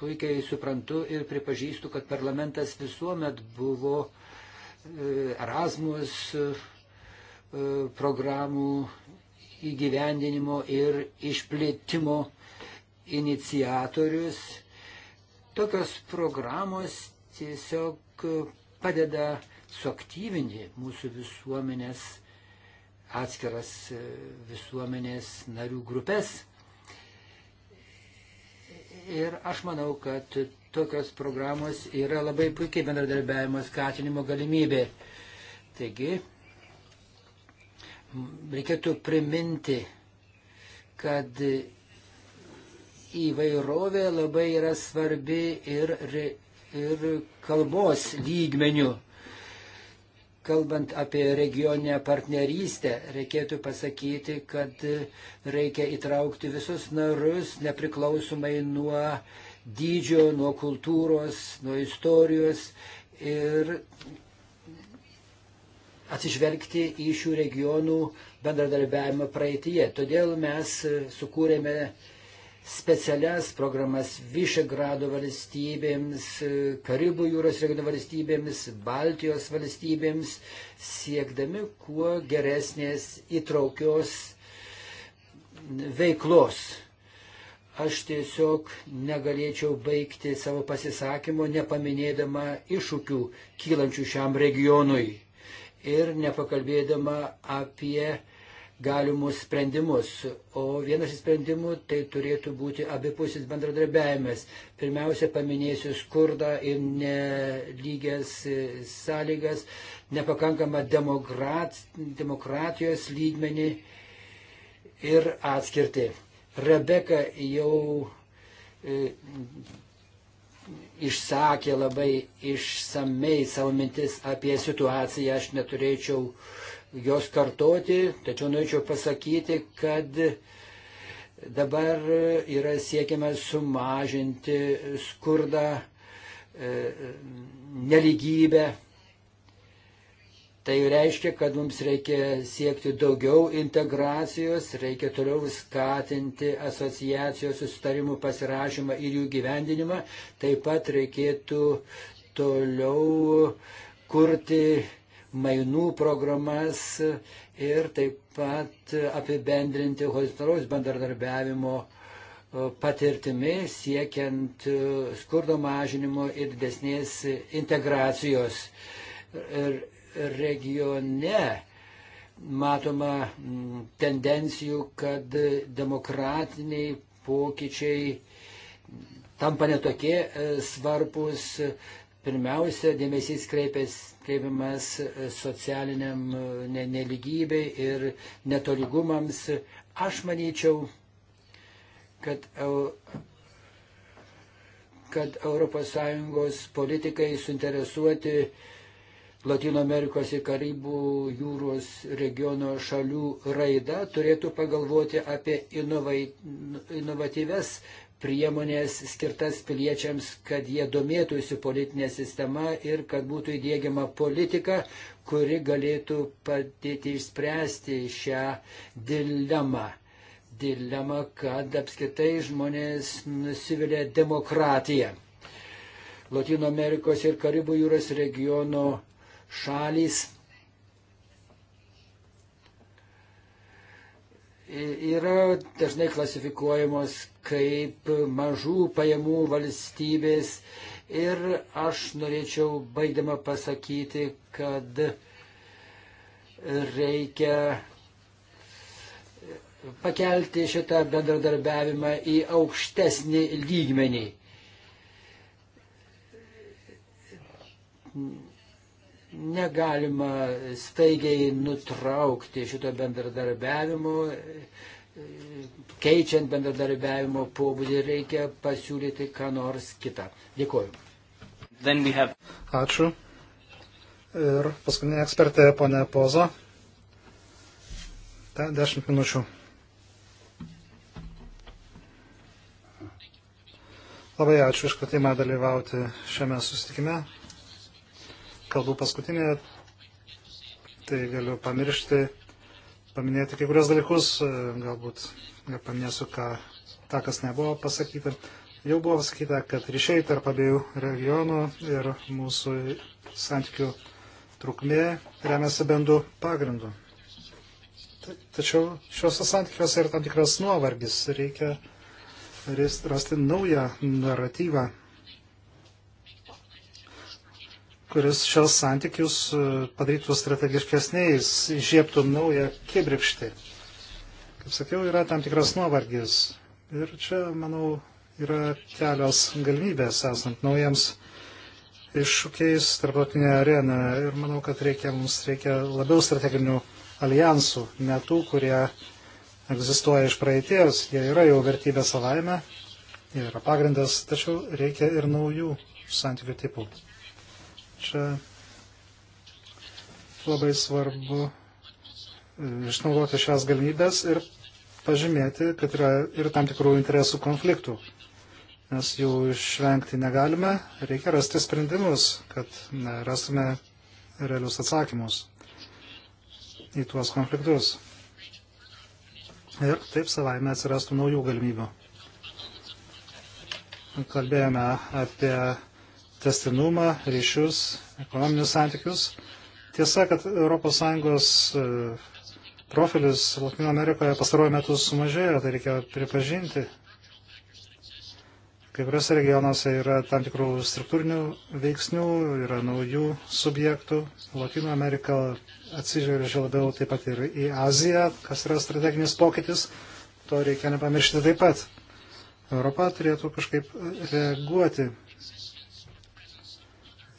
puikiai suprantu ir pripažįstu, kad parlamentas visuomet buvo e, Erasmus e, programų įgyvendinimo ir išplėtimo iniciatorius Tokios programos tiesiog padeda suaktyvinti mūsų visuomenės atskiras e, visuomenės narių grupės. Ir aš manau, kad tokios programos yra labai puikiai bendradarbiavimo skatinimo galimybė. Taigi, reikėtų priminti, kad įvairovė labai yra svarbi ir, ir kalbos lygmenių. Kalbant apie regioninę partnerystę, reikėtų pasakyti, kad reikia įtraukti visus narus nepriklausomai nuo dydžio, nuo kultūros, nuo istorijos ir atsižvelgti į šių regionų bendradarbiavimą praeitie. Todėl mes sukūrėme specialias programas Višegrado valstybėms, e, Karibų jūros regiono valstybėms, Baltijos valstybėms, siekdami kuo geresnės įtraukios veiklos. Aš tiesiog negalėčiau baigti savo pasisakymo nepaminėdama iššūkių kylančių šiam regionui ir nepakalbėdama apie galimus sprendimus. O vienas iš sprendimų tai turėtų būti abipusis bendradarbiavimas. Pirmiausia, paminėsiu skurdą ir nelygias sąlygas, nepakankamą demokrat, demokratijos lygmenį ir atskirtį. Rebeka jau e, išsakė labai išsamei savo mintis apie situaciją, aš neturėčiau uh, jos kartoti, tačiau norėčiau pasakyti, kad dabar yra siekiama sumažinti skurdą, e, neligybę. Tai reiškia, kad mums reikia siekti daugiau integracijos, reikia toliau skatinti asociacijos sustarimų pasirašymą ir jų gyvendinimą. Taip pat reikėtų toliau kurti mainų programas ir taip pat apibendrinti horizontalaus bendradarbiavimo e, patirtimi siekiant e, skurdo mažinimo ir didesnės integracijos. Ir regione matoma tendencijų, kad demokratiniai pokyčiai tampa netokie e, svarbus, pirmiausia dėmesys kreipės, kreipiamas socialiniam neligybei ir netolygumams. Aš manyčiau, kad, kad ES politikai suinteresuoti Latino Amerikos ir Karibų jūros regiono šalių raidą turėtų pagalvoti apie inovatyves priemonės skirtas piliečiams, kad jie domėtųsi politinė sistema ir kad būtų įdėgiama politika, kuri galėtų padėti išspręsti šią dilemą. Dilemą, kad apskritai žmonės nusivilia demokratiją. Latino Amerikos ir Karibų jūros regiono šalys yra dažnai klasifikuojamos kaip mažų pajamų valstybės. Ir aš norėčiau baigdama pasakyti, kad reikia pakelti šitą bendradarbiavimą į aukštesnį lygmenį. Negalima staigiai nutraukti šito bendradarbiavimo, keičiant bendradarbiavimo pobūdį reikia pasiūlyti ką nors kitą. Dėkuoju. Have... Ačiū. Ir paskutinė ekspertė, ponė Pozo. Ta, 10 minučių. Labai ačiū iš kvietimą dalyvauti šiame susitikime kalbu paskutinė, tai galiu pamiršti, paminėti kai kurios dalykus, galbūt paminėsiu ką, tą, kas nebuvo pasakyta. Jau buvo pasakyta, kad ryšiai tarp abiejų regionų ir mūsų santykių trukmė remiasi bendų pagrindų. Tačiau šiuose santykiuose yra tam tikras nuovargis, reikia rasti naują naratyvą kuris šios santykius e, padarytų strategiškesniais, žieptų naują kibirkštį. Kaip sakiau, yra tam tikras nuovargis. Ir čia, manau, yra kelios galimybės esant naujams iššūkiais tarptautinė arena. Ir manau, kad reikia, mums reikia labiau strateginių alijansų, ne tų, kurie egzistuoja iš praeities, jie yra jau vertybė savaime, jie yra pagrindas, tačiau reikia ir naujų santykių tipų. Čia labai svarbu e, išnaudoti šias galimybės ir pažymėti, kad yra ir tam tikrų interesų konfliktų. Nes jų išvengti negalime, reikia rasti sprendimus, kad na, rastume realius atsakymus į tuos konfliktus. Ir taip savaime atsirastų naujų galimybių. Kalbėjome apie testinumą, ryšius, ekonominius santykius. Tiesa, kad ES e, profilis Latino Amerikoje pastaruoju metu sumažėjo, tai reikia pripažinti. Kai kuriuose regionuose yra tam tikrų struktūrinių veiksnių, yra naujų subjektų. Latino Amerika atsižiūrė labiau taip pat ir į Aziją, kas yra strateginis pokytis. To reikia nepamiršti taip pat. Europa turėtų kažkaip reaguoti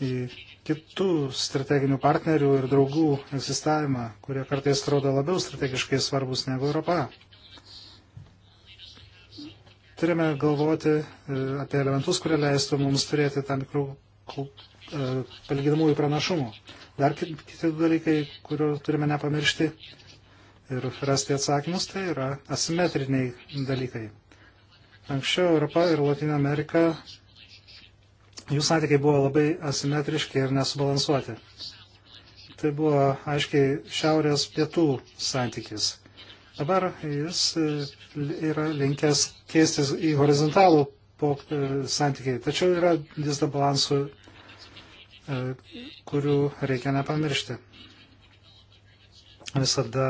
į kitų strateginių partnerių ir draugų egzistavimą, kurie kartais atrodo labiau strategiškai svarbus negu Europa. Turime galvoti e, apie elementus, kurie leistų mums turėti tam tikrų e, palyginamųjų pranašumų. Dar kiti dalykai, kurių turime nepamiršti ir rasti atsakymus, tai yra asimetriniai dalykai. Anksčiau Europa ir Latino Amerika Jų santykiai buvo labai asimetriški ir nesubalansuoti. Tai buvo aiškiai šiaurės pietų santykis. Dabar jis e, yra linkęs keistis į horizontalų e, santykiai. Tačiau yra disbalansų, e, kurių reikia nepamiršti. Visada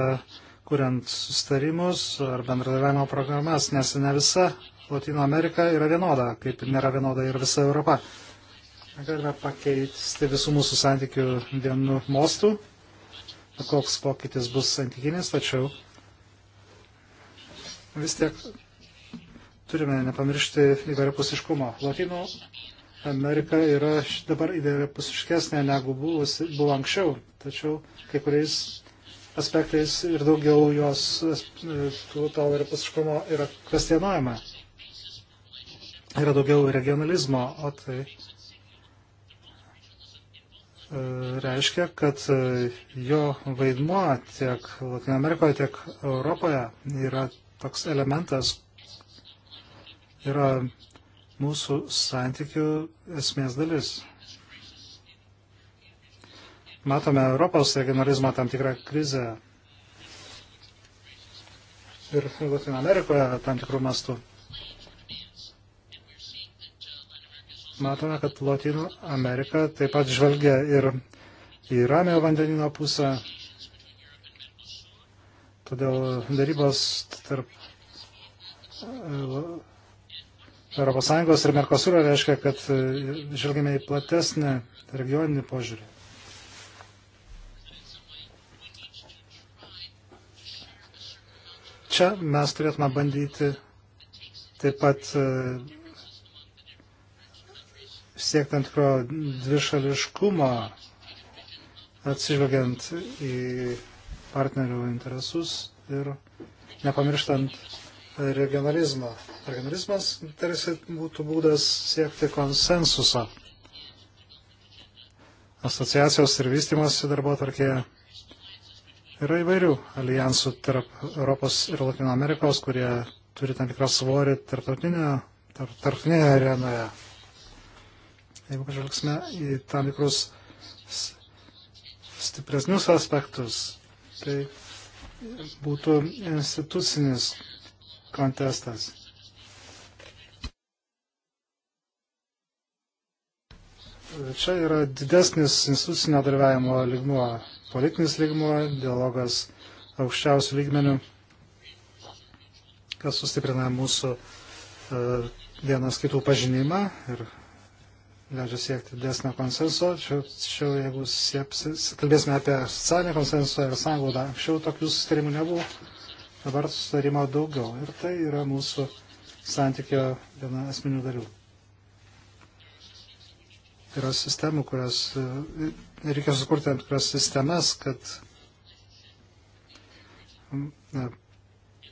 kuriant sustarimus ar bendradarbiavimo programas, nes ne visa Latino Amerika yra vienoda, kaip nėra vienoda ir visa Europa. Galime pakeisti visų mūsų santykių vienu mostu, koks pokytis bus santykinis, tačiau vis tiek turime nepamiršti įvairiapusiškumo. Latinų Amerika yra dabar įvairiapusiškesnė negu buvusi, buvo anksčiau, tačiau kai kuriais aspektais ir daugiau jos to įvairiapusiškumo yra kvestionuojama. Yra daugiau regionalizmo, o tai reiškia, kad e, jo vaidmuo tiek Latino Amerikoje, tiek Europoje yra toks elementas, yra mūsų santykių esmės dalis. Matome Europos regionalizmą tam tikrą krizę ir Latino Amerikoje tam tikrų mastų. matome, kad Latino Amerika taip pat žvelgia ir į ramio vandenino pusę. Todėl darybos tarp ES ir Merkosūro reiškia, kad e, žvelgime į platesnį regioninį požiūrį. Čia mes turėtume bandyti taip pat e, siekti tam tikro dvišališkumo, atsižvelgiant į partnerių interesus ir nepamirštant regionalizmą. Regionalizmas tarsi būtų būdas siekti konsensuso. Asociacijos ir vystimosi darbo tvarkėje yra įvairių alijansų tarp Europos ir Latino Amerikos, kurie turi tam tikrą svorį tarptautinėje tarp, arenoje. Tarp, Jeigu pažvelgsime į tam tikrus stipresnius aspektus, tai būtų institucinis kontestas. Čia yra didesnis institucinio dalyvavimo lygmuo, politinis lygmuo, dialogas aukščiausių lygmenių, kas sustiprina mūsų e, vienas kitų pažinimą ir leidžia siekti didesnio konsenso, tačiau jeigu siepsis, kalbėsime apie socialinį konsensą ir sąnglaudą, anksčiau tokių sustarimų nebuvo, dabar sustarimo daugiau ir tai yra mūsų santykio viena esminių dalių. Yra sistemų, kurias e, reikia sukurti tam tikras sistemas, kad na, e,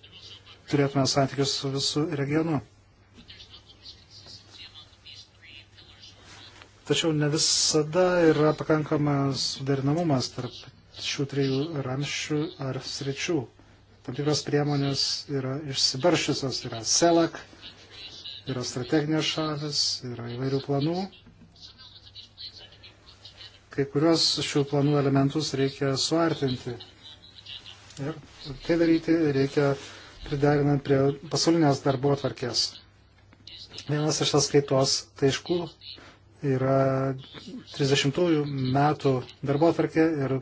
turėtume santykius su visų regionu. Tačiau ne visada yra pakankamas suderinamumas tarp šių trijų ramščių ar sričių. Tam tikros priemonės yra išsibaršusios, yra SELAK, yra strateginės šalis, yra įvairių planų. Kai kurios šių planų elementus reikia suartinti. Ir tai daryti reikia pridarinant prie pasaulinės darbo atvarkės. Vienas iš tas skaitos taiškų yra 30-ųjų metų darbo atvarkė ir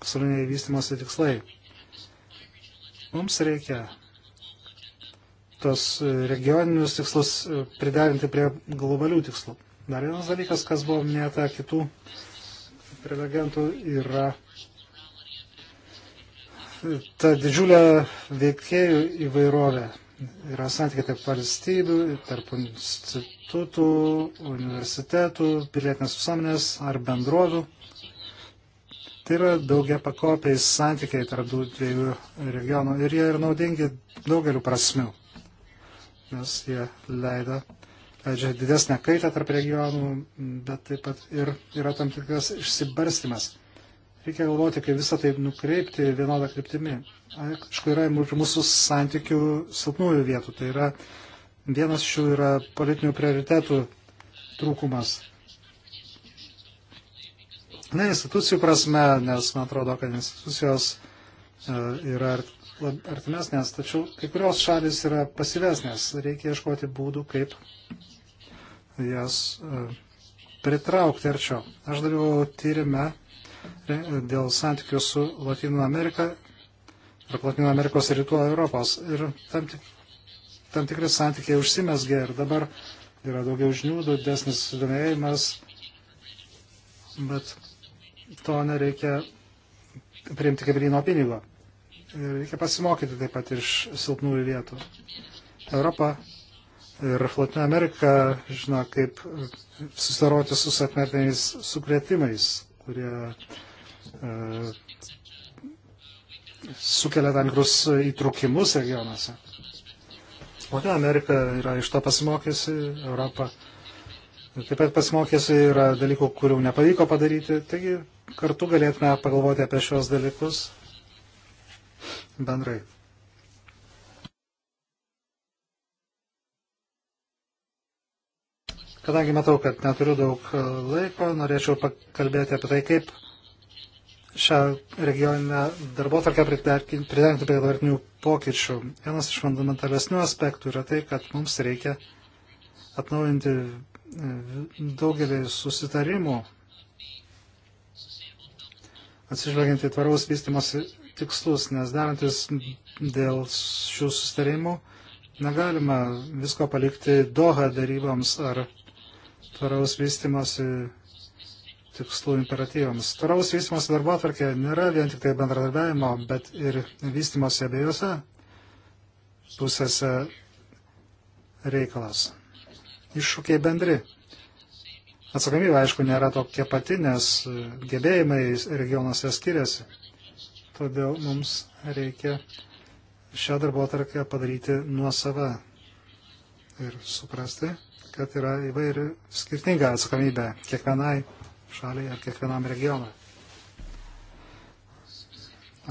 pasauliniai vystimosi tikslai. Mums reikia tos regioninius tikslus priderinti prie globalių tikslų. Dar vienas dalykas, kas buvo minėta kitų prelegentų, yra ta didžiulė veikėjų įvairovė. Yra santykiai tarp valstybių, tarp institutų, universitetų, pilietinės visuomenės ar bendrovių. Tai yra daugia pakopiai santykiai tarp dviejų regionų ir jie yra naudingi daugeliu prasmių, nes jie leida, leidžia didesnę kaitą tarp regionų, bet taip pat ir yra tam tikras išsibarstimas. Reikia galvoti, kaip visą tai nukreipti vienodą kryptimį. Aišku, yra ir mūsų santykių silpnųjų vietų, tai yra uh, Vienas iš jų yra politinių prioritetų trūkumas. Ne institucijų prasme, nes man atrodo, kad institucijos e, yra artimesnės, tačiau kai kurios šalis yra pasivesnės. Reikia ieškoti būdų, kaip jas e, pritraukti arčiau. Aš dalyvau tyrimę dėl santykių su Latino Amerika ir Latino Amerikos ir Rytų Europos. Ir tam tik tam tikri santykiai užsimesgė ir dabar yra daugiau žinių, didesnis sudomėjimas, bet to nereikia priimti kaip gryno pinigo. Ir reikia pasimokyti taip pat iš silpnųjų vietų. Europa ir Latinė Amerika žino, kaip susidaroti su sakmertiniais sukretimais, kurie e, sukelia tam tikrus įtrukimus regionuose išmokė, Amerika yra iš to pasimokiusi, Europa taip pat pasimokiusi, yra dalykų, kurių nepavyko padaryti. Taigi kartu galėtume pagalvoti apie šios dalykus bendrai. Kadangi matau, kad neturiu daug laiko, norėčiau pakalbėti apie tai, kaip šią regioninę darbo tarką pridengti prie dabartinių pokyčių. Vienas iš fundamentalesnių aspektų yra tai, kad mums reikia atnaujinti e, daugelį susitarimų, atsižvelgiant į tvaraus vystimos tikslus, nes darantis dėl šių susitarimų negalima visko palikti doha daryboms ar tvaraus vystimosi tikslų imperatyvams. Tvaraus vystimosi darbo atvarkė nėra vien tik tai bendradarbiavimo, bet ir vystimosi abiejose pusėse reikalas. Iššūkiai bendri. Atsakomybė, aišku, nėra tokia pati, nes gebėjimai regionuose skiriasi. Todėl mums reikia šią darbo atvarkę padaryti nuo save ir suprasti, kad yra įvairi skirtinga atsakomybė kiekvienai šaliai ar kiekvienam regionui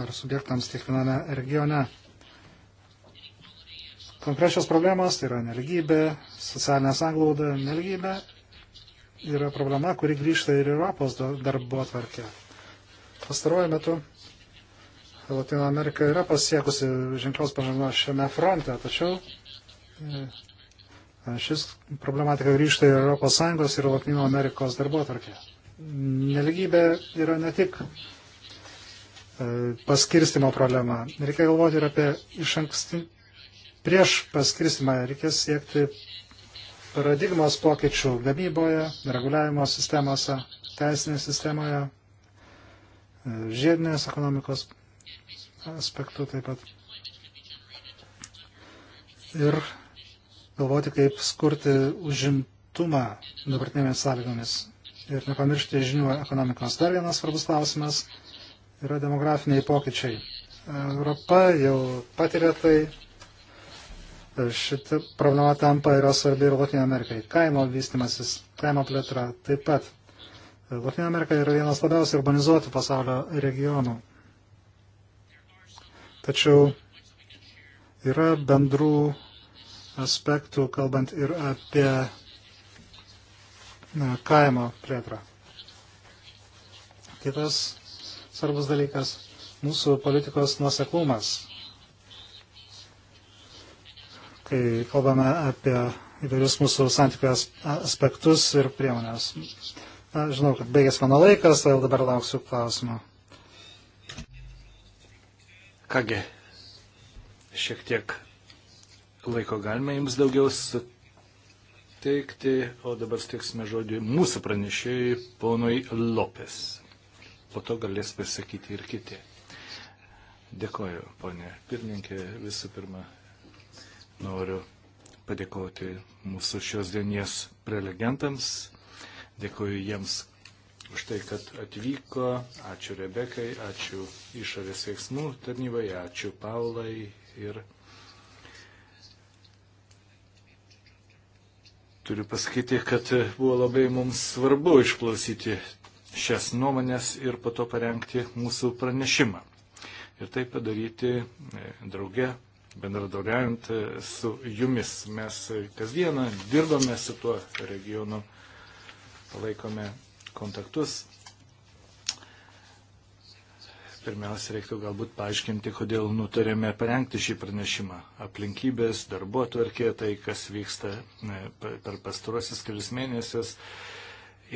ar subjektams kiekviename regione. Konkrečios problemos tai yra nelygybė, socialinė sanglauda, nelygybė yra problema, kuri grįžta ir Europos darbo atvarkė. Pastaruoju metu Latino Amerika yra pasiekusi ženklios pažangos šiame fronte, tačiau e, šis problematika grįžta ir Europos Sąjungos ir Latino Amerikos darbo atvarkė. Neligybė yra ne tik e, paskirstimo problema. Reikia galvoti ir apie iš anksti prieš paskirstimą. Reikės siekti paradigmos pokyčių gamyboje, reguliavimo sistemose, teisinėje sistemoje, e, žiedinės ekonomikos aspektų taip pat. Ir galvoti, kaip skurti užimtumą dabartinėmis sąlygomis ir nepamiršti žinių ekonomikos. Dar vienas svarbus klausimas yra demografiniai pokyčiai. Europa jau patiria tai, šita problema tampa yra svarbi ir Latinė Amerikai. Kaimo vystimasis, kaimo plėtra taip pat. Latinė Amerika yra vienas labiausiai urbanizuotų pasaulio regionų. Tačiau yra bendrų aspektų, kalbant ir apie kaimo plėtrą. Kitas svarbus dalykas - mūsų politikos nuoseklumas. Kai kalbame apie įvairius mūsų santykių aspektus ir priemonės. Na, žinau, kad baigės mano laikas, tai dabar lauksiu klausimą. Kągi, šiek tiek laiko galime jums daugiau sutikti teikti, o dabar steiksime žodį mūsų pranešėjai ponui Lopes. Po to galės pasakyti ir kiti. Dėkoju, ponė pirmininkė. Visų pirma, noriu padėkoti mūsų šios dienės prelegentams. Dėkoju jiems už tai, kad atvyko. Ačiū Rebekai, ačiū išorės veiksmų tarnybai, ačiū Paulai ir Turiu pasakyti, kad e, buvo labai mums svarbu išklausyti šias nuomonės ir po to parengti mūsų pranešimą. Ir tai padaryti e, drauge, bendradarbiaujant e, su jumis. Mes kasdieną dirbame su tuo regionu, palaikome kontaktus. Pirmiausia, reiktų galbūt paaiškinti, kodėl nutarėme parengti šį pranešimą. Aplinkybės, darbo tvarkė, tai, kas vyksta e, per pastarosius kelius mėnesius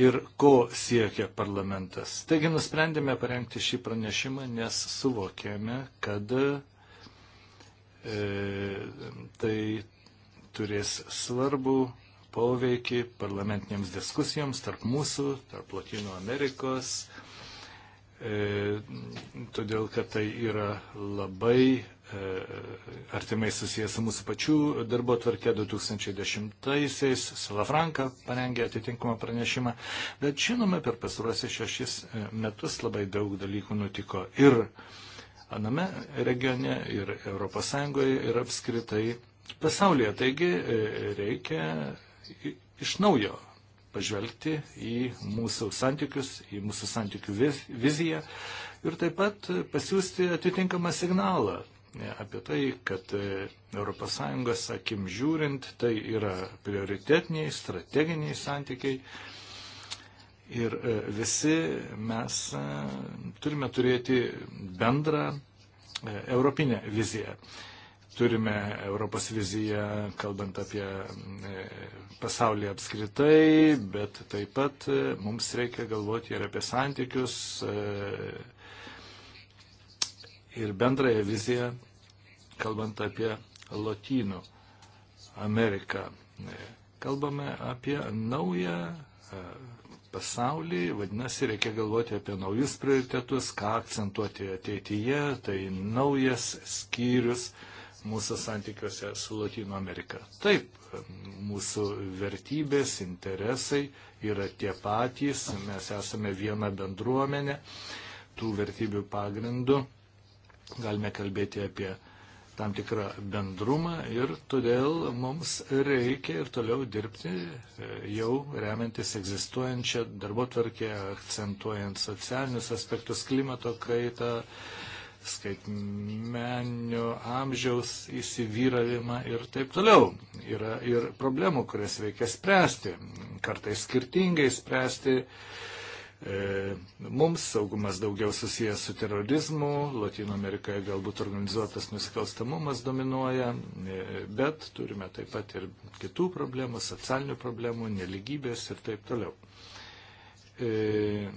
ir ko siekia parlamentas. Taigi nusprendėme parengti šį pranešimą, nes suvokėme, kad e, tai turės svarbų poveikį parlamentinėms diskusijoms tarp mūsų, tarp Latino Amerikos E, todėl kad tai yra labai e, artimai susijęs su mūsų pačių darbo tvarkė 2010-aisiais. Salafranka parengė atitinkamą pranešimą, bet žinome, per pastaruosius šešis e, metus labai daug dalykų nutiko ir aname regione, ir ES, ir apskritai pasaulyje. Taigi reikia iš naujo pažvelgti į mūsų santykius, į mūsų santykių viziją ir taip pat pasiūsti atitinkamą signalą apie tai, kad ES akim žiūrint, tai yra prioritetiniai, strateginiai santykiai. Ir e, visi mes e, turime turėti bendrą e, europinę viziją. Turime Europos viziją, kalbant apie mm, e, pasaulį apskritai, bet taip pat e, mums reikia galvoti ir apie santykius e, ir bendrąją viziją, kalbant apie Lotynų Ameriką. Kalbame apie naują pasaulį, vadinasi, reikia galvoti apie naujus prioritetus, ką akcentuoti ateityje, tai naujas skyrius mūsų santykiuose su Latino Amerika. Taip, mūsų vertybės, interesai yra tie patys, mes esame viena bendruomenė, tų vertybių pagrindų galime kalbėti apie tam tikrą bendrumą ir todėl mums reikia ir toliau dirbti e, jau remiantis egzistuojančią darbo tvarkę, akcentuojant socialinius aspektus, klimato kaitą, skaitmenio amžiaus įsivyravimą ir taip toliau. Yra ir problemų, kurias reikia spręsti, kartais skirtingai spręsti. E, mums saugumas daugiau susijęs su terorizmu, Latino Amerikoje galbūt organizuotas nusikalstamumas dominuoja, e, bet turime taip pat ir kitų problemų, socialinių problemų, neligybės ir taip toliau. E,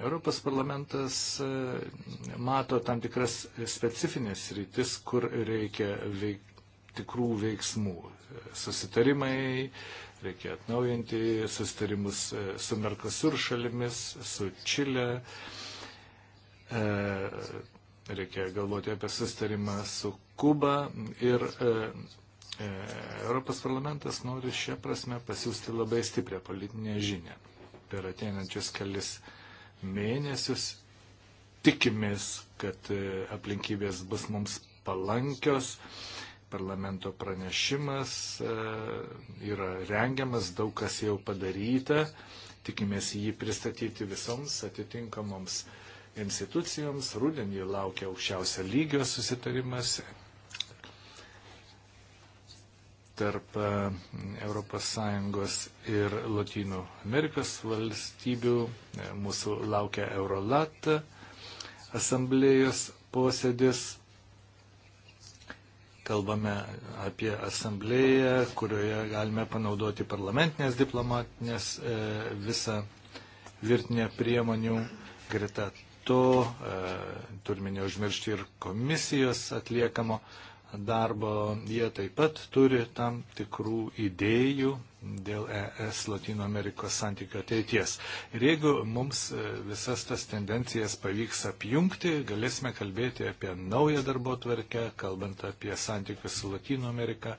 Europos parlamentas e, mato tam tikras specifinės rytis, kur reikia veik, tikrų veiksmų. Susitarimai, reikia atnaujinti susitarimus e, su Merkosur šalimis, su Čilė. Reikia galvoti apie susitarimą su Kuba ir Europos parlamentas nori šią prasme pasiūsti labai stiprią politinę žinią per ateinančius kelis mėnesius. Tikimės, kad e, aplinkybės bus mums palankios. Parlamento pranešimas e, yra rengiamas, daug kas jau padaryta. Tikimės jį pristatyti visoms atitinkamoms institucijoms. Rudenį laukia aukščiausio lygio susitarimas tarp ES ir Latinų Amerikos valstybių. E, mūsų laukia Eurolat asamblėjos posėdis. Kalbame apie asamblėją, kurioje galime panaudoti parlamentinės, diplomatinės, e, visą virtinę priemonių. Greta to e, turime neužmiršti ir komisijos atliekamo darbo. Jie taip pat turi tam tikrų idėjų dėl ES Latino Amerikos santykių ateities. Ir jeigu mums e, visas tas tendencijas pavyks apjungti, galėsime kalbėti apie naują darbo tvarkę, kalbant apie santykius su Latino Amerika.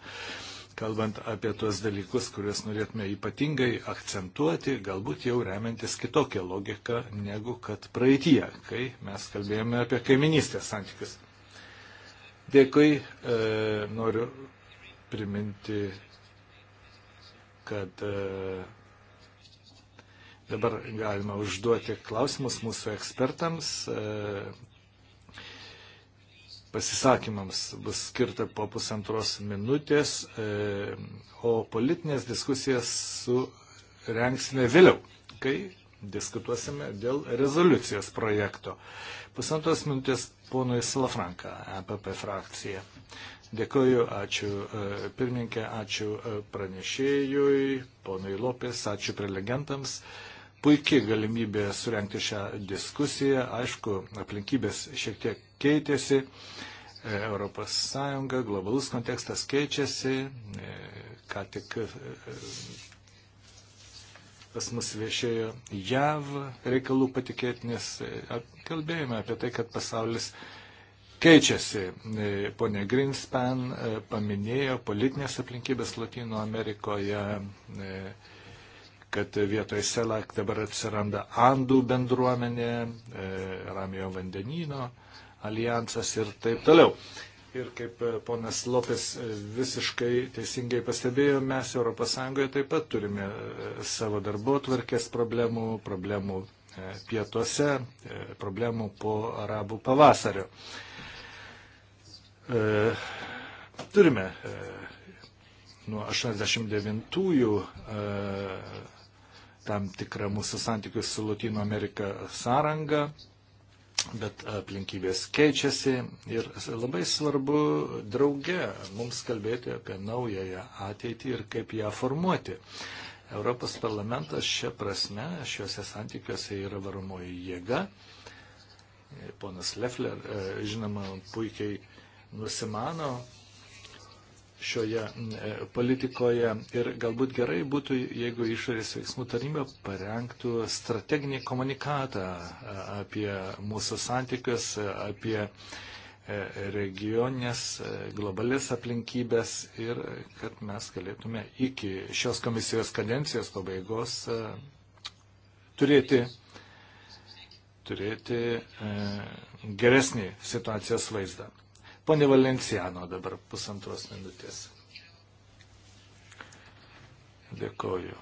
Kalbant apie tuos dalykus, kuriuos norėtume ypatingai akcentuoti, galbūt jau remiantis kitokią logiką negu kad praeitie, kai mes kalbėjome apie kaiminystės santykius. Dėkui, e, noriu priminti, kad e, dabar galima užduoti klausimus mūsų ekspertams. E, pasisakymams bus skirta po pusantros minutės, e, o politinės diskusijas surengsime vėliau, kai diskutuosime dėl rezoliucijos projekto. Pusantros minutės ponui Slafranka, EPP frakcija. Dėkoju, ačiū e, pirmininkė, ačiū e, pranešėjui, ponui Lopės, ačiū prelegentams. Puikiai galimybė surenkti šią diskusiją. Aišku, aplinkybės šiek tiek keitėsi. E, Europos Sąjunga, globalus kontekstas keičiasi. Ką tik pas mus viešėjo JAV reikalų patikėtinis. E, kalbėjome apie tai, kad pasaulis keičiasi. E, Pone Greenspan e, paminėjo politinės aplinkybės Latino Amerikoje, kad vietoje Selak dabar atsiranda Andų bendruomenė, Ramijo vandenino alijansas ir taip toliau. Ir kaip e, ponas Lopes e, visiškai teisingai pastebėjo, mes ES taip pat turime e, savo darbo tvarkės problemų, problemų pietuose, problemų po arabų pavasario. Turime nuo 89-ųjų tam tikrą mūsų santykius su Latino Amerika sąrangą, bet aplinkybės keičiasi ir labai svarbu drauge mums kalbėti apie naująją ateitį ir kaip ją formuoti. Europos parlamentas šia prasme, šiuose santykiuose yra varomoji jėga. Ponas Lefler, e, žinoma, puikiai nusimano, šioje e, politikoje ir galbūt gerai būtų, jeigu išorės veiksmų taryba parengtų strateginį komunikatą apie mūsų santykius, apie e, regioninės, e, globalės aplinkybės ir kad mes galėtume iki šios komisijos kadencijos pabaigos turėti, turėti geresnį situacijos vaizdą. Pone Valenciano dabar pusantros minutės. Dėkoju.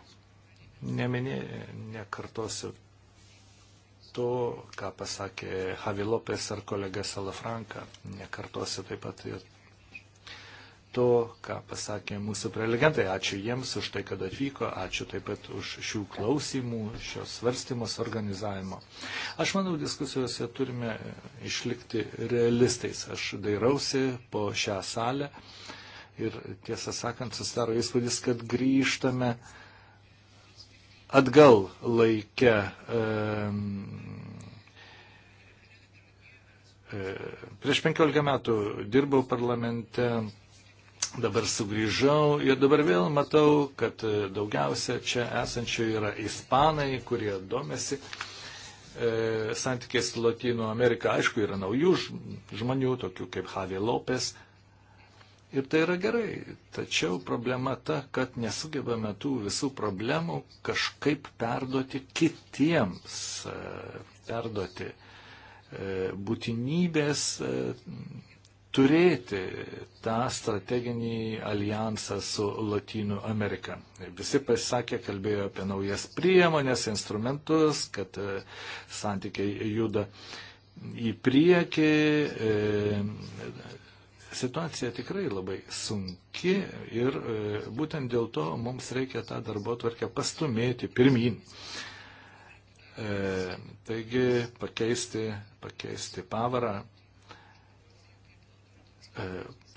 Neminė, nekartosiu to, ką pasakė Javi Lopes ar kolega Salafranka. Nekartosiu taip pat ir to, ką pasakė mūsų prelegentai. Ačiū jiems už tai, kad atvyko, ačiū taip pat už šių klausimų, šios svarstymos organizavimo. Aš manau, diskusijose turime išlikti realistais. Aš dairausi po šią salę ir tiesą sakant, susidaro įspūdis, kad grįžtame atgal laikę. E, e, prieš penkiolika metų dirbau parlamente Dabar sugrįžau ir dabar vėl matau, kad daugiausia čia esančių yra ispanai, kurie domėsi e, santykiais su Latino Amerika. Aišku, yra naujų žmonių, tokių kaip Javi Lopes. Ir tai yra gerai. Tačiau problema ta, kad nesugebame tų visų problemų kažkaip perduoti kitiems, e, perduoti e, būtinybės. E, turėti tą strateginį alijansą su Latinų Amerika. Visi pasisakė, kalbėjo apie naujas priemonės, instrumentus, kad e, santykiai juda į priekį. E, situacija tikrai labai sunki ir e, būtent dėl to mums reikia tą darbo tvarkę pastumėti pirmin. Taigi pakeisti, pakeisti pavarą E,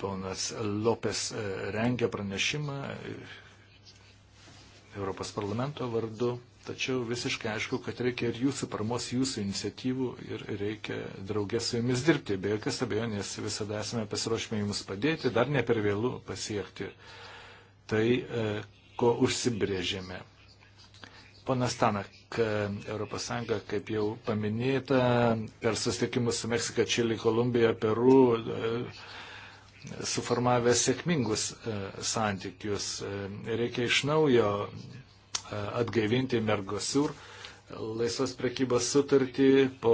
ponas Lopes e, rengia pranešimą e, Europos parlamento vardu, tačiau visiškai aišku, kad reikia ir jūsų paramos, jūsų iniciatyvų ir reikia draugės su jumis dirbti. Be jokios abejonės visada esame pasiruošę jums padėti, dar ne per vėlų pasiekti tai, ko užsibrėžėme. Ponas Tanak, ES, kaip jau paminėta, per susitikimus su Meksika, Čilį, Kolumbiją, Peru suformavę sėkmingus e, santykius. E, reikia iš naujo e, atgaivinti Mergosur laisvos prekybos sutartį po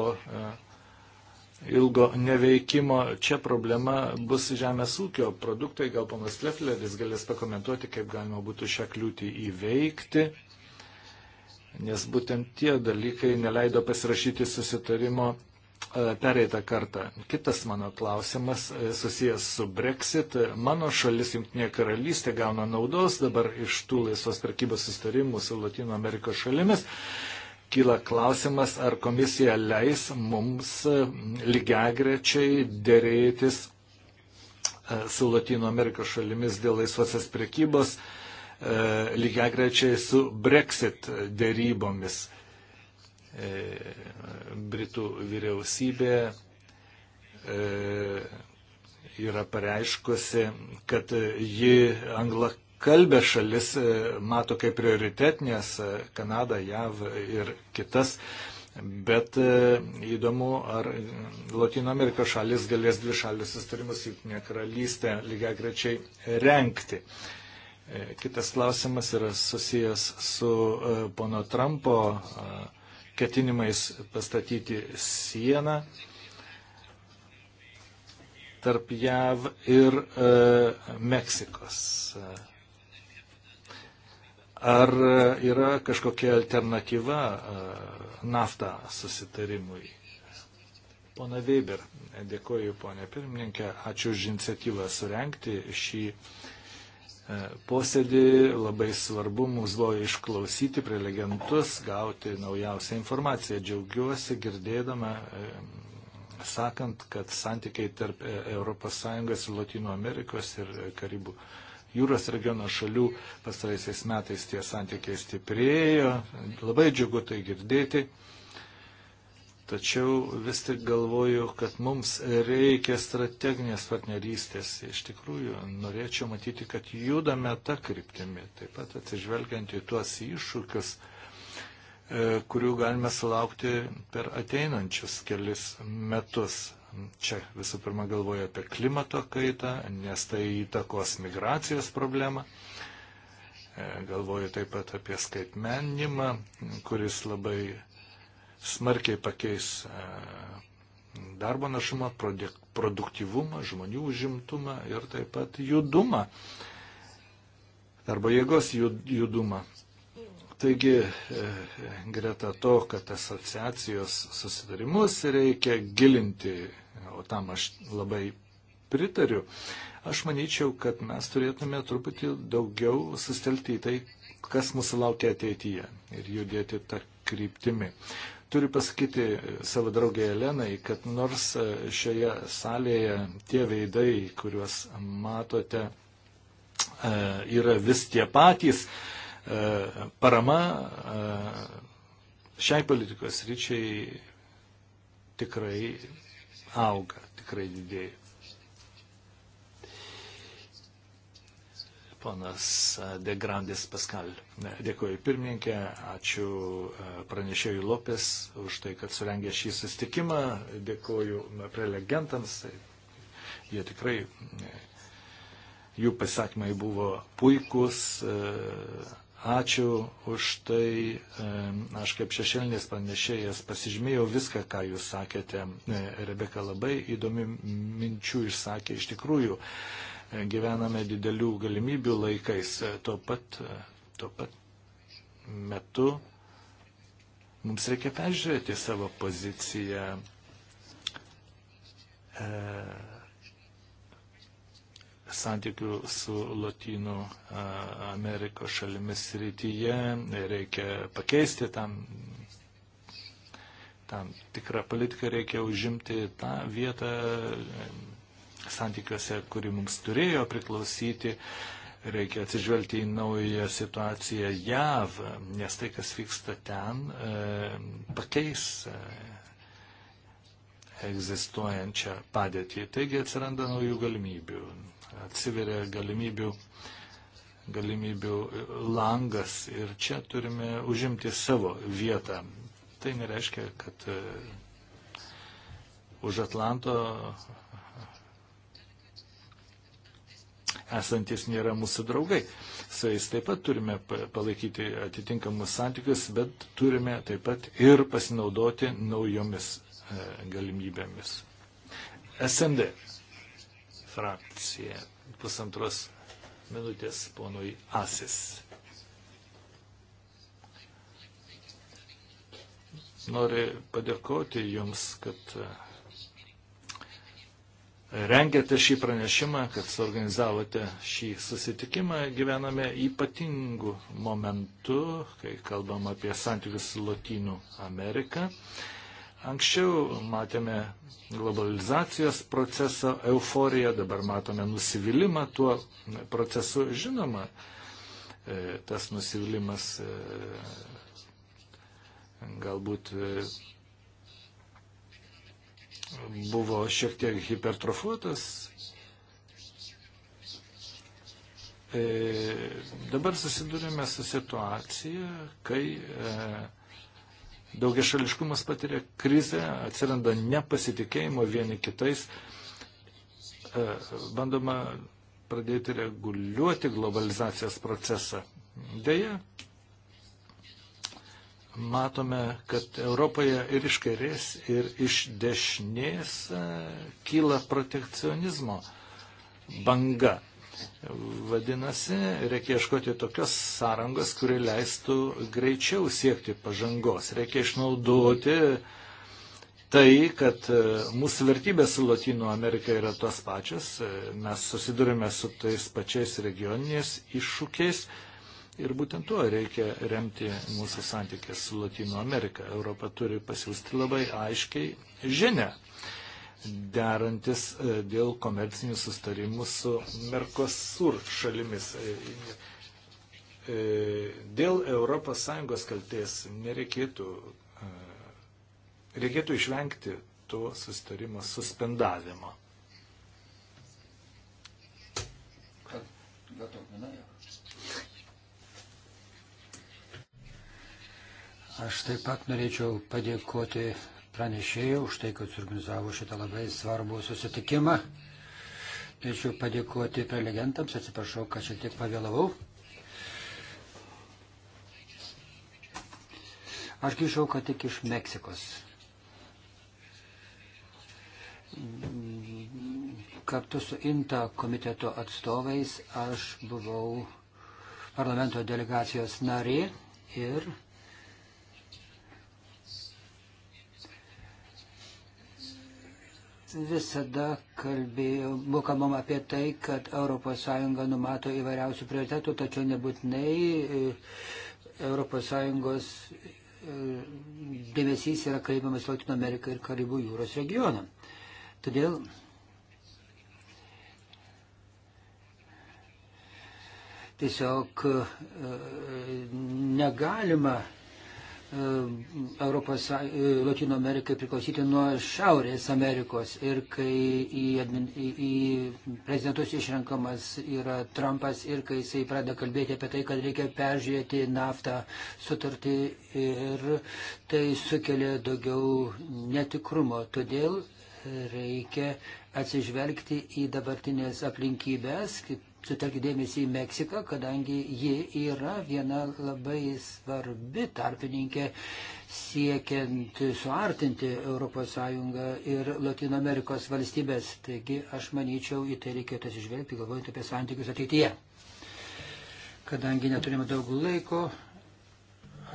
ilgo neveikimo. Čia problema bus žemės ūkio produktai. Gal ponas Lefleris galės pakomentuoti, kaip galima būtų šią kliūtį įveikti. Nes būtent tie dalykai neleido pasirašyti susitarimo E, pereitą kartą. Kitas mano klausimas e, susijęs su Brexit. Mano šalis, Junktinė karalystė, gauna naudos dabar iš tų laisvos prekybos sustarimų su Latino Amerikos šalimis. Kyla klausimas, ar komisija leis mums e, lygiagrečiai dėrėtis su Latino Amerikos šalimis dėl laisvosios prekybos lygiagrečiai su Brexit dėrybomis E, Britų vyriausybė e, yra pareiškusi, kad ji anglakalbė šalis e, mato kaip prioritetinės Kanadą, JAV ir kitas. Bet įdomu, ar Latino Amerikos šalis galės dvi šalius sustarimus Junktinė karalystė lygiai grečiai renkti. Kitas klausimas yra susijęs su pono Trumpo uh, ketinimais pastatyti sieną tarp JAV ir e, Meksikos. Ar yra kažkokia alternatyva e, naftą susitarimui? Pona Weber, dėkoju, ponė pirmininkė, ačiū už iniciatyvą surenkti šį E, posėdį. Labai svarbu mums buvo išklausyti prelegentus, gauti naujausią informaciją. Džiaugiuosi girdėdama, e, sakant, kad santykiai tarp ES ir Latino Amerikos ir Karibų jūros regiono šalių pastaraisiais metais tie santykiai stiprėjo. Labai džiugu tai girdėti. Tačiau vis tik galvoju, kad mums reikia strateginės partnerystės. Iš tikrųjų, norėčiau matyti, kad judame tą kryptimį, taip pat atsižvelgiant į tuos iššūkius, e, kurių galime sulaukti per ateinančius kelis metus. Čia visų pirma galvoju apie klimato kaitą, nes tai įtakos migracijos problemą. E, galvoju taip pat apie skaitmenimą, kuris labai smarkiai pakeis e, darbo našumą, produktivumą, žmonių užimtumą ir taip pat judumą, darbo jėgos judumą. Taigi, e, greta to, kad asociacijos susitarimus reikia gilinti, o tam aš labai pritariu, aš manyčiau, kad mes turėtume truputį daugiau sustelti į tai, kas mūsų laukia ateityje ir judėti tą kryptimi. Turiu pasakyti savo draugė Elenai, kad nors e, šioje salėje tie veidai, kuriuos matote, e, yra vis tie patys, e, parama šiai politikos ryčiai tikrai auga, tikrai didėja. Ponas e, Degrandis Paskal. Dėkuoju pirmininkė, ačiū e, pranešėjui Lopės už tai, kad surengė šį sustikimą. Dėkuoju prelegentams. Tai jie tikrai, e, jų pasakymai buvo puikus. Ačiū už tai. Aš kaip šešėlinės pranešėjas pasižymėjau viską, ką jūs sakėte. Rebeka labai įdomių minčių išsakė iš tikrųjų gyvename didelių galimybių laikais. Tuo pat, tuo pat metu mums reikia peržiūrėti savo poziciją. E, santykių su Latinų e, Amerikos šalimis rytyje, reikia pakeisti tam, tam tikrą politiką, reikia užimti tą vietą santykiuose, kuri mums turėjo priklausyti. Reikia atsižvelgti į naują situaciją JAV, nes tai, kas vyksta ten, e, pakeis e, egzistuojančią padėtį. Taigi atsiranda naujų galimybių, atsiveria galimybių, galimybių langas ir čia turime užimti savo vietą. Tai nereiškia, kad e, už Atlanto esantis nėra mūsų draugai. Su jais taip pat turime palaikyti atitinkamus santykius, bet turime taip pat ir pasinaudoti naujomis e, galimybėmis. SND frakcija pusantros minutės ponui Asis. Noriu padėkoti Jums, kad e, rengėte šį pranešimą, kad suorganizavote šį susitikimą. Gyvename ypatingų momentų, kai kalbam apie santykius su Latinų Amerika. Anksčiau matėme globalizacijos proceso euforiją, dabar matome nusivylimą tuo procesu. Žinoma, e, tas nusivylimas e, galbūt e, buvo šiek tiek hipertrofuotas. E, dabar susidurime su situacija, kai e, daugiašališkumas patiria krizę, atsiranda nepasitikėjimo vieni kitais, e, bandoma pradėti reguliuoti globalizacijos procesą. Deja, matome, kad Europoje ir iš kairės, ir iš dešinės e, kyla protekcionizmo banga. Vadinasi, reikia ieškoti tokios sąrangos, kuri leistų greičiau siekti pažangos. Reikia išnaudoti tai, kad e, mūsų vertybės su Latino Amerika yra tos pačios, e, mes susidurime su tais pačiais regioniniais iššūkiais Ir būtent tuo reikia remti mūsų santykės su Latino Amerika. Europa turi pasiūsti labai aiškiai žinę, derantis e, dėl komercinių sustarimų su Mercosur šalimis. E, e, dėl ES kalties nereikėtų, reikėtų išvengti to sustarimo suspendavimo. Kad, kad, kad, kad, kad, kad, kad, kad, Aš taip pat norėčiau padėkoti pranešėjai už tai, kad suorganizavo šitą labai svarbų susitikimą. Norėčiau padėkoti prelegentams, atsiprašau, kad šiek tiek pavėlavau. Aš grįžau ką tik iš Meksikos. Kartu su INTA komiteto atstovais aš buvau parlamento delegacijos narė ir visada kalbėjo, buvo kalbama apie tai, kad ES numato įvairiausių prioritetų, tačiau nebūtinai ES e, dėmesys yra kreipiamas Latino Ameriką ir Karibų jūros regioną. Todėl tiesiog e, negalima E, Europos, e, Latino Amerikai priklausyti nuo Šiaurės Amerikos. Ir kai į, admin, į, į prezidentus išrenkamas yra Trumpas ir kai jisai pradeda kalbėti apie tai, kad reikia peržiūrėti naftą sutartį ir tai sukelia daugiau netikrumo. Todėl reikia atsižvelgti į dabartinės aplinkybės, kaip sutelkti dėmesį į Meksiką, kadangi ji yra viena labai svarbi tarpininkė siekiant suartinti ES ir Latino Amerikos valstybės. Taigi aš manyčiau, į tai reikėtų atsižvelgti, galvojant apie santykius ateityje. Kadangi neturime daug laiko,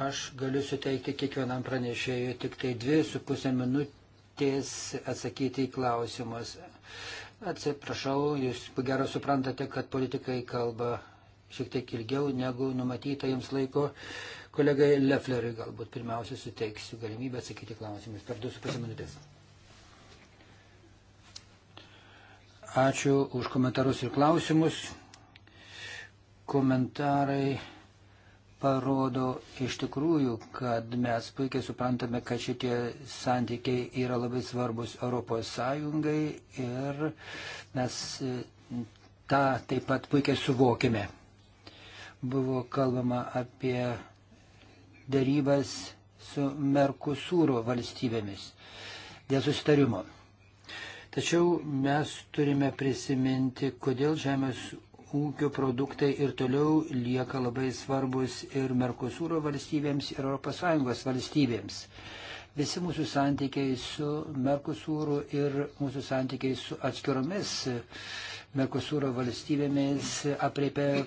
aš galiu suteikti kiekvienam pranešėjui tik tai dvi su pusę minutės atsakyti į klausimus. Atsiprašau, jūs gero suprantate, kad politikai kalba šiek tiek ilgiau negu numatyta jums laiko. Kolegai Lefleriui galbūt pirmiausia suteiksiu galimybę atsakyti klausimus per 2,5 minutės. Ačiū už komentarus ir klausimus. Komentarai parodo iš tikrųjų, kad mes puikiai suprantame, kad šitie santykiai yra labai svarbus Europos Sąjungai ir mes e, tą taip pat puikiai suvokime. Buvo kalbama apie darybas su Merkusūro valstybėmis dėl susitarimo. Tačiau mes turime prisiminti, kodėl žemės ūkio produktai ir toliau lieka labai svarbus ir Merkosūro valstybėms, ir ES valstybėms. Visi mūsų santykiai su Merkosūru ir mūsų santykiai su atskiromis Merkosūro valstybėmis apriepia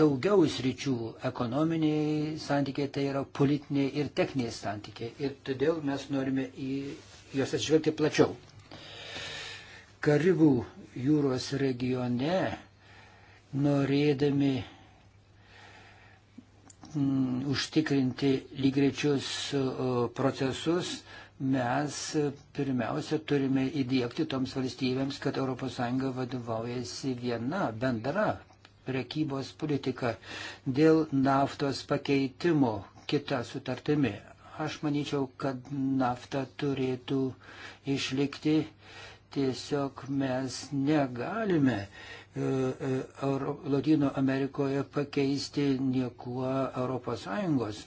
daugiau sričių. Ekonominiai santykiai tai yra politiniai ir techniniai santykiai. Ir todėl mes norime į juos atsižvelgti plačiau. Karibų jūros regione norėdami m, mm, užtikrinti lygrečius procesus, mes pirmiausia turime įdėkti toms valstybėms, kad ES vadovaujasi viena bendra prekybos politika dėl naftos pakeitimo kita sutartimi. Aš manyčiau, kad nafta turėtų išlikti, tiesiog mes negalime uh, Latino e, e, Amerikoje pakeisti niekuo ES.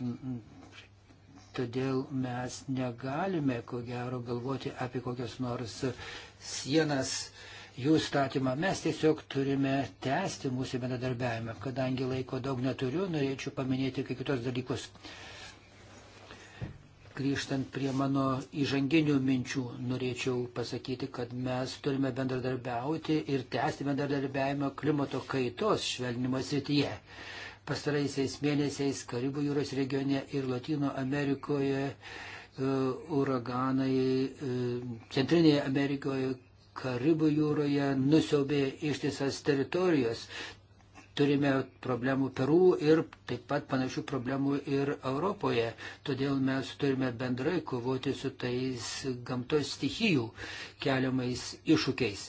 Todėl mes negalime, ko gero, galvoti apie kokias nors sienas jų statymą. Mes tiesiog turime tęsti mūsų bendradarbiavimą. Kadangi laiko daug neturiu, norėčiau paminėti kai kitos dalykus. Uh, Grįžtant prie mano įžanginių minčių, norėčiau pasakyti, kad mes turime bendradarbiauti ir tęsti bendradarbiavimą klimato kaitos švelnimo srityje. Pastaraisiais mėnesiais Karibų jūros regione ir Latino Amerikoje e, uraganai, e, Centrinėje Amerikoje, Karibų jūroje nusiaubė ištisas teritorijos turime problemų Peru ir taip pat panašių problemų ir Europoje. Todėl mes turime bendrai kovoti su tais gamtos stichijų keliamais iššūkiais.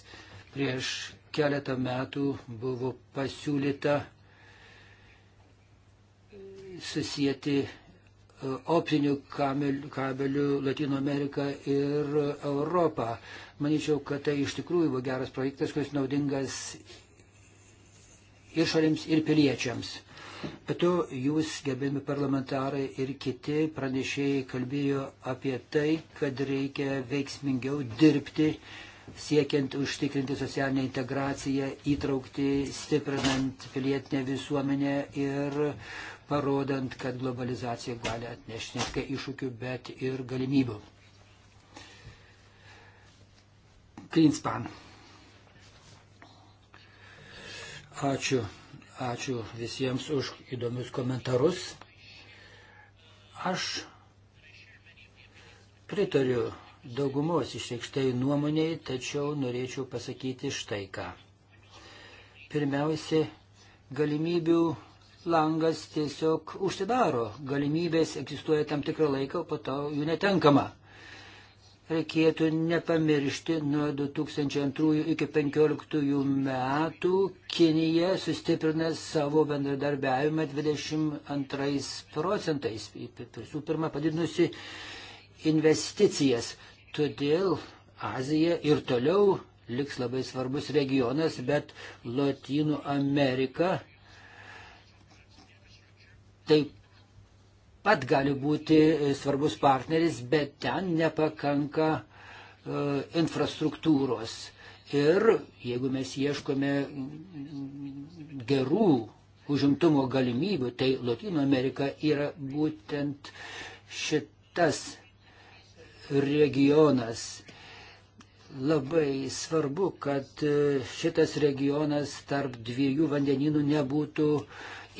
Prieš keletą metų buvo pasiūlyta susijęti e, optinių kabelių, kabelių Latino Ameriką ir Europą. Manyčiau, kad tai iš tikrųjų buvo geras projektas, kuris naudingas išorėms ir piliečiams. Bet to jūs, gerbėmi parlamentarai ir kiti pranešėjai, kalbėjo apie tai, kad reikia veiksmingiau dirbti, siekiant užtikrinti socialinę integraciją, įtraukti, stiprinant pilietinę visuomenę ir parodant, kad globalizacija gali atnešti ne tik iššūkių, bet ir galimybių. Greenspan. Ačiū. Ačiū visiems už įdomius komentarus. Aš pritariu daugumos išreikštai nuomoniai, tačiau norėčiau pasakyti štai ką. Pirmiausia, galimybių langas tiesiog užsidaro. Galimybės egzistuoja tam tikrą laiką, po to jų netenkama reikėtų nepamiršti, nuo 2002 iki 2015 metų Kinija sustiprina savo bendradarbiavimą 22 procentais, visų pirma padidinusi investicijas. Todėl Azija ir toliau liks labai svarbus regionas, bet Lotynų Amerika taip pat gali būti e, svarbus partneris, bet ten nepakanka e, infrastruktūros. Ir jeigu mes ieškome gerų užimtumo galimybių, tai Latino Amerika yra būtent šitas regionas. Labai svarbu, kad e, šitas regionas tarp dviejų vandeninų nebūtų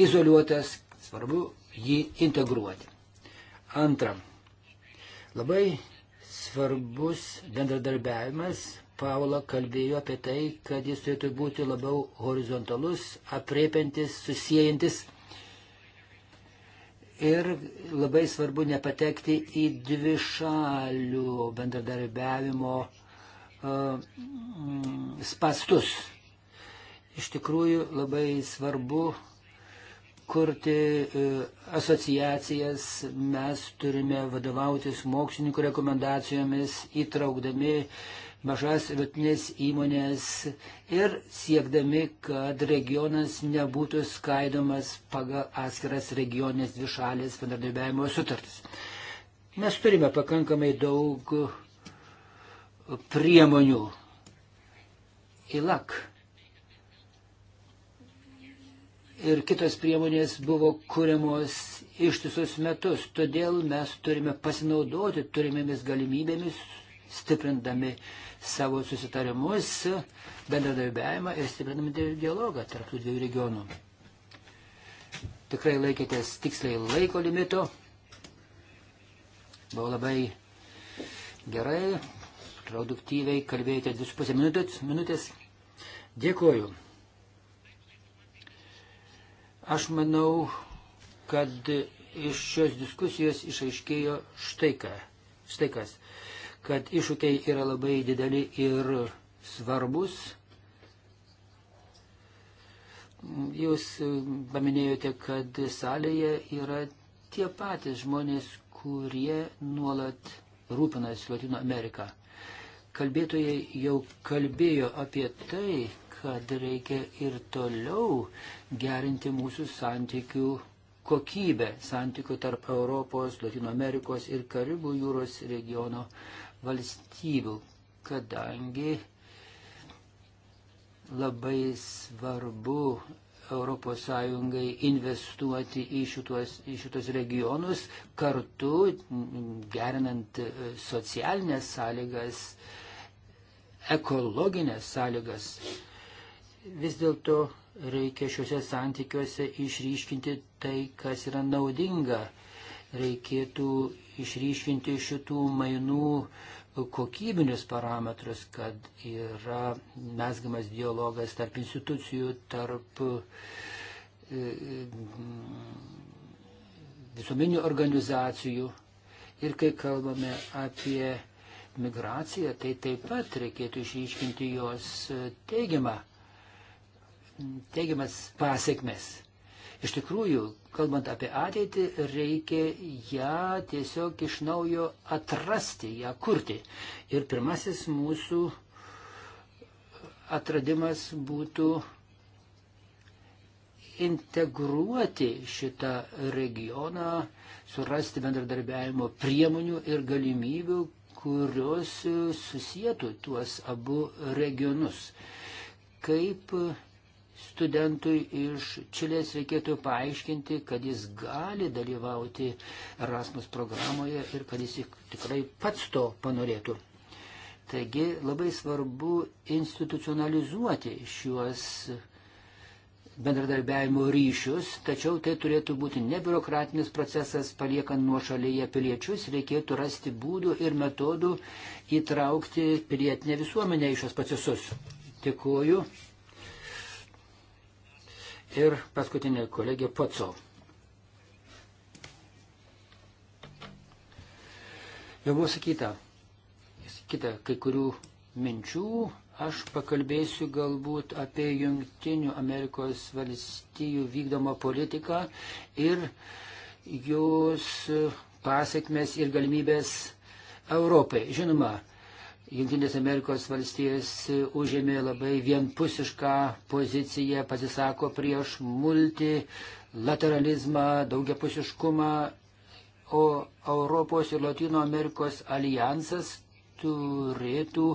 izoliuotas. Svarbu jį integruoti. Antra, labai svarbus bendradarbiavimas. Paula kalbėjo apie tai, kad jis turėtų būti labiau horizontalus, apriepintis, susijęjantis. Ir labai svarbu nepatekti į dvi šalių bendradarbiavimo uh, spastus. Iš tikrųjų labai svarbu kurti e, asociacijas, mes turime vadovautis mokslininkų rekomendacijomis, įtraukdami mažas ir vidutinės įmonės ir siekdami, kad regionas nebūtų skaidomas pagal atskiras regionės dvišalės bendradarbiavimo sutartis. Mes turime pakankamai daug priemonių. ILAK ir kitos priemonės buvo kuriamos ištisus metus. Todėl mes turime pasinaudoti turimėmis galimybėmis, stiprindami savo susitarimus, bendradarbiavimą ir stiprindami dialogą tarp tų dviejų regionų. Tikrai laikėtės tiksliai laiko limito. Buvo labai gerai, produktyviai kalbėjote 2,5 minutės. minutės. Dėkuoju. Aš manau, kad iš šios diskusijos išaiškėjo štai, ką, štai kas, kad iššūkiai yra labai dideli ir svarbus. Jūs paminėjote, kad salėje yra tie patys žmonės, kurie nuolat rūpinasi Latino Ameriką. Kalbėtojai jau kalbėjo apie tai, kad reikia ir toliau gerinti mūsų santykių kokybę, santykių tarp Europos, Latino Amerikos ir Karibų jūros regiono valstybių, kadangi labai svarbu ES investuoti į šitos, į šitos regionus, kartu gerinant socialinės sąlygas, ekologinės sąlygas vis dėlto reikia šiuose santykiuose išryškinti tai, kas yra naudinga. Reikėtų išryškinti šitų mainų kokybinius parametrus, kad yra mesgamas dialogas tarp institucijų, tarp e, e, visuomenių organizacijų. Ir kai kalbame apie migraciją, tai taip pat reikėtų išryškinti jos e, teigiamą teigiamas pasiekmes. Iš tikrųjų, kalbant apie ateitį, reikia ją tiesiog iš naujo atrasti, ją kurti. Ir pirmasis mūsų atradimas būtų integruoti šitą regioną, surasti bendradarbiavimo priemonių ir galimybių, kurios susijėtų tuos abu regionus. Kaip studentui iš Čilės reikėtų paaiškinti, kad jis gali dalyvauti Erasmus programoje ir kad jis tikrai pats to panorėtų. Taigi labai svarbu institucionalizuoti šiuos bendradarbiavimo ryšius, tačiau tai turėtų būti ne biurokratinis procesas, paliekant nuo šalyje piliečius, reikėtų rasti būdų ir metodų įtraukti pilietinę visuomenę į šios procesus. Tikuoju ir paskutinė kolegė Poco. Jau buvo sakyta, kita kai kurių minčių, aš pakalbėsiu galbūt apie Junktinių Amerikos valstijų vykdomą politiką ir jos pasiekmes ir galimybės Europai. Žinoma, Junktinės Amerikos valstijos užėmė labai vienpusišką poziciją, pasisako prieš multilateralizmą, daugiapusiškumą, o Europos ir Latino Amerikos alijansas turėtų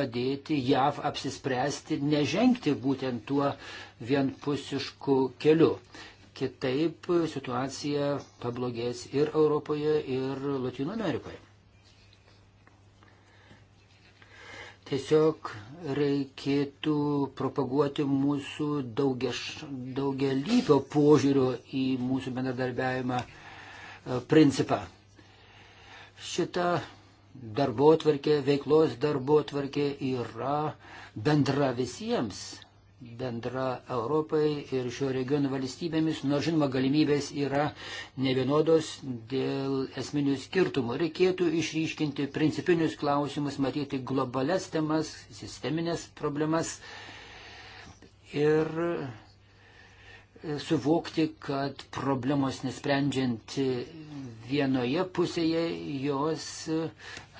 padėti JAV apsispręsti, nežengti būtent tuo vienpusišku keliu. Kitaip situacija pablogės ir Europoje, ir Latino Amerikoje. Tiesiog reikėtų propaguoti mūsų daugialypio požiūrio į mūsų bendradarbiavimą e, principą. Šita darbo tvarkė, veiklos darbo tvarkė yra bendra visiems bendra Europai ir šio regiono valstybėmis, nors žinoma galimybės yra nevienodos dėl esminių skirtumų. Reikėtų išryškinti principinius klausimus, matyti globales temas, sisteminės problemas ir suvokti, kad problemos nesprendžiant vienoje pusėje, jos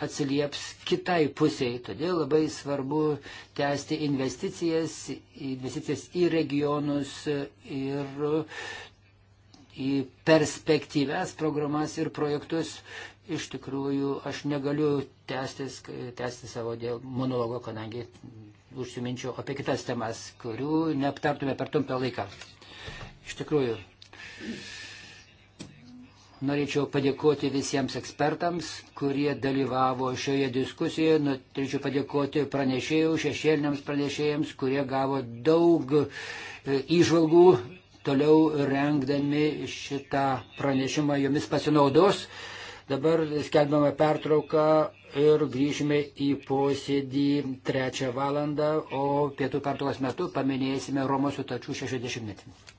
atsilieps kitai pusėje. Todėl labai svarbu tęsti investicijas, investicijas į regionus ir į perspektyves programas ir projektus. Iš tikrųjų, aš negaliu tęstis, tęsti savo monologo, kadangi užsiminčiau apie kitas temas, kurių neaptartume per trumpą laiką. Iš tikrųjų, norėčiau padėkoti visiems ekspertams, kurie dalyvavo šioje diskusijoje. Norėčiau nu, padėkoti pranešėjų, šešėliniams pranešėjams, kurie gavo daug e, įžvalgų toliau rengdami šitą pranešimą jomis pasinaudos. Dabar skelbiame pertrauką ir grįžime į posėdį trečią valandą, o pietų pertraukos metu paminėsime Romos sutačių 60-metį.